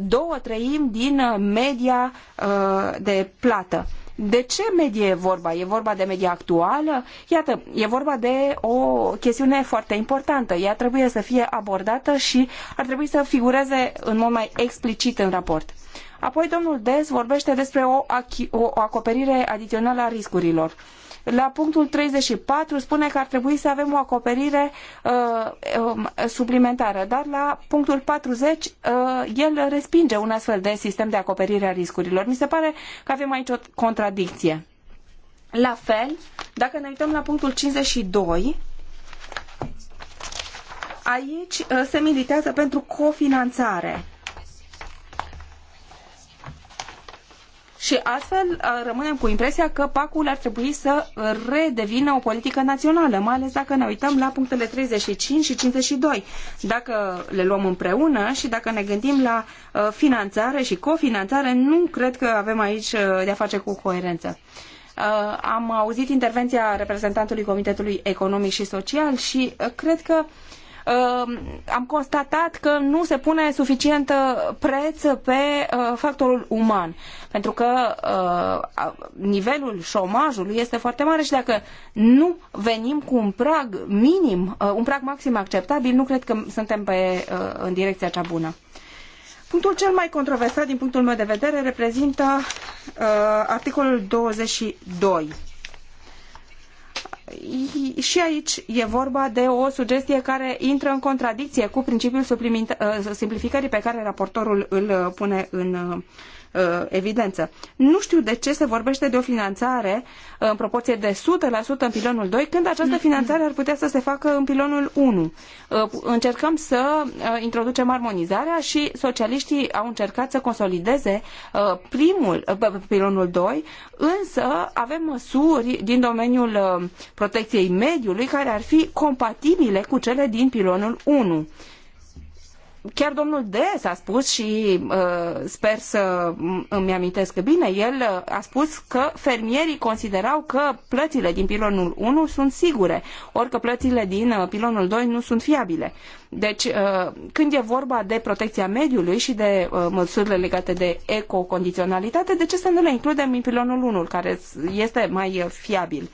două treimi din din uh, media uh, de plată. De ce medie e vorba? E vorba de media actuală? Iată, e vorba de o chestiune foarte importantă. Ea trebuie să fie abordată și ar trebui să figureze în mod mai explicit în raport. Apoi domnul Des vorbește despre o, o acoperire adițională a riscurilor. Uh, la punctul 34 spune că ar trebui să avem o acoperire uh, um, suplimentară, dar la punctul 40 uh, el respinge un astfel de sistem de acoperire a riscurilor. Mi se pare că avem aici o contradicție. La fel, dacă ne uităm la punctul 52, aici uh, se militează pentru cofinanțare. și astfel uh, rămânem cu impresia că pacul ar trebui să redevină o politică națională, mai ales dacă ne uităm la punctele 35 și 52. Dacă le luăm împreună și dacă ne gândim la uh, finanțare și cofinanțare, nu cred că avem aici uh, de-a face cu coerență. Am auzit intervenția reprezentantului Comitetului Economic și Social și cred că Ehm, am constatat că nu se pune suficient uh, preț pe uh, factorul uman, pentru că uh, nivelul șomajului este foarte mare și dacă nu venim cu un prag minim, un prag maxim acceptabil, nu cred că suntem pe, în direcția cea bună. Punctul cel mai controversat din punctul meu de vedere reprezintă articolul 22 și aici e vorba de o sugestie care intră în contradicție cu principiul uh, simplificării pe care raportorul îl uh, pune în uh, Uh, evidență. Nu știu de ce se vorbește de o finanțare uh, în proporție de 100% în pilonul 2, când această mm-hmm. finanțare ar putea să se facă în pilonul 1. Uh, încercăm să introducem armonizarea și socialiștii au încercat să consolideze primul, pilonul 2, însă avem măsuri din domeniul protecției mediului care ar fi compatibile cu cele din pilonul 1 chiar domnul Des a spus și uh, sper să îmi amintesc bine, el uh, a spus că fermierii considerau că plățile din pilonul 1 sunt sigure, orică că plățile din uh, pilonul 2 nu sunt fiabile. Deci, uh, când e vorba de protecția mediului și de uh, măsurile legate de ecocondiționalitate, de ce să nu le includem în pilonul 1, care este mai uh, fiabil?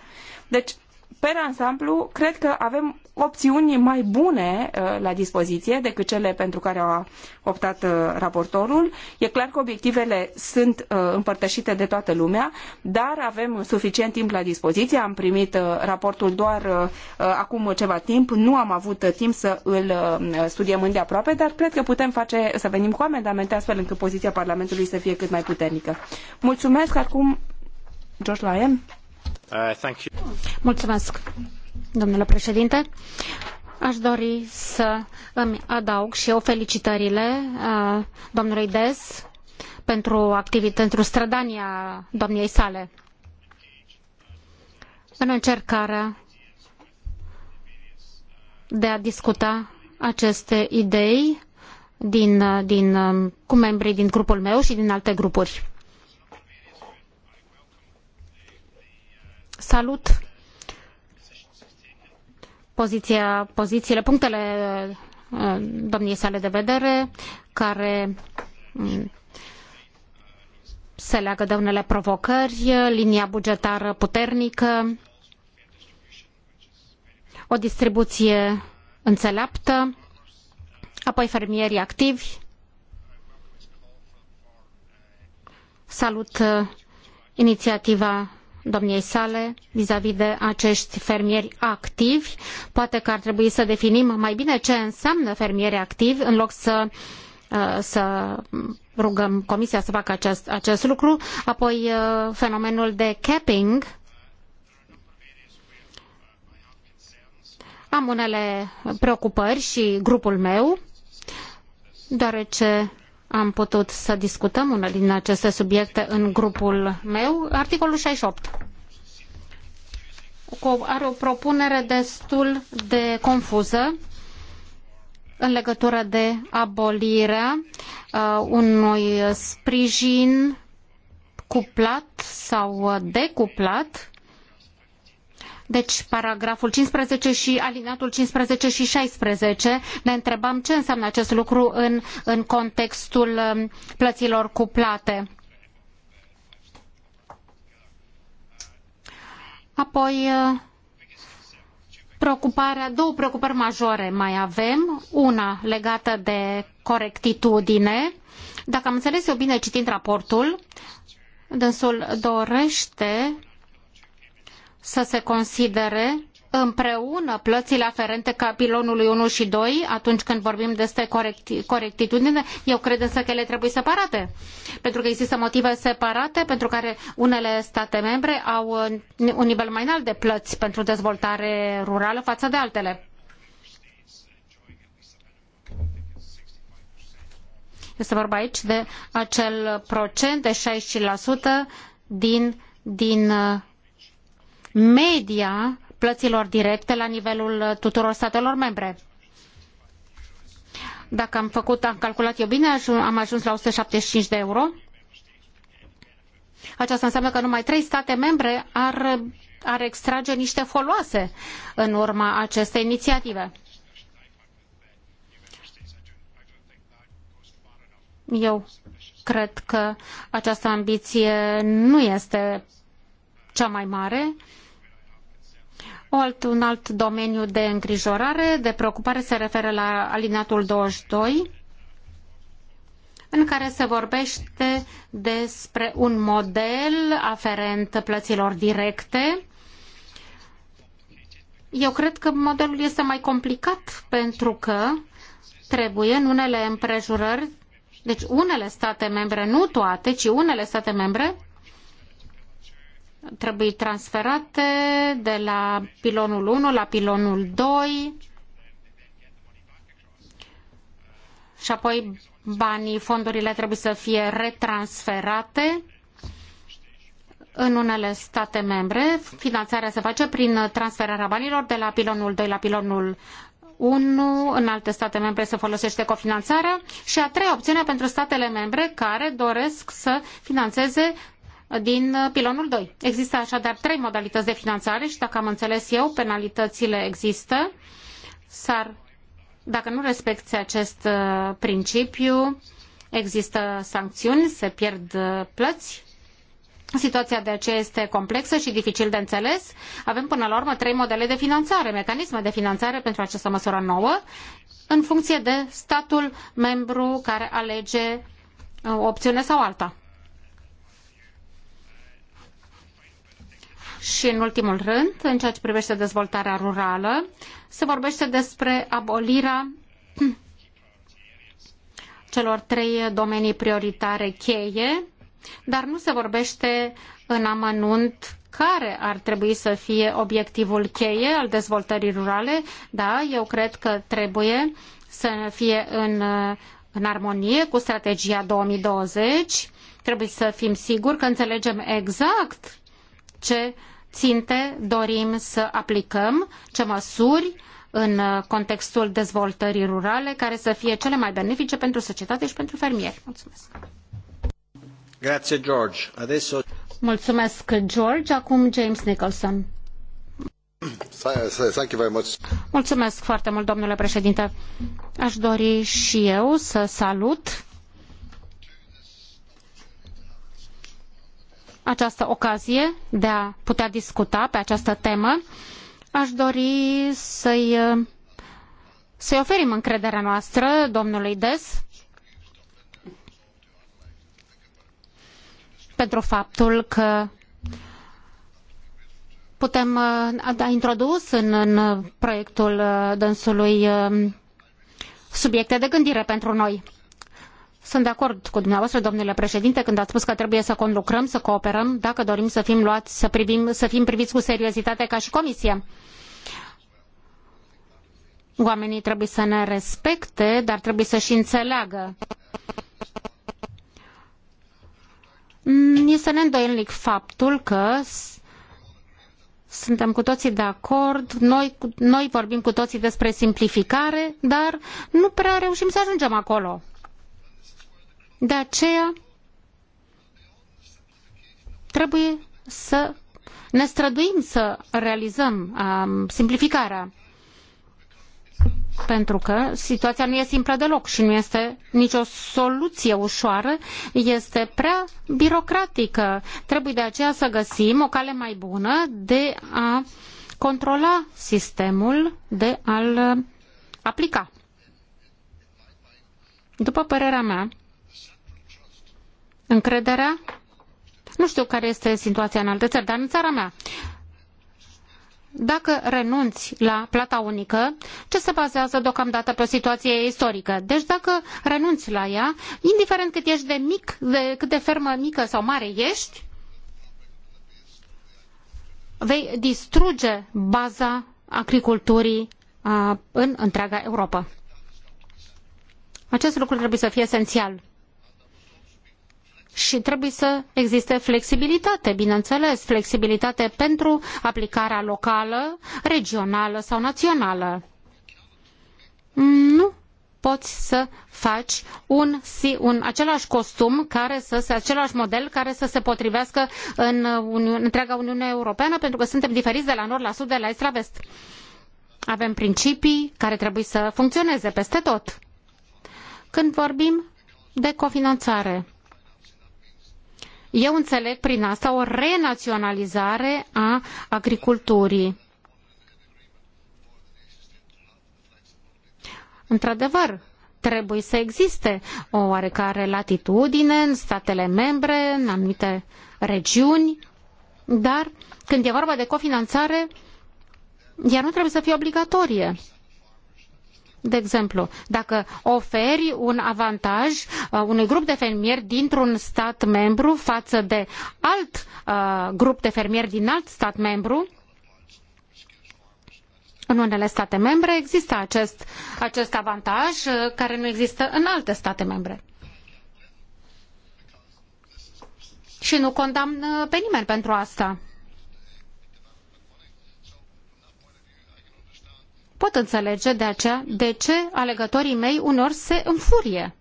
Deci, pe ansamblu, cred că avem opțiuni mai bune uh, la dispoziție decât cele pentru care a optat uh, raportorul. E clar că obiectivele sunt uh, împărtășite de toată lumea, dar avem suficient timp la dispoziție. Am primit raportul doar acum ceva timp, nu am avut timp să îl studiem îndeaproape, dar cred că putem face să venim cu amendamente astfel încât poziția Parlamentului să fie cât mai puternică. Mulțumesc acum George Lyon. Uh, a Mulțumesc, domnule președinte. Aș dori să îmi adaug și eu felicitările uh, domnului dess pentru, activit- pentru strădania domniei sale în încercarea de a discuta aceste idei din, din, um, cu membrii din grupul meu și din alte grupuri. Salut poziția, pozițiile, punctele uh, domniei sale de vedere, care mm, se leagă de unele provocări, linia bugetară puternică, o distribuție înțeleaptă, apoi fermierii activi. Salut uh, inițiativa domniei sale vizavi de acești fermieri activi. Poate că ar trebui să definim mai bine ce înseamnă fermieri activi în loc să uh, să rugăm Comisia să facă acest, acest lucru. Apoi uh, fenomenul de capping. Am unele preocupări și grupul meu, deoarece am putut să discutăm una din aceste subiecte în grupul meu. Articolul 68 are o propunere destul de confuză în legătură de abolirea uh, unui sprijin cuplat sau decuplat deci paragraful 15 și alineatul 15 și 16 ne întrebam ce înseamnă acest lucru în, în contextul um, plăților cuplate. Apoi uh, preocuparea, două preocupări majore mai avem, una legată de corectitudine. Dacă am înțeles eu bine citind raportul, dânsul dorește să se considere împreună plățile aferente ca pilonului 1 și 2 atunci când vorbim despre corectitudine, eu cred însă că ele trebuie separate. Pentru că există motive separate pentru care unele state membre au un nivel mai înalt de plăți pentru dezvoltare rurală față de altele. Este vorba aici de acel procent de 60% din, din media plăților directe la nivelul tuturor statelor membre. Dacă am făcut, am calculat eu bine, am ajuns la 175 de euro. Aceasta înseamnă că numai trei state membre ar, ar extrage niște foloase în urma acestei inițiative. Eu cred că această ambiție nu este cea mai mare. Alt, un alt domeniu de îngrijorare, de preocupare se referă la alineatul 22, în care se vorbește despre un model aferent plăților directe. Eu cred că modelul este mai complicat pentru că trebuie în unele împrejurări, deci unele state membre, nu toate, ci unele state membre, trebuie transferate de la pilonul 1 la pilonul 2 și apoi banii, fondurile trebuie să fie retransferate în unele state membre. Finanțarea se face prin transferarea banilor de la pilonul 2 la pilonul 1, în alte state membre se folosește cofinanțarea și a treia opțiune pentru statele membre care doresc să finanțeze din uh, pilonul 2. Există așadar trei modalități de finanțare și dacă am înțeles eu, penalitățile există. S-ar, dacă nu respecti acest uh, principiu, există sancțiuni, se pierd uh, plăți. Situația de aceea este complexă și dificil de înțeles. Avem până la urmă trei modele de finanțare, mecanisme de finanțare pentru această măsură nouă, în funcție de statul membru care alege o opțiune sau alta. Și în ultimul rând, în ceea ce privește dezvoltarea rurală, se vorbește despre abolirea celor trei domenii prioritare cheie, dar nu se vorbește în amănunt care ar trebui să fie obiectivul cheie al dezvoltării rurale. Da, eu cred că trebuie să fie în, în armonie cu strategia 2020. Trebuie să fim siguri că înțelegem exact ce ținte dorim să aplicăm, ce măsuri în contextul dezvoltării rurale care să fie cele mai benefice pentru societate și pentru fermieri. Mulțumesc. Grazie, George. Adesso... Mulțumesc, George. Acum James Nicholson. Thank you very much. Mulțumesc foarte mult, domnule președinte. Aș dori și eu să salut această ocazie de a putea discuta pe această temă. Aș dori să-i să, oferim încrederea noastră domnului Des pentru faptul că putem a introdus în, în proiectul dânsului um, subiecte de gândire pentru noi. Sunt de acord cu dumneavoastră, domnule președinte, când ați spus că trebuie să conlucrăm, să cooperăm, dacă dorim să fim luați, să, privim, să fim priviți cu seriozitate ca și Comisia. Oamenii trebuie să ne respecte, dar trebuie să și înțeleagă. Este neîndoielnic faptul că suntem cu toții de acord, noi, noi vorbim cu toții despre simplificare, dar nu prea reușim să ajungem acolo. De aceea trebuie să ne străduim să realizăm um, simplificarea. Pentru că situația nu e simplă deloc și nu este nicio soluție ușoară, este prea birocratică. Trebuie de aceea să găsim o cale mai bună de a controla sistemul, de a-l aplica. După părerea mea, încrederea. Nu știu care este situația în alte țări, dar în țara mea. Dacă renunți la plata unică, ce se bazează deocamdată pe o situație istorică? Deci dacă renunți la ea, indiferent cât ești de mic, de, cât de fermă mică sau mare ești, vei distruge baza agriculturii în întreaga Europa. Acest lucru trebuie să fie esențial și trebuie să existe flexibilitate, bineînțeles, flexibilitate pentru aplicarea locală, regională sau națională. Nu poți să faci un, un același costum, care să, același model care să se potrivească în, Uni întreaga Uniune Europeană, pentru că suntem diferiți de la nord la sud, de la est la vest. Avem principii care trebuie să funcționeze peste tot. Când vorbim de cofinanțare, eu înțeleg prin asta o renaționalizare a agriculturii. Într-adevăr, trebuie să existe o oarecare latitudine în statele membre, în anumite regiuni, dar când e vorba de cofinanțare, ea nu trebuie să fie obligatorie. De exemplu, dacă oferi un avantaj uh, unui grup de fermieri dintr-un stat membru față de alt uh, grup de fermieri din alt stat membru, în unele state membre există acest, acest avantaj uh, care nu există în alte state membre. Și nu condamn pe nimeni pentru asta. Pot înțelege de aceea de ce alegătorii mei unor se înfurie.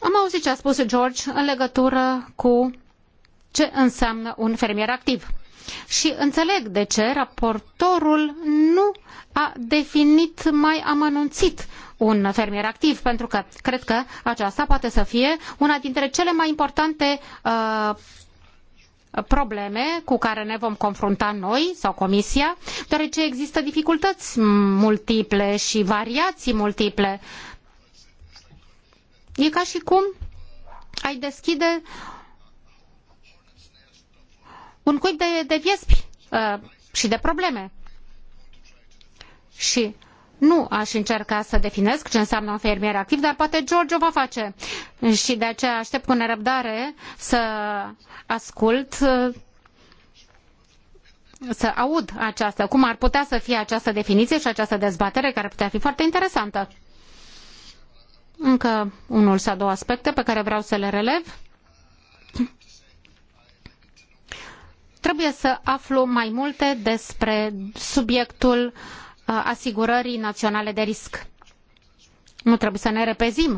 Am auzit ce a spus George în legătură cu ce înseamnă un fermier activ. Și înțeleg de ce raportorul nu a definit mai amănunțit un fermier activ, pentru că cred că aceasta poate să fie una dintre cele mai importante uh, probleme cu care ne vom confrunta noi sau Comisia, deoarece există dificultăți multiple și variații multiple. E ca și cum ai deschide un cuib de, de viespi uh, și de probleme. Și nu aș încerca să definesc ce înseamnă un fermier activ, dar poate George o va face. Și de aceea aștept cu nerăbdare să ascult să aud aceasta. cum ar putea să fie această definiție și această dezbatere care putea fi foarte interesantă. Încă unul sau două aspecte pe care vreau să le relev. Trebuie să aflu mai multe despre subiectul uh, Uh, asigurării naționale de risc. Nu trebuie să ne repezim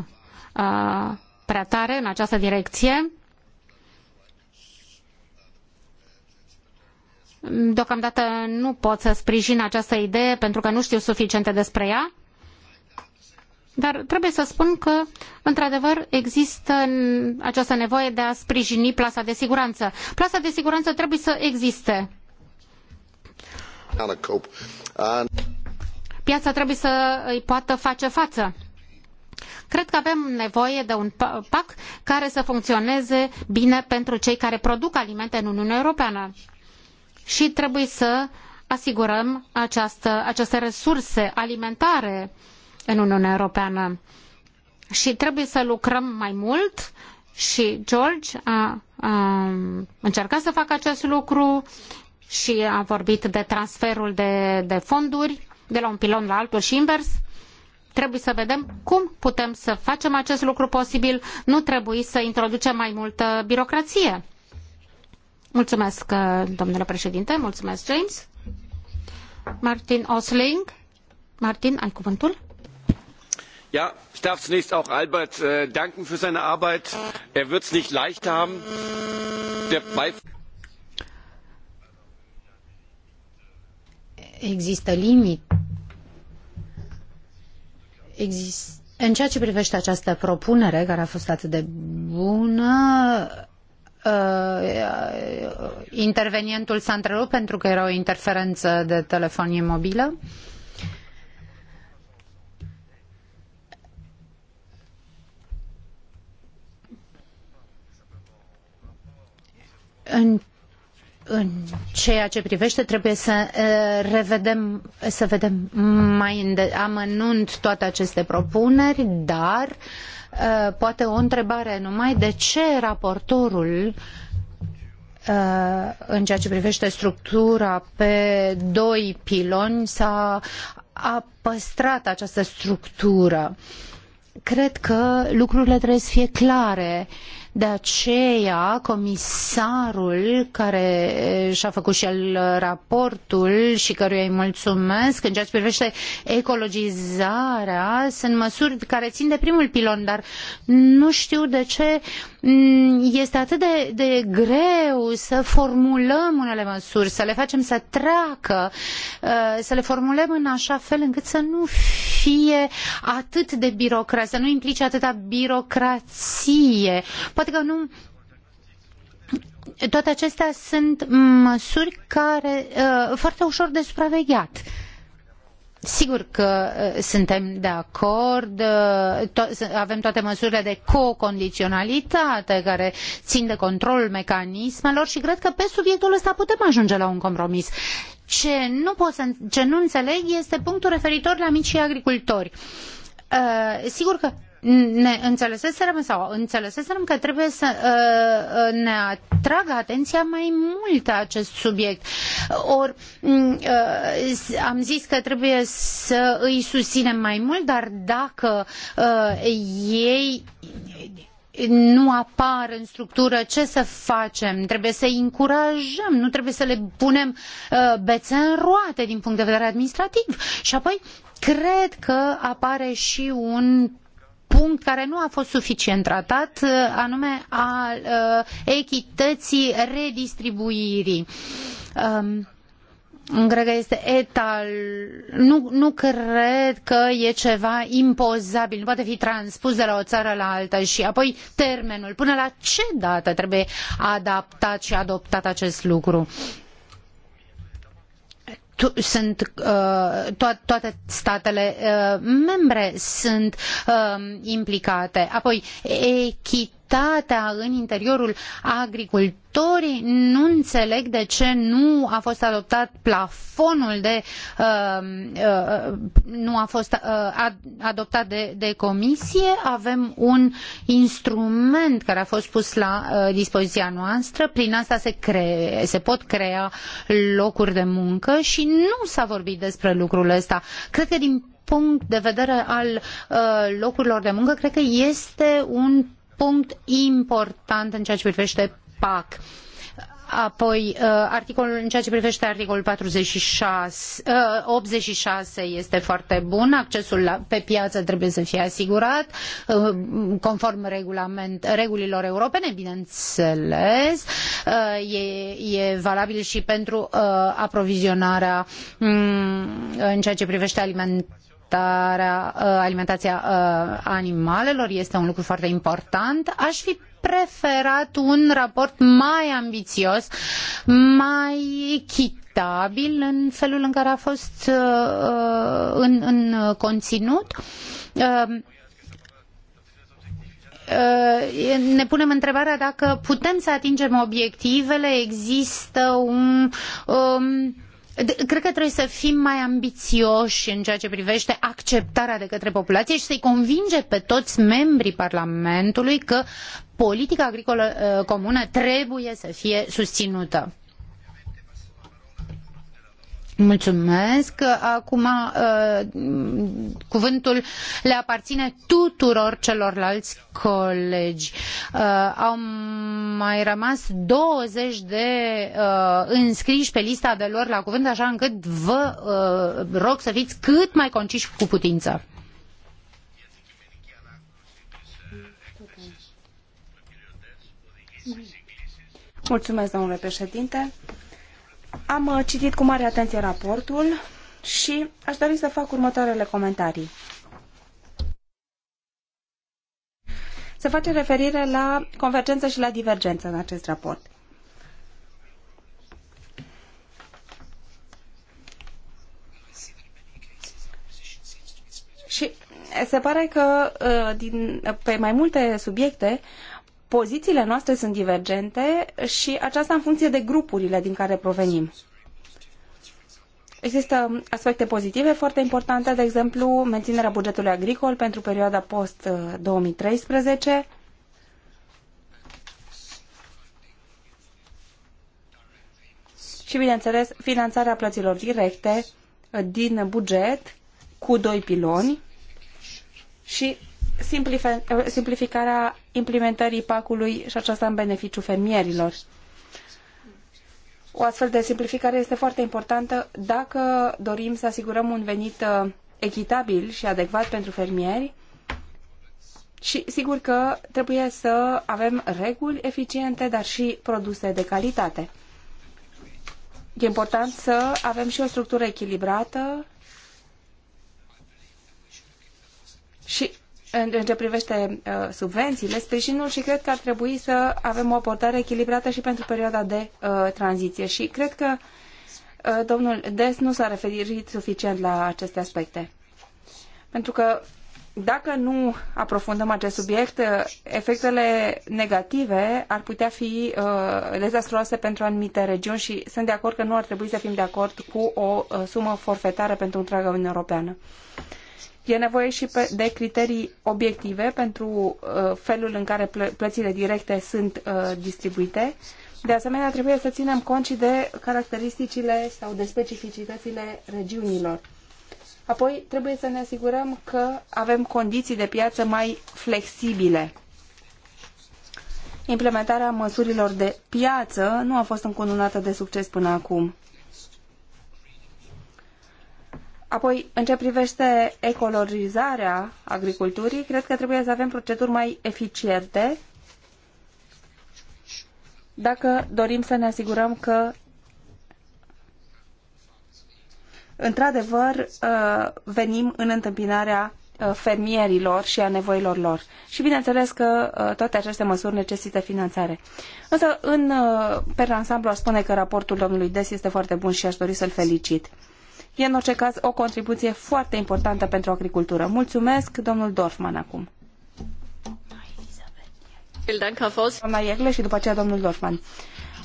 uh, prea tare în această direcție. Deocamdată nu pot să sprijin această idee pentru că nu știu suficiente despre ea. Dar trebuie să spun că, într-adevăr, există această nevoie de a sprijini plasa de siguranță. Plasa de siguranță trebuie să existe piața trebuie să îi poată face față. Cred că avem nevoie de un PAC care să funcționeze bine pentru cei care produc alimente în Uniunea Europeană. Și trebuie să asigurăm această, aceste resurse alimentare în Uniunea Europeană. Și trebuie să lucrăm mai mult și George a, a încercat să facă acest lucru și a vorbit de transferul de, de fonduri de la un pilon la altul și invers, trebuie să vedem cum putem să facem acest lucru posibil, nu trebuie să introducem mai multă birocrație. Mulțumesc, uh, domnule președinte, mulțumesc, James. Martin Osling. Martin, ai cuvântul? Ja, ich darf zunächst auch Albert äh, danken für seine Arbeit. Er wird es nicht leicht haben. Der Există limite Exist în ceea ce privește această propunere, care a fost atât de bună, uh, intervenientul s-a întrerupt pentru că era o interferență de telefonie mobilă. În în ceea ce privește trebuie să revedem, să vedem mai amănunt toate aceste propuneri, dar poate o întrebare numai de ce raportorul în ceea ce privește structura pe doi piloni s-a a păstrat această structură. Cred că lucrurile trebuie să fie clare uh, de aceea, comisarul care eh, și-a făcut și el raportul și căruia îi mulțumesc în ceea ce privește ecologizarea, sunt măsuri care țin de primul pilon, dar nu știu de ce mm, este atât de, de greu să formulăm unele măsuri, să le facem să treacă, eh, să le formulăm în așa fel încât să nu fie atât de birocrație, să nu implice atâta birocrație. Poate că nu toate acestea sunt măsuri care uh, foarte ușor de supravegheat. Sigur că uh, suntem de acord, uh, avem toate măsurile de co-condiționalitate care țin de controlul mecanismelor și cred că pe subiectul ăsta putem ajunge la un compromis. Ce nu, pot să, ce nu înțeleg este punctul referitor la micii agricultori. sigur că ne înțeleseserăm sau înțeleseserăm că trebuie să uh, uh, ne atragă atenția mai mult acest subiect. Or, mm, uh, am zis că trebuie să îi susținem mai mult, dar dacă uh, ei nu apar în structură, ce să facem? Trebuie să-i încurajăm, nu trebuie să le punem uh, bețe în roate din punct de vedere administrativ. Și apoi cred că apare și un punct care nu a fost suficient tratat, uh, anume al uh, echității redistribuirii um, în este etal. Nu, nu cred că e ceva impozabil, nu poate fi transpus de la o țară la alta și apoi termenul. Până la ce dată trebuie adaptat și adoptat acest lucru? Uh, sunt uh, to toate statele uh, membre sunt uh, implicate. Apoi, echitate activitatea în interiorul agricultorii. Nu înțeleg de ce nu a fost adoptat plafonul de uh, uh, nu a fost uh, adoptat de, de, comisie. Avem un instrument care a fost pus la uh, dispoziția noastră. Prin asta se, cree se pot crea locuri de muncă și nu s-a vorbit despre lucrul ăsta. Cred că din punct de vedere al uh, locurilor de muncă, cred că este un punct important în ceea ce privește PAC. Apoi, uh, articolul, în ceea ce privește articolul 46, 86 uh, este foarte bun, accesul la, pe piață trebuie să fie asigurat uh, conform regulament, regulilor europene, bineînțeles, e, e valabil și pentru aprovizionarea mm, în ceea ce privește alimentele alimentarea, uh, alimentația uh, animalelor este un lucru foarte important. Aș fi preferat un raport mai ambițios, mai echitabil în felul în care a fost uh, în, în conținut ne punem întrebarea dacă putem să atingem obiectivele, există un um, Cred că trebuie să fim mai ambițioși în ceea ce privește acceptarea de către populație și să-i convinge pe toți membrii Parlamentului că politica agricolă uh, comună trebuie să fie susținută. Mulțumesc. Acum uh, cuvântul le aparține tuturor celorlalți colegi. Uh, au mai rămas 20 de uh, înscriși pe lista de lor la cuvânt, așa încât vă rog să fiți cât mai conciși cu putință. Mulțumesc, domnule președinte. Am uh, citit cu mare atenție raportul și aș dori să fac următoarele comentarii. Se face referire la convergență și la divergență în acest raport. Și se pare că uh, din, pe mai multe subiecte pozițiile noastre sunt divergente și aceasta în funcție de grupurile din care provenim. Există aspecte pozitive foarte importante, de exemplu, menținerea bugetului agricol pentru perioada post-2013, și, bineînțeles, finanțarea plăților directe din buget cu doi piloni și simplificarea implementării pacului și aceasta în beneficiu fermierilor. O astfel de simplificare este foarte importantă dacă dorim să asigurăm un venit uh, echitabil și adecvat pentru fermieri și sigur că trebuie să avem reguli eficiente, dar și produse de calitate. E important să avem și o structură echilibrată și în, ce privește uh, subvențiile, sprijinul și cred că ar trebui să avem o abordare echilibrată și pentru perioada de uh, tranziție. Și cred că uh, domnul Des nu s-a referit suficient la aceste aspecte. Pentru că dacă nu aprofundăm acest subiect, uh, efectele negative ar putea fi uh, dezastroase pentru anumite regiuni și sunt de acord că nu ar trebui să fim de acord cu o uh, sumă forfetară pentru întreaga Uniune Europeană. Uh, E nevoie și de criterii obiective pentru uh, felul în care plățile directe sunt uh, distribuite. De asemenea, trebuie să ținem cont și de caracteristicile sau de specificitățile regiunilor. Apoi, trebuie să ne asigurăm că avem condiții de piață mai flexibile. Implementarea măsurilor de piață nu a fost încununată de succes până acum. Apoi, în ce privește ecologizarea agriculturii, cred că trebuie să avem proceduri mai eficiente dacă dorim să ne asigurăm că într-adevăr uh, venim în întâmpinarea uh, fermierilor și a nevoilor lor. Și bineînțeles că uh, toate aceste măsuri necesită finanțare. Însă, în, pe ansamblu, aș spune că raportul domnului Des este foarte bun și aș dori să-l felicit. E în orice caz o contribuție foarte importantă pentru agricultură. Mulțumesc, domnul Dorfman, acum. Doamna Iegle și după aceea domnul Dorfman.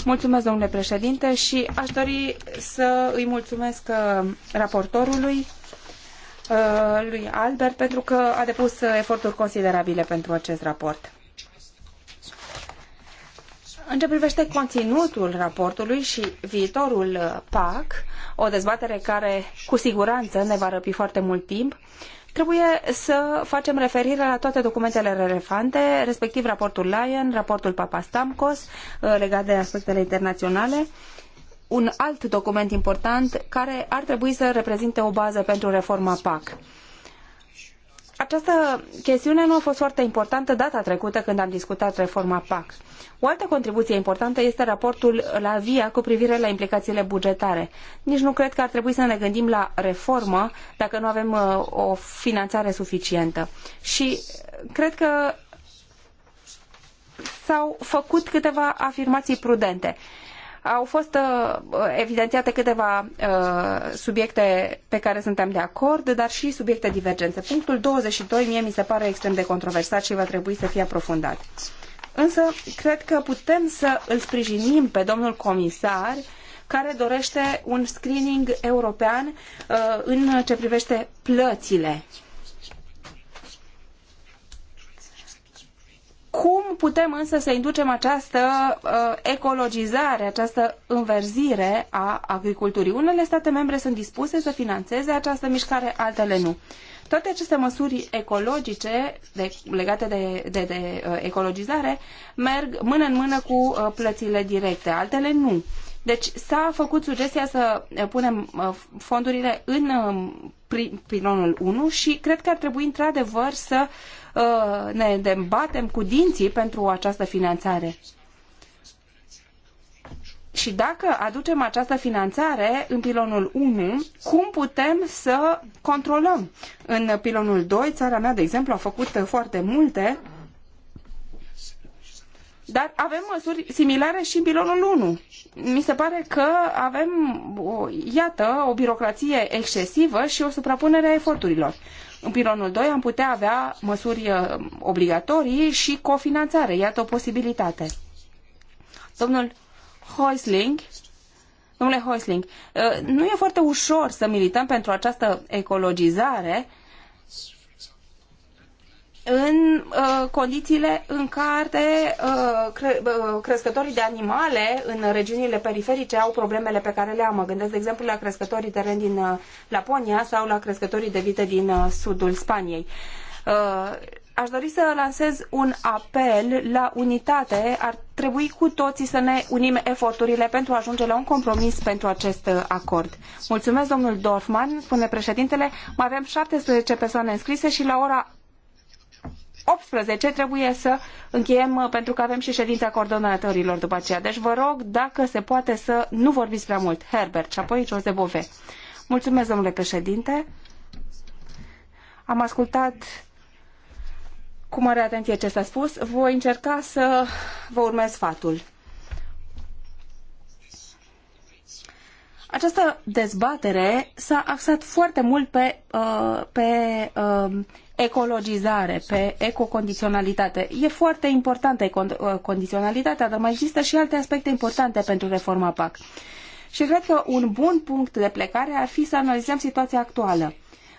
Mulțumesc, domnule președinte, și aș dori să îi mulțumesc uh, raportorului, uh, lui Albert, pentru că a depus uh, eforturi considerabile pentru acest raport. În ce privește conținutul raportului și viitorul uh, PAC, o dezbatere care cu siguranță ne va răpi foarte mult timp, trebuie să facem referire la toate documentele relevante, respectiv raportul Lyon, raportul Papastamcos uh, legat de aspectele internaționale, un alt document important care ar trebui să reprezinte o bază pentru reforma PAC. Această chestiune nu a fost foarte importantă data trecută când am discutat reforma PAC. O altă contribuție importantă este raportul la VIA cu privire la implicațiile bugetare. Nici nu cred că ar trebui să ne gândim la reformă dacă nu avem uh, o finanțare suficientă. Și cred că s-au făcut câteva afirmații prudente. Au fost uh, evidențiate câteva uh, subiecte pe care suntem de acord, dar și subiecte divergențe. Punctul 22 mie mi se pare extrem de controversat și va trebui să fie aprofundat. Însă, cred că putem să îl sprijinim pe domnul comisar care dorește un screening european uh, în ce privește plățile Cum putem însă să inducem această uh, ecologizare, această înverzire a agriculturii? Unele state membre sunt dispuse să financeze această mișcare, altele nu. Toate aceste măsuri ecologice de, legate de, de, de uh, ecologizare merg mână în mână cu uh, plățile directe, altele nu. Deci s-a făcut sugestia să punem fondurile în um, pilonul 1 și cred că ar trebui într-adevăr să Uh, ne îndembatem cu dinții pentru această finanțare. Și dacă aducem această finanțare în pilonul 1, cum putem să controlăm? În pilonul 2, țara mea, de exemplu, a făcut foarte multe, dar avem măsuri similare și în pilonul 1. Mi se pare că avem, iată, o birocrație excesivă și o suprapunere a eforturilor. În pilonul 2 am putea avea măsuri uh, obligatorii și cofinanțare. Iată o posibilitate. Domnul Heusling, domnule Heusling, uh, nu e foarte ușor să milităm pentru această ecologizare uh, în uh, condițiile în care uh, cre uh, crescătorii de animale în regiunile periferice au problemele pe care le am. Mă gândesc, de exemplu, la crescătorii de ren din uh, Laponia sau la crescătorii de vite din uh, sudul Spaniei. Uh, aș dori să lansez un apel la unitate. Ar trebui cu toții să ne unim eforturile pentru a ajunge la un compromis pentru acest acord. Mulțumesc, domnul Dorfman, spune președintele. Mai avem 17 persoane înscrise și la ora 18 trebuie să încheiem uh, pentru că avem și ședința coordonatorilor după aceea. Deci vă rog dacă se poate să nu vorbiți prea mult. Herbert și apoi Jose Bove. Mulțumesc, domnule președinte. Am ascultat cu mare atenție ce s-a spus. Voi încerca să vă urmez sfatul. Această dezbatere s-a axat foarte mult pe, uh, pe uh, ecologizare, pe ecocondiționalitate. E foarte importantă ă, condiționalitatea, dar mai există și alte aspecte importante pentru reforma PAC. Și cred că un bun punct de plecare ar fi să analizăm situația actuală.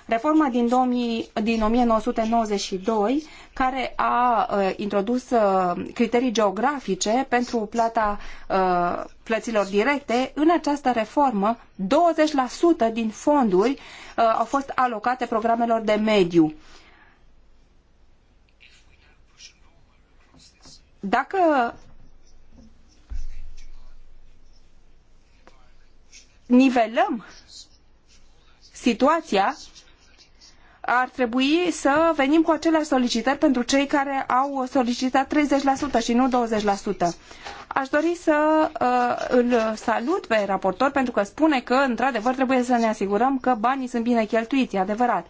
Reforma din, 2000, din 1992, care a uh, introdus uh, criterii geografice pentru plata uh, plăților directe, în această reformă 20% din fonduri uh, au fost alocate programelor de mediu. Uh, Dacă nivelăm situația, ar trebui să venim cu aceleași solicitări pentru cei care au solicitat 30% și nu 20%. Aș dori să uh, îl salut pe raportor pentru că spune că, într-adevăr, trebuie să ne asigurăm că banii sunt bine cheltuiți, e adevărat.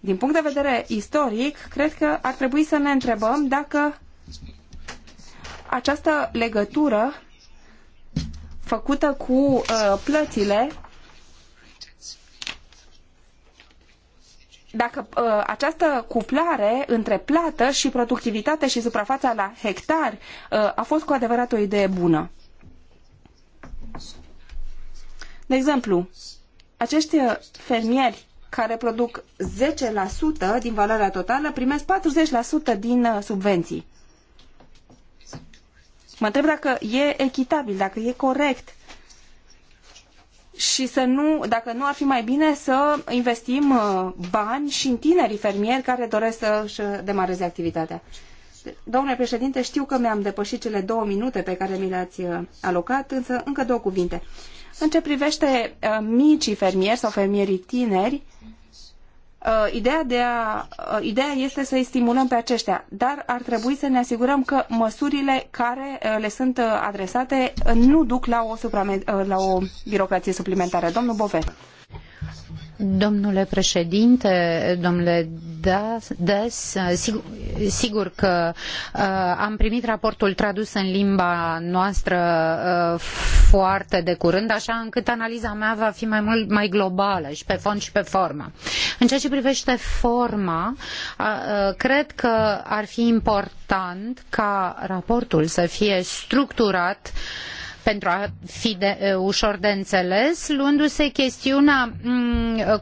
Din punct de vedere istoric, cred că ar trebui să ne întrebăm dacă această legătură făcută cu uh, plățile dacă uh, această cuplare între plată și productivitate și suprafața la hectar uh, a fost cu adevărat o idee bună. De exemplu, acești uh, fermieri care produc 10% din valoarea totală primesc 40% din uh, subvenții. Mă întreb dacă e echitabil, dacă e corect și să nu, dacă nu ar fi mai bine să investim uh, bani și în tinerii fermieri care doresc să își demareze activitatea. Domnule președinte, știu că mi-am depășit cele două minute pe care mi le-ați uh, alocat, însă încă două cuvinte. În ce privește uh, micii fermieri sau fermierii tineri, Uh, ideea, de a, uh, ideea este să îi stimulăm pe aceștia, dar ar trebui să ne asigurăm că măsurile care uh, le sunt adresate nu duc la o, suprame, la o birocrație suplimentară. Domnul Bove. Domnule președinte, domnule Des, sigur că uh, am primit raportul tradus în limba noastră uh, foarte de curând, așa încât analiza mea va fi mai mult mai globală și pe fond și pe formă. În ceea ce privește forma, uh, cred că ar fi important ca raportul să fie structurat uh, pentru a fi de, ușor de înțeles, luându-se chestiunea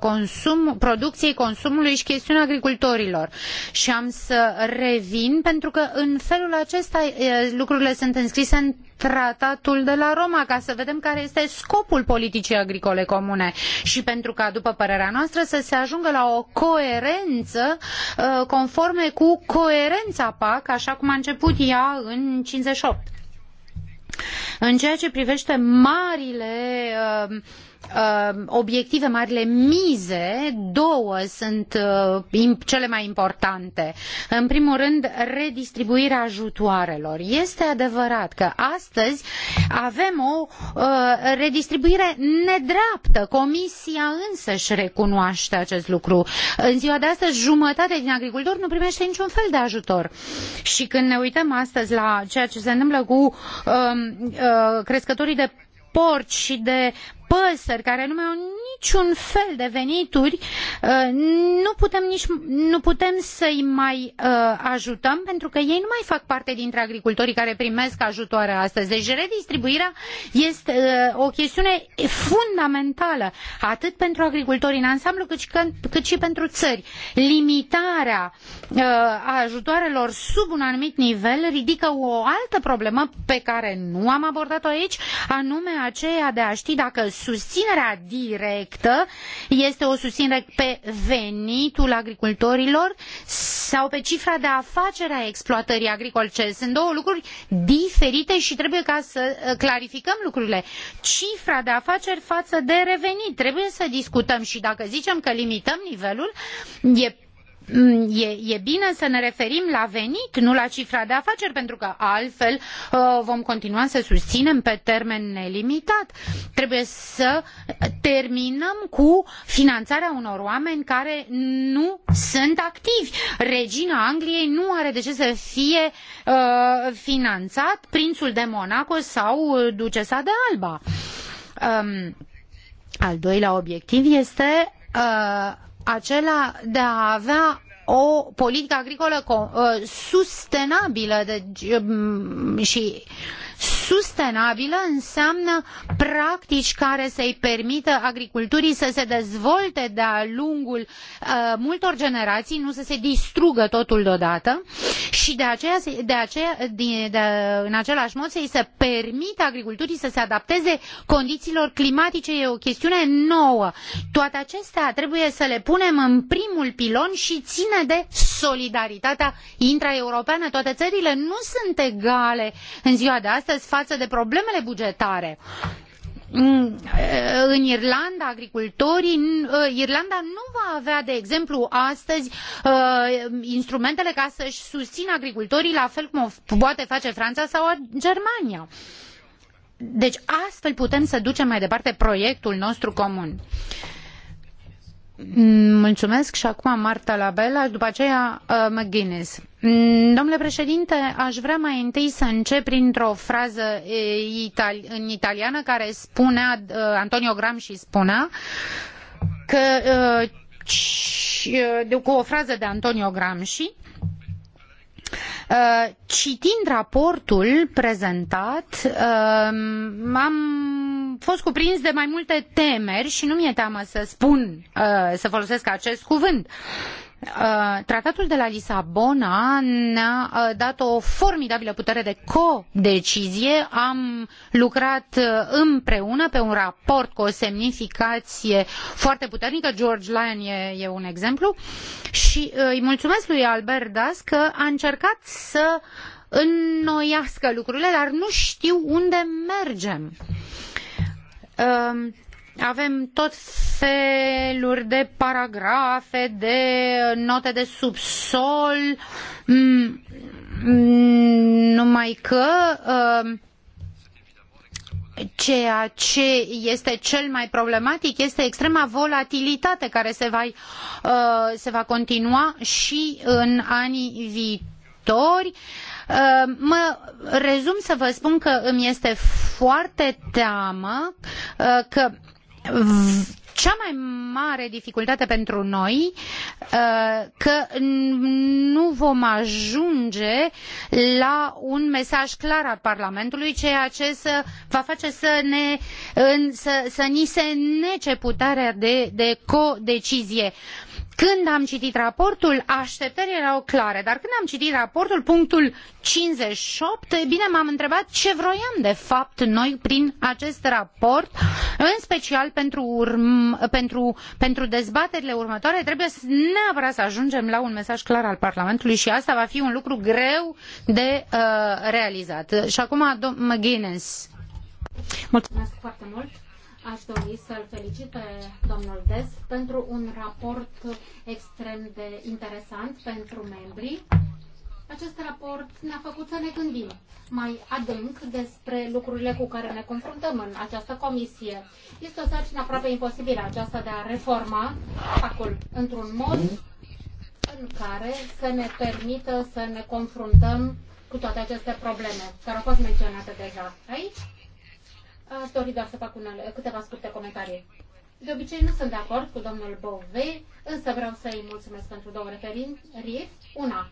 consum, producției consumului și chestiunea agricultorilor. Și am să revin pentru că în felul acesta lucrurile sunt înscrise în tratatul de la Roma ca să vedem care este scopul politicii agricole comune și pentru ca, după părerea noastră, să se ajungă la o coerență conforme cu coerența PAC, așa cum a început ea în 58. În ceea ce privește marile uh, Um, obiective, marile mize, două sunt uh, cele mai importante. În primul rând, redistribuirea ajutoarelor. Este adevărat că astăzi avem o uh, redistribuire nedreaptă. Comisia însă își recunoaște acest lucru. În ziua de astăzi, jumătate din agricultori nu primește niciun fel de ajutor. Și când ne uităm astăzi la ceea ce se întâmplă cu um, uh, crescătorii de porci și de păsări care nu mai au niciun fel de venituri, uh, nu putem, nici, nu putem să-i mai uh, ajutăm pentru că ei nu mai fac parte dintre agricultorii care primesc ajutoare astăzi. Deci redistribuirea este uh, o chestiune fundamentală atât pentru agricultorii în ansamblu cât și, cât și pentru țări. Limitarea ajutoarelor sub un anumit nivel ridică o altă problemă pe care nu am abordat-o aici, anume aceea de a ști dacă susținerea directă directă este o susținere pe venitul agricultorilor sau pe cifra de afacere a exploatării agricole. Sunt două lucruri diferite și trebuie ca să uh, clarificăm lucrurile. Cifra de afaceri față de revenit. Trebuie să discutăm și dacă zicem că limităm nivelul, e Mm, e, e bine să ne referim la venit, nu la cifra de afaceri, pentru că altfel uh, vom continua să susținem pe termen nelimitat. Trebuie să terminăm cu finanțarea unor oameni care nu sunt activi. Regina Angliei nu are de ce să fie uh, finanțat prințul de Monaco sau ducesa de Alba. Um, al doilea obiectiv este uh, acela de a avea o politică agricolă ă, sustenabilă deci, și Sustenabilă înseamnă practici care să-i permită agriculturii să se dezvolte de-a lungul uh, multor generații, nu să se distrugă totul deodată și de aceea, de aceea de, de, în același mod să-i se permită agriculturii să se adapteze condițiilor climatice. E o chestiune nouă. Toate acestea trebuie să le punem în primul pilon și ține de solidaritatea intraeuropeană. Toate țările nu sunt egale în ziua de astăzi astăzi față de problemele bugetare mm, în Irlanda, agricultorii, ă, Irlanda nu va avea, de exemplu, astăzi ă, instrumentele ca să-și susțină agricultorii la fel cum o poate face Franța sau Germania. Deci astfel putem să ducem mai departe proiectul nostru comun. Uh, Mm, mulțumesc și acum Marta Labela și după aceea uh, McGuinness. Mm, domnule președinte, aș vrea mai întâi să încep printr-o frază itali în italiană care spunea, uh, Antonio Gramsci spunea, că uh, uh cu o frază de Antonio Gramsci, Uh, citind raportul prezentat, uh, am fost cuprins de mai multe temeri și nu mi-e teamă să spun, uh, să folosesc acest cuvânt. Uh, tratatul de la Lisabona ne-a uh, dat o formidabilă putere de codecizie. Am lucrat uh, împreună pe un raport cu o semnificație foarte puternică. George Lyon e, e un exemplu. Și îi mulțumesc lui Albert Das că a încercat să înnoiască lucrurile, dar nu știu unde mergem. Avem tot feluri de paragrafe, de note de subsol, mm, mm, numai că um, ceea ce este cel mai problematic este extrema volatilitate care se va, uh, se va continua și în anii viitori. Uh, mă rezum să vă spun că îmi este foarte teamă uh, că cea mai mare dificultate pentru noi uh, că nu vom ajunge la un mesaj clar al Parlamentului, ceea ce să, va face să, ne, să, să ni se nece puterea de, de codecizie. Când am citit raportul, așteptările erau clare, dar când am citit raportul, punctul 58, bine, m-am întrebat ce vroiam de fapt noi prin acest raport, în special pentru, urm, pentru, pentru dezbaterile următoare, trebuie să, neapărat să ajungem la un mesaj clar al Parlamentului și asta va fi un lucru greu de uh, realizat. Și acum, domnul McGuinness. Mulțumesc foarte mult. Aș dori să-l felicit pe domnul Des pentru un raport extrem de interesant pentru membrii. Acest raport ne-a făcut să ne gândim mai adânc despre lucrurile cu care ne confruntăm în această comisie. Este o sarcină aproape imposibilă aceasta de a reforma pacul într-un mod în care să ne permită să ne confruntăm cu toate aceste probleme care au fost menționate deja aici Aș dori doar să fac unele, câteva scurte comentarii. De obicei nu sunt de acord cu domnul Bove, însă vreau să-i mulțumesc pentru două referiri. Una,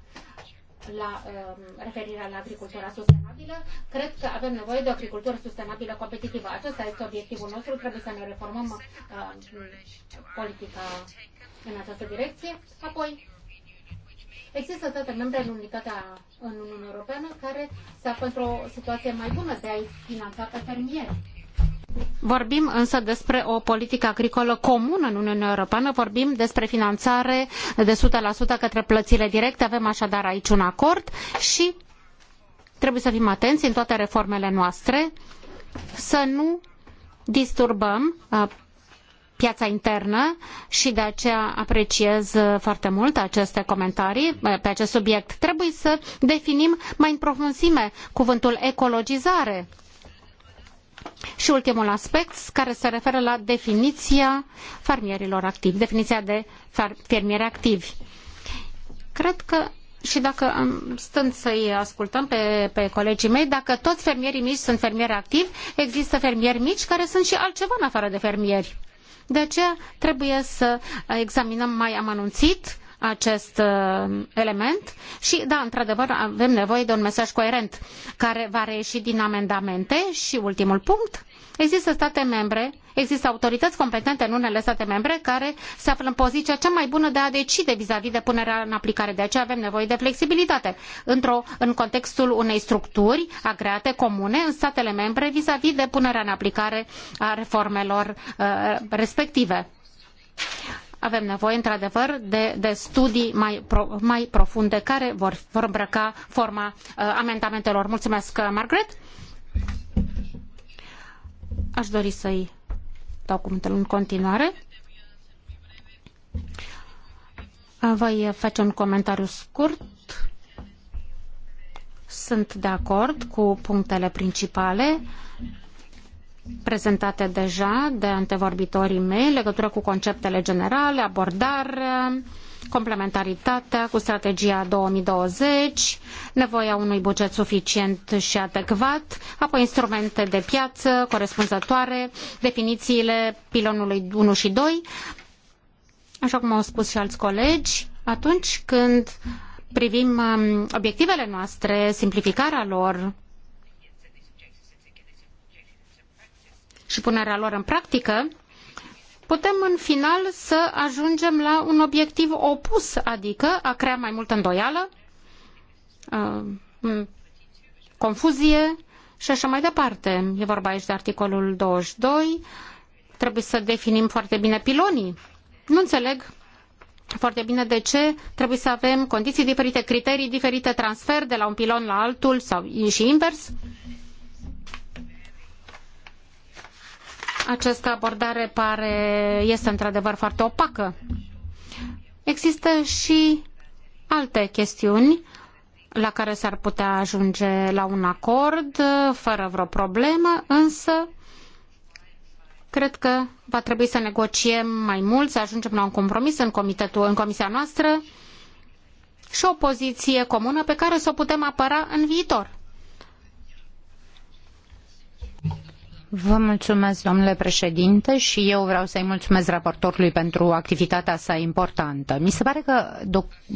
la um, referirea la agricultura sustenabilă. Cred că avem nevoie de o agricultură sustenabilă competitivă. Acesta este obiectivul nostru. Trebuie să ne reformăm uh, politica în această direcție. Apoi, Există state membre în unitatea în Uniunea Europeană care se află într-o situație mai bună de a-i finanța pe fermieri. Vorbim însă despre o politică agricolă comună în Uniunea Europeană, vorbim despre finanțare de 100% către plățile directe, avem așadar aici un acord și trebuie să fim atenți în toate reformele noastre să nu disturbăm uh, piața internă și de aceea apreciez uh, foarte mult aceste comentarii uh, pe acest subiect. Trebuie să definim mai în profunzime cuvântul ecologizare. Și ultimul aspect care se referă la definiția fermierilor activi, definiția de fermieri activi. Cred că și dacă stând să-i ascultăm pe, pe colegii mei, dacă toți fermierii mici sunt fermieri activi, există fermieri mici care sunt și altceva în afară de fermieri. De aceea trebuie să examinăm mai amănunțit acest uh, element și, da, într-adevăr, avem nevoie de un mesaj coerent care va reieși din amendamente și ultimul punct, Există state membre, există autorități competente în unele state membre care se află în poziția cea mai bună de a decide vizavi de punerea în aplicare. De aceea avem nevoie de flexibilitate într-o, în contextul unei structuri agreate comune în statele membre vizavi de punerea în aplicare a reformelor uh, respective avem nevoie, într-adevăr, de, de, studii mai, pro, mai, profunde care vor, vor îmbrăca forma uh, amendamentelor. Mulțumesc, uh, Margaret. Aș dori să-i dau cuvântul în continuare. Voi face un comentariu scurt. Sunt de acord cu punctele principale prezentate deja de antevorbitorii mei, legătură cu conceptele generale, abordarea, complementaritatea cu strategia 2020, nevoia unui buget suficient și adecvat, apoi instrumente de piață corespunzătoare, definițiile pilonului 1 și 2, așa cum au spus și alți colegi, atunci când privim um, obiectivele noastre, simplificarea lor, și punerea lor în practică, putem în final să ajungem la un obiectiv opus, adică a crea mai multă îndoială, confuzie și așa mai departe. E vorba aici de articolul 22. Trebuie să definim foarte bine pilonii. Nu înțeleg foarte bine de ce trebuie să avem condiții diferite, criterii diferite, transfer de la un pilon la altul sau și invers. Uh, această abordare pare, este într-adevăr foarte opacă. Există și alte chestiuni la care s-ar putea ajunge la un acord fără vreo problemă, însă cred că va trebui să negociem mai mult, să ajungem la un compromis în, comitetul, în comisia noastră și o poziție comună pe care să o putem apăra în viitor. Vă mulțumesc, domnule președinte, și eu vreau să-i mulțumesc raportorului pentru activitatea sa importantă. Mi se pare că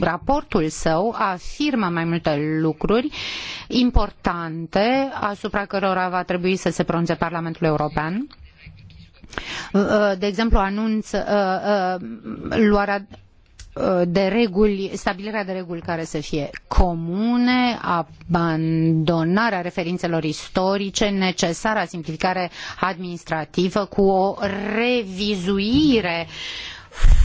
raportul său afirmă mai multe lucruri importante asupra cărora va trebui să se pronunțe Parlamentul European. Uh, uh, de exemplu, anunț uh, luarea de reguli, stabilirea de reguli care să fie comune, abandonarea referințelor istorice, necesara simplificare administrativă cu o revizuire uh,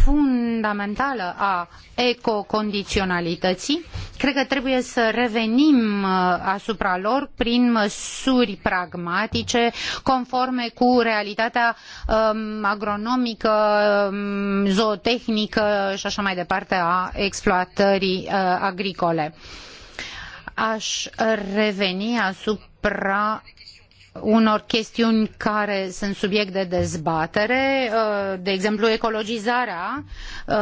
fundamentală a ecocondiționalității. Cred că trebuie să revenim uh, asupra lor prin măsuri pragmatice, conforme cu realitatea um, agronomică, um, zootehnică și așa mai departe a exploatării uh, agricole. Aș reveni asupra unor chestiuni care sunt subiect de dezbatere, uh, de exemplu ecologizarea. Uh,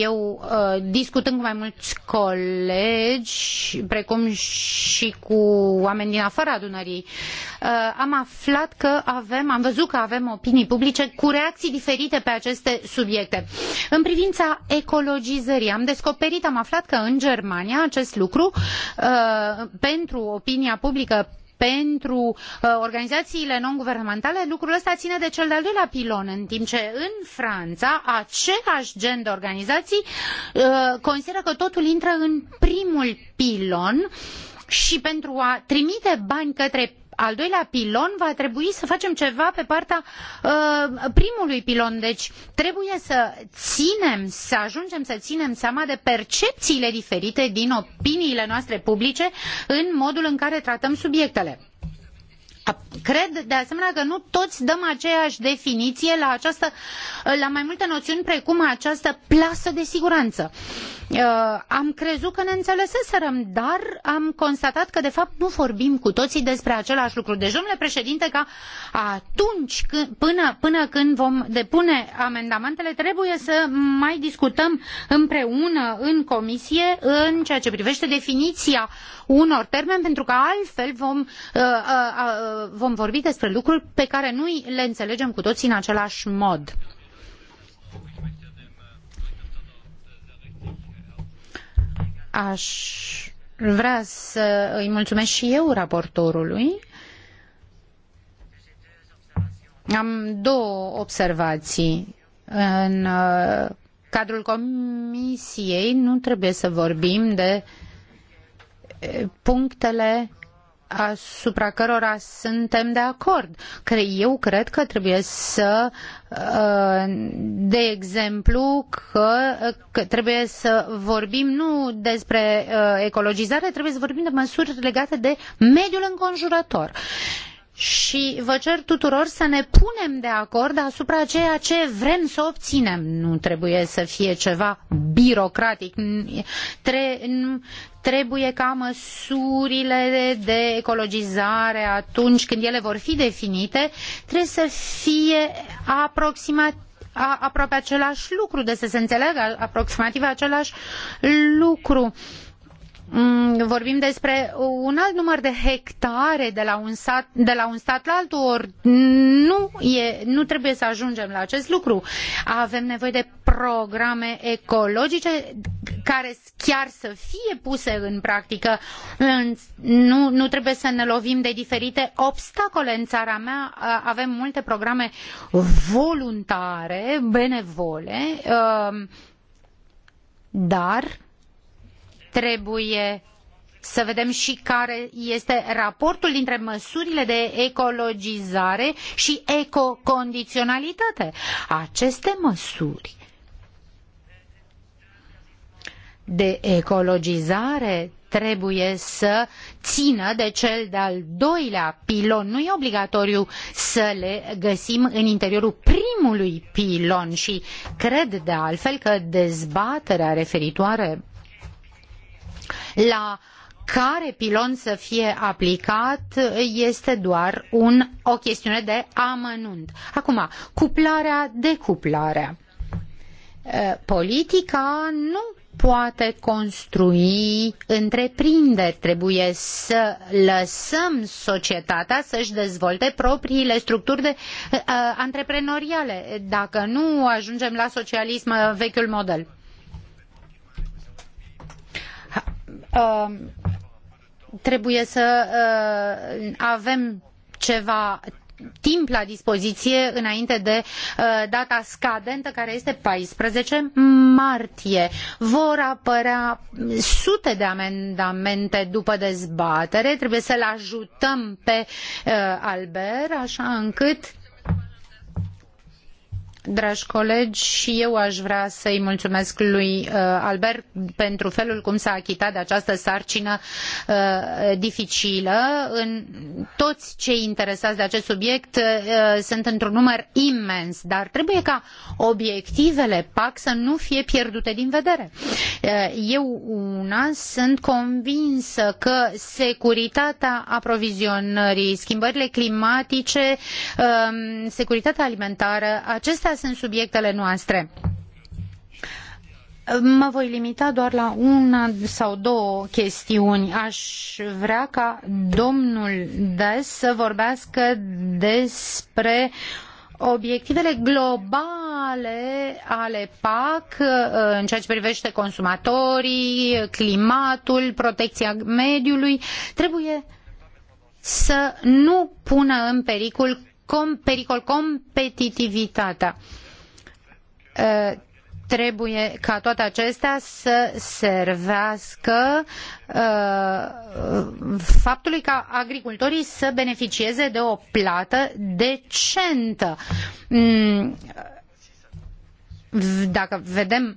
eu, uh, discutând cu mai mulți colegi, precum și cu oameni din afara adunării, am aflat că avem, am văzut că avem opinii publice cu reacții diferite pe aceste subiecte. În privința ecologizării, am descoperit, am aflat că în Germania acest lucru pentru opinia publică pentru uh, organizațiile non-guvernamentale, lucrul ăsta ține de cel de-al doilea pilon, în timp ce în Franța același gen de organizații uh, consideră că totul intră în primul pilon și pentru a trimite bani către al doilea pilon, va trebui să facem ceva pe partea uh, primului pilon. Deci trebuie să ținem, să ajungem să ținem seama de percepțiile diferite din opiniile noastre publice în modul în care tratăm subiectele. Cred, de asemenea, că nu toți dăm aceeași definiție la, această, la mai multe noțiuni precum această plasă de siguranță. Uh, Uh, am crezut că ne înțeleseserăm, dar am constatat că de fapt nu vorbim cu toții despre același lucru. Deci, domnule președinte, ca atunci, până, până când vom depune amendamentele, trebuie să mai discutăm împreună în comisie în ceea ce privește definiția unor termeni, pentru că altfel vom, uh, uh, vom vorbi despre lucruri pe care nu le înțelegem cu toții în același mod. Aș vrea să îi mulțumesc și eu raportorului. Am două observații. În uh, cadrul comisiei nu trebuie să vorbim de uh, punctele asupra cărora suntem de acord. Eu cred că trebuie să, uh, de exemplu, că, că trebuie să vorbim nu despre uh, ecologizare, trebuie să vorbim de măsuri legate de mediul înconjurător și vă cer tuturor să ne punem de acord asupra ceea ce vrem să obținem. Nu trebuie să fie ceva birocratic. Trebuie ca măsurile de ecologizare, atunci când ele vor fi definite, trebuie să fie aproximativ aproape același lucru, de să se înțeleagă aproximativ același lucru. Mm, vorbim despre un alt număr de hectare de la un, sat, de la un stat la altul, ori nu, e, nu trebuie să ajungem la acest lucru. Avem nevoie de programe ecologice care chiar să fie puse în practică. Nu, nu trebuie să ne lovim de diferite obstacole. În țara mea avem multe programe voluntare, benevole, um, dar trebuie să vedem și care este raportul dintre măsurile de ecologizare și ecocondiționalitate. Aceste măsuri de ecologizare trebuie să țină de cel de-al doilea pilon. Nu e obligatoriu să le găsim în interiorul primului pilon și cred de altfel că dezbaterea referitoare la care pilon să fie aplicat este doar un, o chestiune de amănunt. Acum, cuplarea, decuplarea. Eh, politica nu poate construi întreprinderi. Trebuie să lăsăm societatea să-și dezvolte propriile structuri de, uh, uh antreprenoriale, dacă nu ajungem la socialism uh, vechiul model. Uh, trebuie să uh, avem ceva timp la dispoziție înainte de uh, data scadentă care este 14 martie. Vor apărea sute de amendamente după dezbatere, trebuie să-l ajutăm pe uh, Albert așa încât Dragi colegi, și eu aș vrea să-i mulțumesc lui uh, Albert pentru felul cum s-a achitat de această sarcină uh, dificilă. În toți cei interesați de acest subiect uh, sunt într-un număr imens, dar trebuie ca obiectivele PAC să nu fie pierdute din vedere. Eu una sunt convinsă că securitatea aprovizionării, schimbările climatice, um, securitatea alimentară, acestea sunt subiectele noastre. Mă voi limita doar la una sau două chestiuni. Aș vrea ca domnul Des să vorbească despre obiectivele globale ale PAC uh, în ceea ce privește consumatorii, climatul, protecția mediului. Trebuie să nu pună în pericol com, pericol competitivitatea. Uh, trebuie ca toate acestea să servească uh, faptului ca agricultorii să beneficieze de o plată decentă. Mm, dacă vedem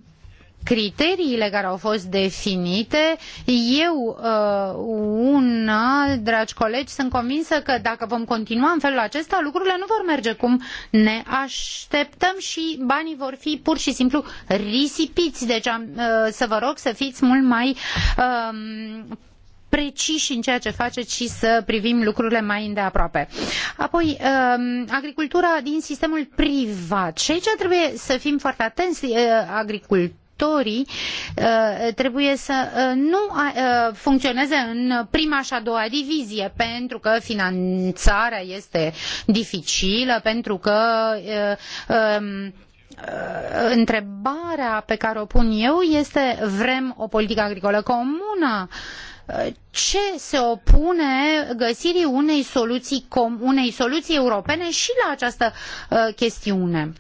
criteriile care au fost definite. Eu, uh, una, dragi colegi, sunt convinsă că dacă vom continua în felul acesta, lucrurile nu vor merge cum ne așteptăm și banii vor fi pur și simplu risipiți. Deci am, uh, să vă rog să fiți mult mai um, preciși în ceea ce faceți și să privim lucrurile mai îndeaproape. Apoi, um, agricultura din sistemul privat. Și aici trebuie să fim foarte atenți. Uh, agricultura lucrătorii uh, trebuie să uh, nu uh, funcționeze în prima și a doua divizie, pentru că finanțarea este dificilă, pentru că um, întrebarea pe care o pun eu este vrem o politică agricolă comună? ce se opune găsirii unei soluții, unei soluții europene și la această chestiune?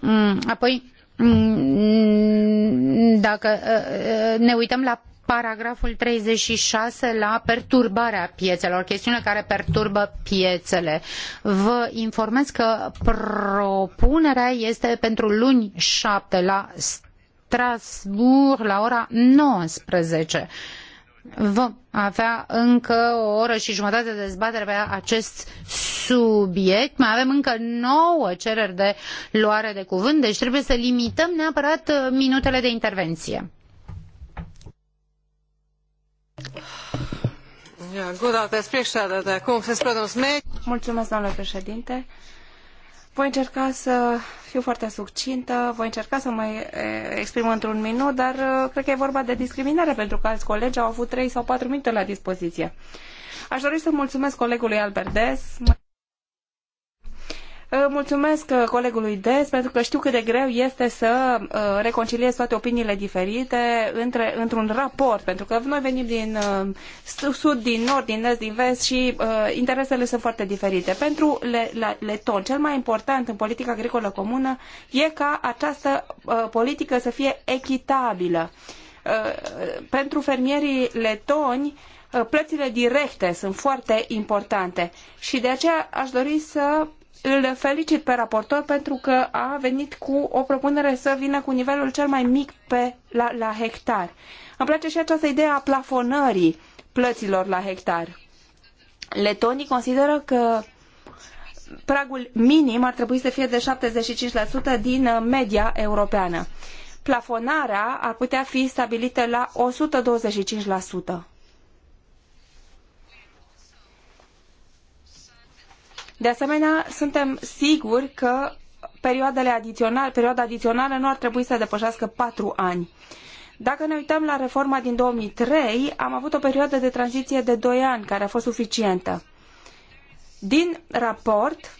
Mm, apoi, Mm, dacă uh, uh, ne uităm la paragraful 36 la perturbarea piețelor, chestiune care perturbă piețele. Vă informez că propunerea este pentru luni 7 la Strasbourg la ora 19 vom avea încă o oră și jumătate de dezbatere pe acest subiect. Mai avem încă nouă cereri de luare de cuvânt, deci trebuie să limităm neapărat uh, minutele de intervenție. Mulțumesc, doamnă președinte. Voi încerca să fiu foarte succintă, voi încerca să mă exprim într-un minut, dar uh, cred că e vorba de discriminare, pentru că alți colegi au avut 3 sau 4 minute la dispoziție. Aș dori să mulțumesc colegului Albert Des. Mulțumesc uh, colegului Des, pentru că știu cât de greu este să uh, reconciliez toate opiniile diferite între, într-un raport, pentru că noi venim din uh, sud, din nord, din est, din vest și uh, interesele sunt foarte diferite. Pentru Leton, cel mai important în politica agricolă comună e ca această uh, politică să fie echitabilă. Uh, pentru fermierii letoni, plățile directe sunt foarte importante și de aceea aș dori să îl felicit pe raportor pentru că a venit cu o propunere să vină cu nivelul cel mai mic pe, la, la hectar. Îmi place și această idee a plafonării plăților la hectar. Letonii consideră că pragul minim ar trebui să fie de 75% din uh, media europeană. Plafonarea ar putea fi stabilită la 125%. De asemenea, suntem siguri că perioadele adiționale, perioada adițională nu ar trebui să depășească patru ani. Dacă ne uităm la reforma din 2003, am avut o perioadă de tranziție de doi ani, care a fost suficientă. Din raport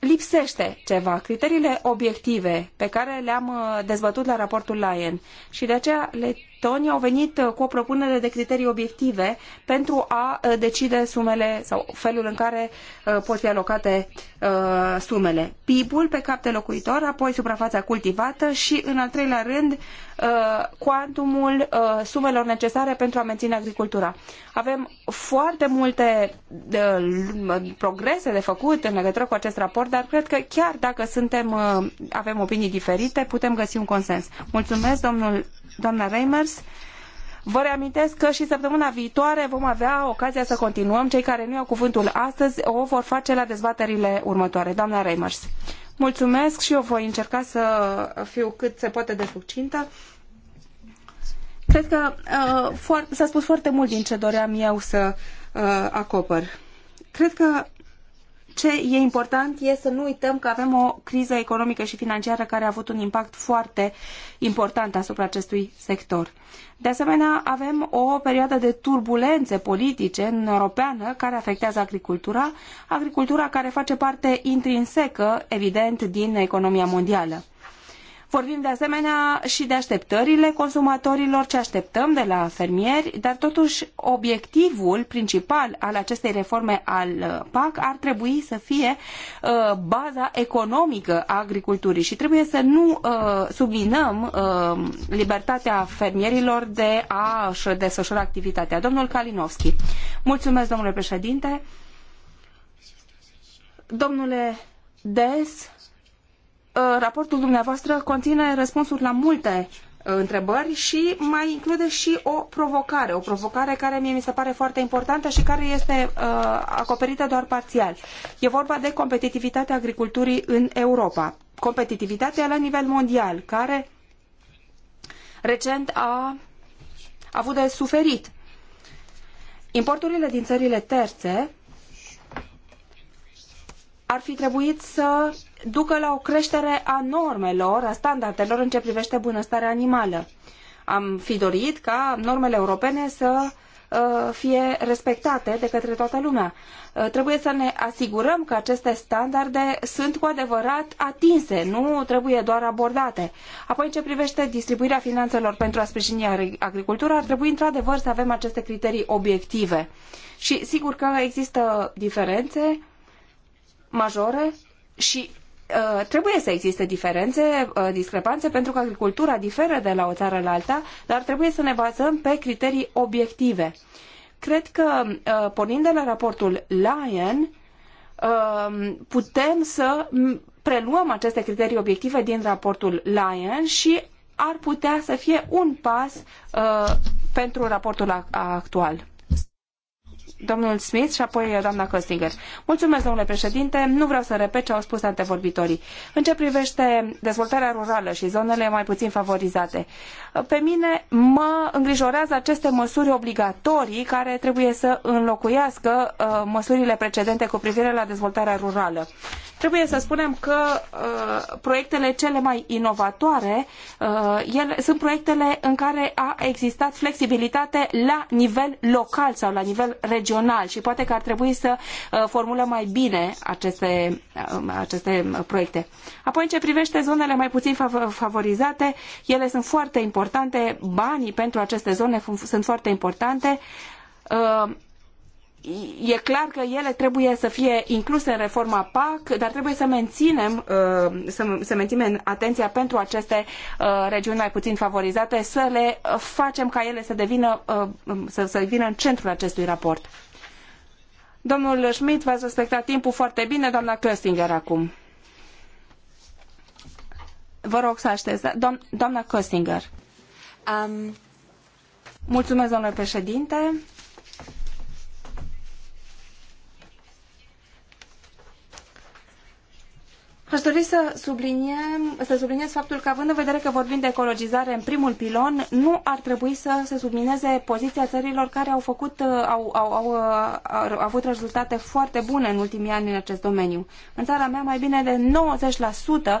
lipsește ceva. Criteriile obiective pe care le-am uh, dezbătut la raportul Lyon și de aceea le Tony au venit uh, cu o propunere de criterii obiective pentru a uh, decide sumele sau felul în care uh, pot fi alocate sumele. PIB-ul pe cap de locuitor, apoi suprafața cultivată și, în al treilea rând, cuantumul sumelor necesare pentru a menține agricultura. Avem foarte multe progrese de făcut în legătură cu acest raport, dar cred că chiar dacă suntem, avem opinii diferite, putem găsi un consens. Mulțumesc, domnul Doamna Reimers, Vă reamintesc că și săptămâna viitoare vom avea ocazia să continuăm. Cei care nu iau cuvântul astăzi o vor face la dezbaterile următoare. Doamna Reimers, mulțumesc și eu voi încerca să fiu cât se poate de succintă. Cred că uh, s-a spus foarte mult din ce doream eu să uh, acopăr. Cred că ce e important e să nu uităm că avem o criză economică și financiară care a avut un impact foarte important asupra acestui sector. De asemenea, avem o perioadă de turbulențe politice în europeană care afectează agricultura, agricultura care face parte intrinsecă, evident, din economia mondială. Vorbim de asemenea și de așteptările consumatorilor, ce așteptăm de la fermieri, dar totuși obiectivul principal al acestei reforme al uh, PAC ar trebui să fie uh, baza economică a agriculturii și trebuie să nu uh, subminăm uh, libertatea fermierilor de a-și desfășura activitatea. Domnul Kalinowski. Mulțumesc, domnule președinte. Domnule Des, Uh, raportul dumneavoastră conține răspunsuri la multe uh, întrebări și mai include și o provocare, o provocare care mie mi se pare foarte importantă și care este uh, acoperită doar parțial. E vorba de competitivitatea agriculturii în Europa, competitivitatea la nivel mondial, care recent a avut de suferit. Importurile din țările terțe ar fi trebuit să ducă la o creștere a normelor, a standardelor în ce privește bunăstarea animală. Am fi dorit ca normele europene să uh, fie respectate de către toată lumea. Uh, trebuie să ne asigurăm că aceste standarde sunt cu adevărat atinse, nu trebuie doar abordate. Apoi, în ce privește distribuirea finanțelor pentru a sprijini agricultura, ar trebui într-adevăr să avem aceste criterii obiective. Și sigur că există diferențe majore și uh, trebuie să existe diferențe, uh, discrepanțe, pentru că agricultura diferă de la o țară la alta, dar trebuie să ne bazăm pe criterii obiective. Cred că, uh, pornind de la raportul Lyon, putem să preluăm aceste criterii obiective din raportul Lyon și ar putea să fie un pas pentru raportul actual domnul Smith și apoi uh, doamna Costinger. Mulțumesc, domnule președinte. Nu vreau să repet ce au spus antevorbitorii. În ce privește dezvoltarea rurală și zonele mai puțin favorizate, uh, pe mine mă îngrijorează aceste măsuri obligatorii care trebuie să înlocuiască uh, măsurile precedente cu privire la dezvoltarea rurală. Trebuie să spunem că uh, proiectele cele mai inovatoare uh, ele, sunt proiectele în care a existat flexibilitate la nivel local sau la nivel regional și poate că ar trebui să uh, formulăm mai bine aceste, uh, aceste proiecte. Apoi, în ce privește zonele mai puțin fav favorizate, ele sunt foarte importante, banii pentru aceste zone sunt foarte importante. Uh, e clar că ele trebuie să fie incluse în reforma PAC, dar trebuie să menținem, uh, să, să menținem atenția pentru aceste uh, regiuni mai puțin favorizate, să le facem ca ele să devină, uh, um, să, să vină în centrul acestui raport. Domnul Schmidt, v-ați respectat timpul foarte bine, doamna Köstinger acum. Vă rog să așteți. Doam da, doamna Köstinger. Um... Mulțumesc, domnule președinte. Aș dori să, subliniem, să subliniez faptul că, având în vedere că vorbim de ecologizare în primul pilon, nu ar trebui să se submineze poziția țărilor care au, făcut, uh, au, au, uh, au, au avut rezultate foarte bune în ultimii ani în acest domeniu. În țara mea, mai bine de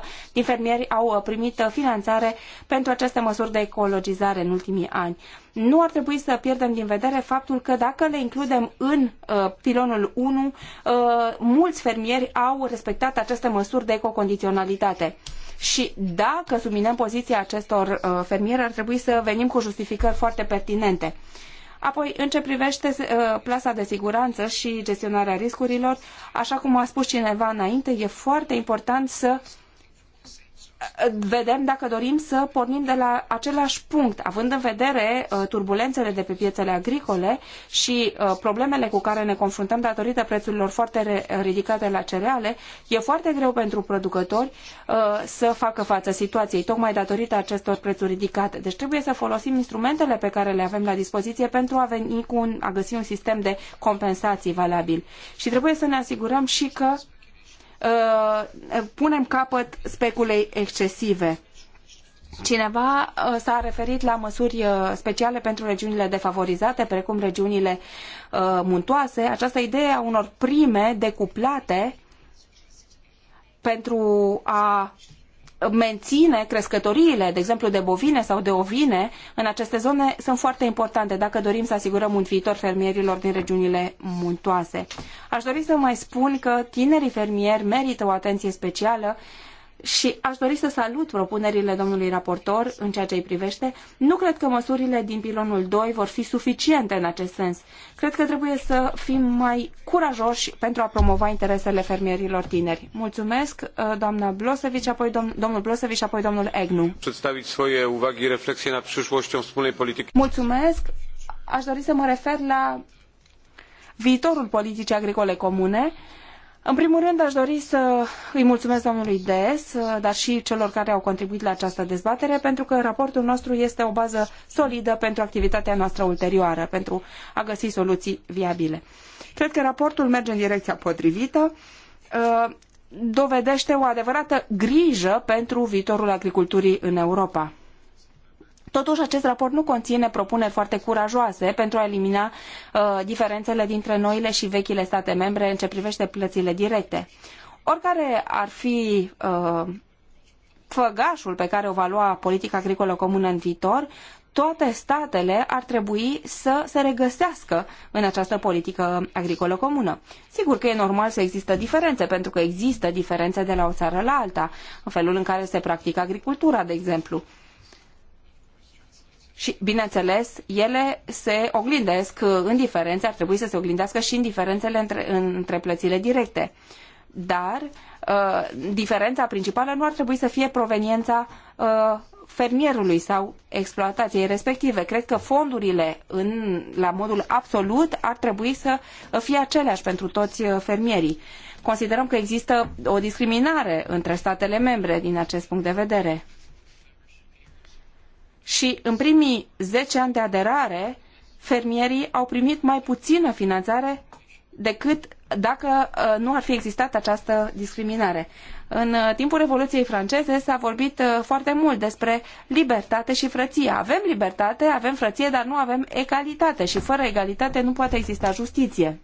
90% din fermieri au uh, primit finanțare pentru aceste măsuri de ecologizare în ultimii ani nu ar trebui să pierdem din vedere faptul că dacă le includem în uh, pilonul 1, uh, mulți fermieri au respectat aceste măsuri de ecocondiționalitate. Și dacă subminăm poziția acestor uh, fermieri, ar trebui să venim cu justificări foarte pertinente. Apoi, în ce privește uh, plasa de siguranță și gestionarea riscurilor, așa cum a spus cineva înainte, e foarte important să vedem dacă dorim să pornim de la același punct, având în vedere uh, turbulențele de pe piețele agricole și uh, problemele cu care ne confruntăm datorită prețurilor foarte ridicate la cereale, e foarte greu pentru producători uh, să facă față situației, tocmai datorită acestor prețuri ridicate. Deci trebuie să folosim instrumentele pe care le avem la dispoziție pentru a, veni cu un, a găsi un sistem de compensații valabil. Și trebuie să ne asigurăm și că Uh, punem capăt speculei excesive. Cineva uh, s-a referit la măsuri uh, speciale pentru regiunile defavorizate, precum regiunile muntoase. Această idee a unor prime decuplate pentru a menține crescătoriile, de exemplu de bovine sau de ovine, în aceste zone sunt foarte importante dacă dorim să asigurăm un viitor fermierilor din regiunile muntoase. Aș dori să mai spun că tinerii fermieri merită o atenție specială și aș dori să salut propunerile domnului raportor în ceea ce îi privește. Nu cred că măsurile din pilonul 2 vor fi suficiente în acest sens. Cred că trebuie să fim mai curajoși pentru a promova interesele fermierilor tineri. Mulțumesc, uh, doamna Blosevici, apoi domnul Blosevici, apoi domnul Egnu. Przedstawić uwagi i polityki. Mulțumesc. Aș dori să mă refer la viitorul politicii agricole comune. În primul rând, aș dori să îi mulțumesc domnului Des, dar și celor care au contribuit la această dezbatere, pentru că raportul nostru este o bază solidă pentru activitatea noastră ulterioară, pentru a găsi soluții viabile. Cred că raportul merge în direcția potrivită, uh, dovedește o adevărată grijă pentru viitorul agriculturii în Europa. Totuși, acest raport nu conține propuneri foarte curajoase pentru a elimina uh, diferențele dintre noile și vechile state membre în ce privește plățile directe. Oricare ar fi uh, făgașul pe care o va lua politica agricolă comună în viitor, toate statele ar trebui să se regăsească în această politică agricolă comună. Sigur că e normal să există diferențe, pentru că există diferențe de la o țară la alta, în felul în care se practică agricultura, de exemplu. Și, bineînțeles, ele se oglindesc în uh, diferențe, ar trebui să se oglindească și în diferențele între, între plățile directe. Dar uh, diferența principală nu ar trebui să fie proveniența uh, fermierului sau exploatației respective. Cred că fondurile în, la modul absolut ar trebui să fie aceleași pentru toți uh, fermierii. Considerăm că există o discriminare între statele membre din acest punct de vedere și în primii zece ani de aderare, fermierii au primit mai puțină finanțare decât dacă uh, nu ar fi existat această discriminare. În uh, timpul Revoluției franceze s-a vorbit uh, foarte mult despre libertate și frăție. Avem libertate, avem frăție, dar nu avem egalitate și fără egalitate nu poate exista justiție.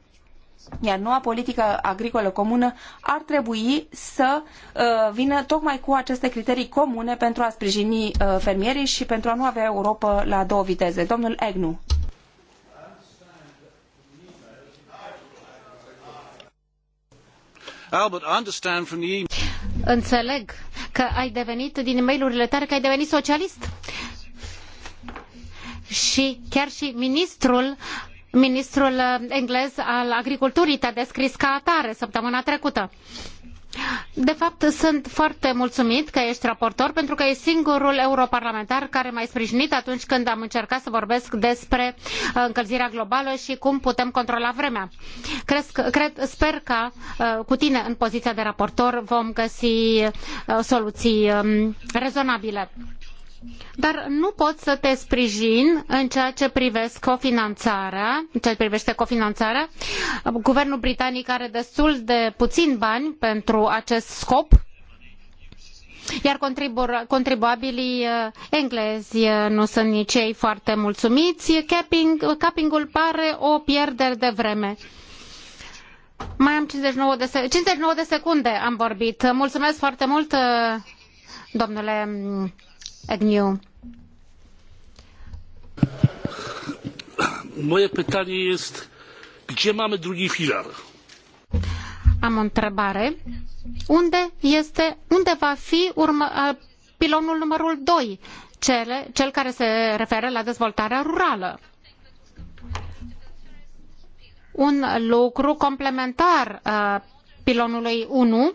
Iar noua politică agricolă comună ar trebui să uh, vină tocmai cu aceste criterii comune pentru a sprijini uh, fermierii și pentru a nu avea Europa la două viteze. Domnul Egnu. Albert, understand from the... Înțeleg că ai devenit din mail-urile tale că ai devenit socialist. Și chiar și ministrul ministrul englez al agriculturii te-a descris ca atare săptămâna trecută. De fapt, sunt foarte mulțumit că ești raportor pentru că e singurul europarlamentar care m-a sprijinit atunci când am încercat să vorbesc despre încălzirea globală și cum putem controla vremea. Cred, cred, sper că uh, cu tine în poziția de raportor vom găsi uh, soluții um, rezonabile dar nu pot să te sprijin în ceea ce privește cofinanțarea, în ceea ce privește cofinanțarea. Guvernul britanic are destul de puțin bani pentru acest scop, iar contribuabilii eh, englezi eh, nu sunt nici ei foarte mulțumiți. Eh, capping, ul pare o pierdere de vreme. Mai am 59 de, 59 de secunde am vorbit. Mulțumesc foarte mult, domnule mm, Moje pytanie jest, gdzie mamy drugi filar? Am o întrebare. Unde este, unde va fi urma pilonul numărul doi, cel, cel care se referă la dezvoltarea rurală? Un lucru complementar pilonului unu,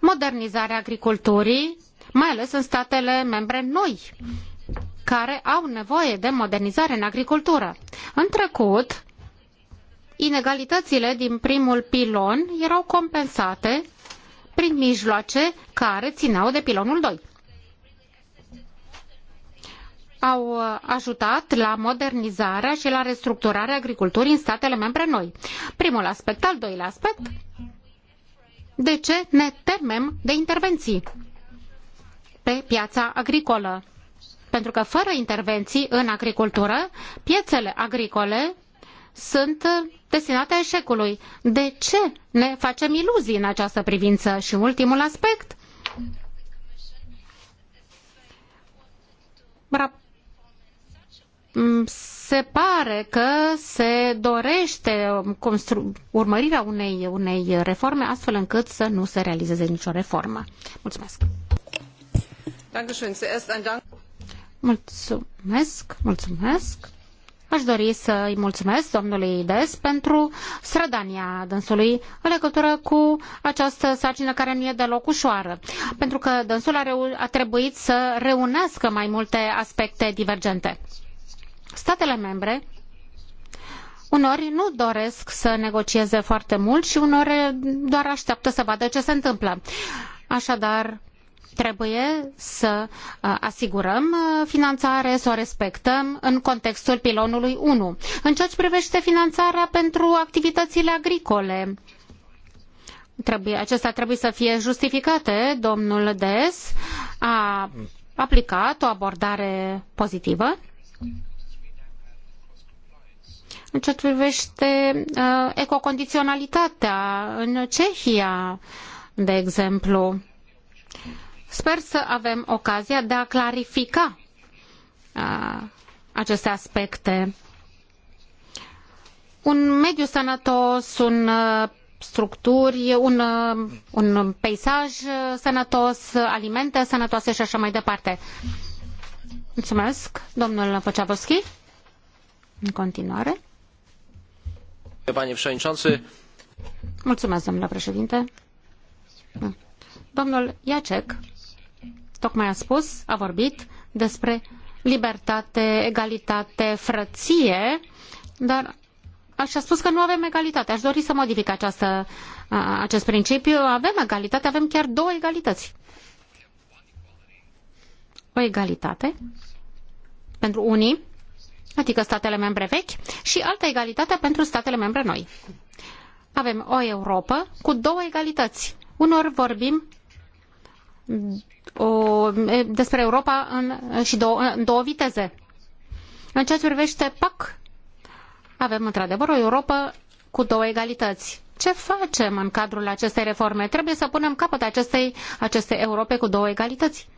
modernizarea agriculturii, mai ales în statele membre noi care au nevoie de modernizare în agricultură. În trecut, inegalitățile din primul pilon erau compensate prin mijloace care țineau de pilonul doi. Au uh, ajutat la modernizarea și la restructurarea agriculturii în statele membre noi. Primul aspect, al doilea aspect, de ce ne temem de intervenții? pe piața agricolă. Pentru că fără intervenții în agricultură, piețele agricole sunt destinate eșecului. De ce ne facem iluzii în această privință? Și ultimul aspect. Se pare că se dorește urmărirea unei, unei reforme astfel încât să nu se realizeze nicio reformă. Mulțumesc! Mulțumesc, mulțumesc. Aș dori să îi mulțumesc domnului Des pentru strădania dânsului în legătură cu această sarcină care nu e deloc ușoară, pentru că dânsul a, a trebuit să reunească mai multe aspecte divergente. Statele membre Uneori nu doresc să negocieze foarte mult și uneori doar așteaptă să vadă ce se întâmplă. Așadar, trebuie să uh, asigurăm uh, finanțare, să o respectăm în contextul pilonului 1. În ceea ce privește finanțarea pentru activitățile agricole, trebuie, acestea trebuie să fie justificate. Domnul Des a aplicat o abordare pozitivă. În ceea ce privește uh, ecocondiționalitatea în Cehia, de exemplu, Sper să avem ocazia de a clarifica a, aceste aspecte. Un mediu sănătos, un structuri, un, un peisaj sănătos, alimente sănătoase și așa mai departe. Mulțumesc, domnul Pociaboschi. În continuare. Panie președinte. Mulțumesc, domnule președinte. Domnul Iacek tocmai a spus, a vorbit despre libertate, egalitate, frăție, dar și-a spus că nu avem egalitate. Aș dori să modific această, acest principiu. Avem egalitate, avem chiar două egalități. O egalitate pentru unii, adică statele membre vechi, și altă egalitate pentru statele membre noi. Avem o Europa cu două egalități. Unor vorbim o, despre Europa în, și două, în două viteze. În ceea ce privește PAC, avem într-adevăr o Europa cu două egalități. Ce facem în cadrul acestei reforme? Trebuie să punem capăt acestei, acestei Europe cu două egalități.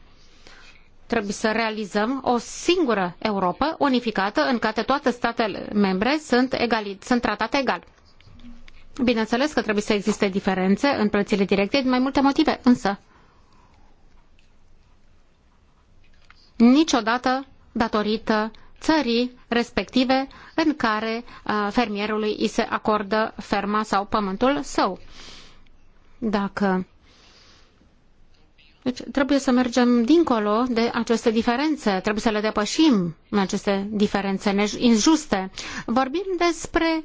Trebuie să realizăm o singură Europa unificată în care toate statele membre sunt, egali, sunt tratate egal. Bineînțeles că trebuie să existe diferențe în plățile directe din mai multe motive, însă niciodată datorită țării respective în care uh, fermierului îi se acordă ferma sau pământul său. Dacă deci trebuie să mergem dincolo de aceste diferențe, trebuie să le depășim, aceste diferențe injuste. Vorbim despre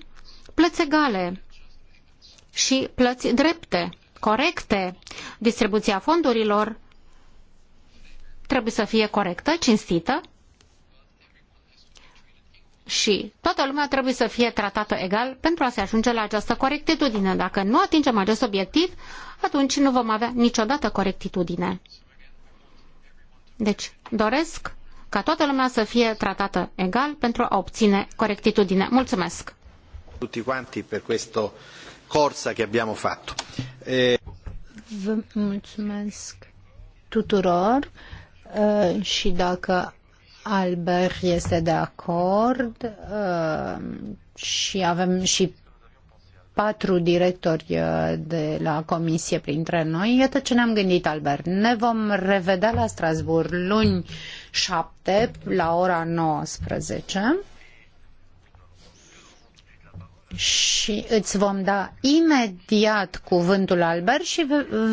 plăți egale și plăți drepte, corecte, distribuția fondurilor trebuie să fie corectă, cinstită și toată lumea trebuie să fie tratată egal pentru a se ajunge la această corectitudine. Dacă nu atingem acest obiectiv, atunci nu vom avea niciodată corectitudine. Deci, doresc ca toată lumea să fie tratată egal pentru a obține corectitudine. Mulțumesc! Tutti quanti per questo corsa che abbiamo fatto. E... Vă mulțumesc tuturor Uh, și dacă Albert este de acord uh, și avem și patru directori uh, de la comisie printre noi. Iată ce ne-am gândit, Albert. Ne vom revedea la Strasbourg luni 7 la ora 19 și îți vom da imediat cuvântul Albert și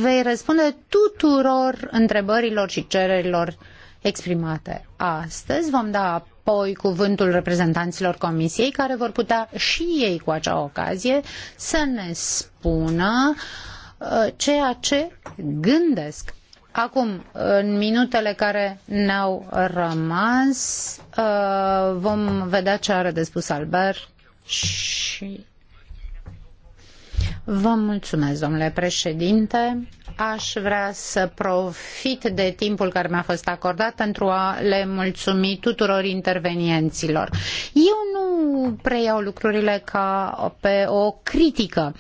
vei răspunde tuturor întrebărilor și cererilor exprimate. Astăzi vom da apoi cuvântul reprezentanților comisiei care vor putea și ei cu acea ocazie să ne spună uh, ceea ce gândesc. Acum, în minutele care ne-au rămas, uh, vom vedea ce are de spus Albert și Vă mulțumesc, domnule președinte. Aș vrea să profit de timpul care mi-a fost acordat pentru a le mulțumi tuturor intervenienților. Eu nu preiau lucrurile ca pe o critică,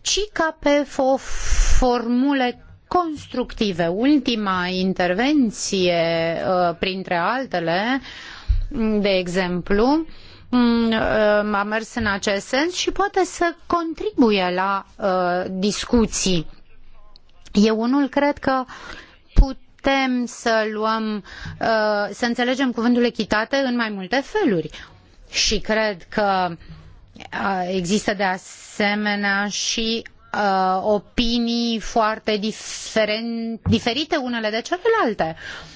ci ca pe o formule constructive. Ultima intervenție, uh, printre altele, de exemplu, Mm, uh, a mers în acest sens și poate să contribuie la uh, discuții. Eu unul cred că putem să luăm, uh, să înțelegem cuvântul echitate în mai multe feluri. Și cred că există de asemenea și opinii foarte diferite unele de celelalte. Uh,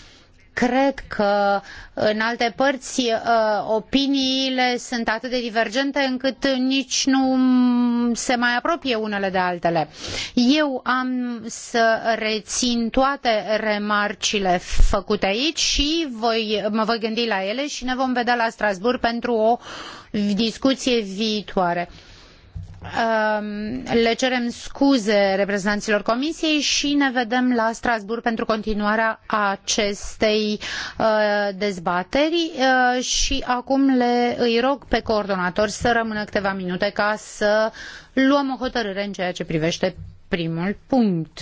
cred că în alte părți uh, opiniile sunt atât de divergente încât nici nu se mai apropie unele de altele. Eu am să rețin toate remarcile făcute aici și voi, mă voi gândi la ele și ne vom vedea la Strasbourg pentru o discuție viitoare. Um, le cerem scuze reprezentanților Comisiei și ne vedem la Strasbourg pentru continuarea acestei uh, dezbateri uh, și acum le, îi rog pe coordonatori să rămână câteva minute ca să luăm o hotărâre în ceea ce privește primul punct.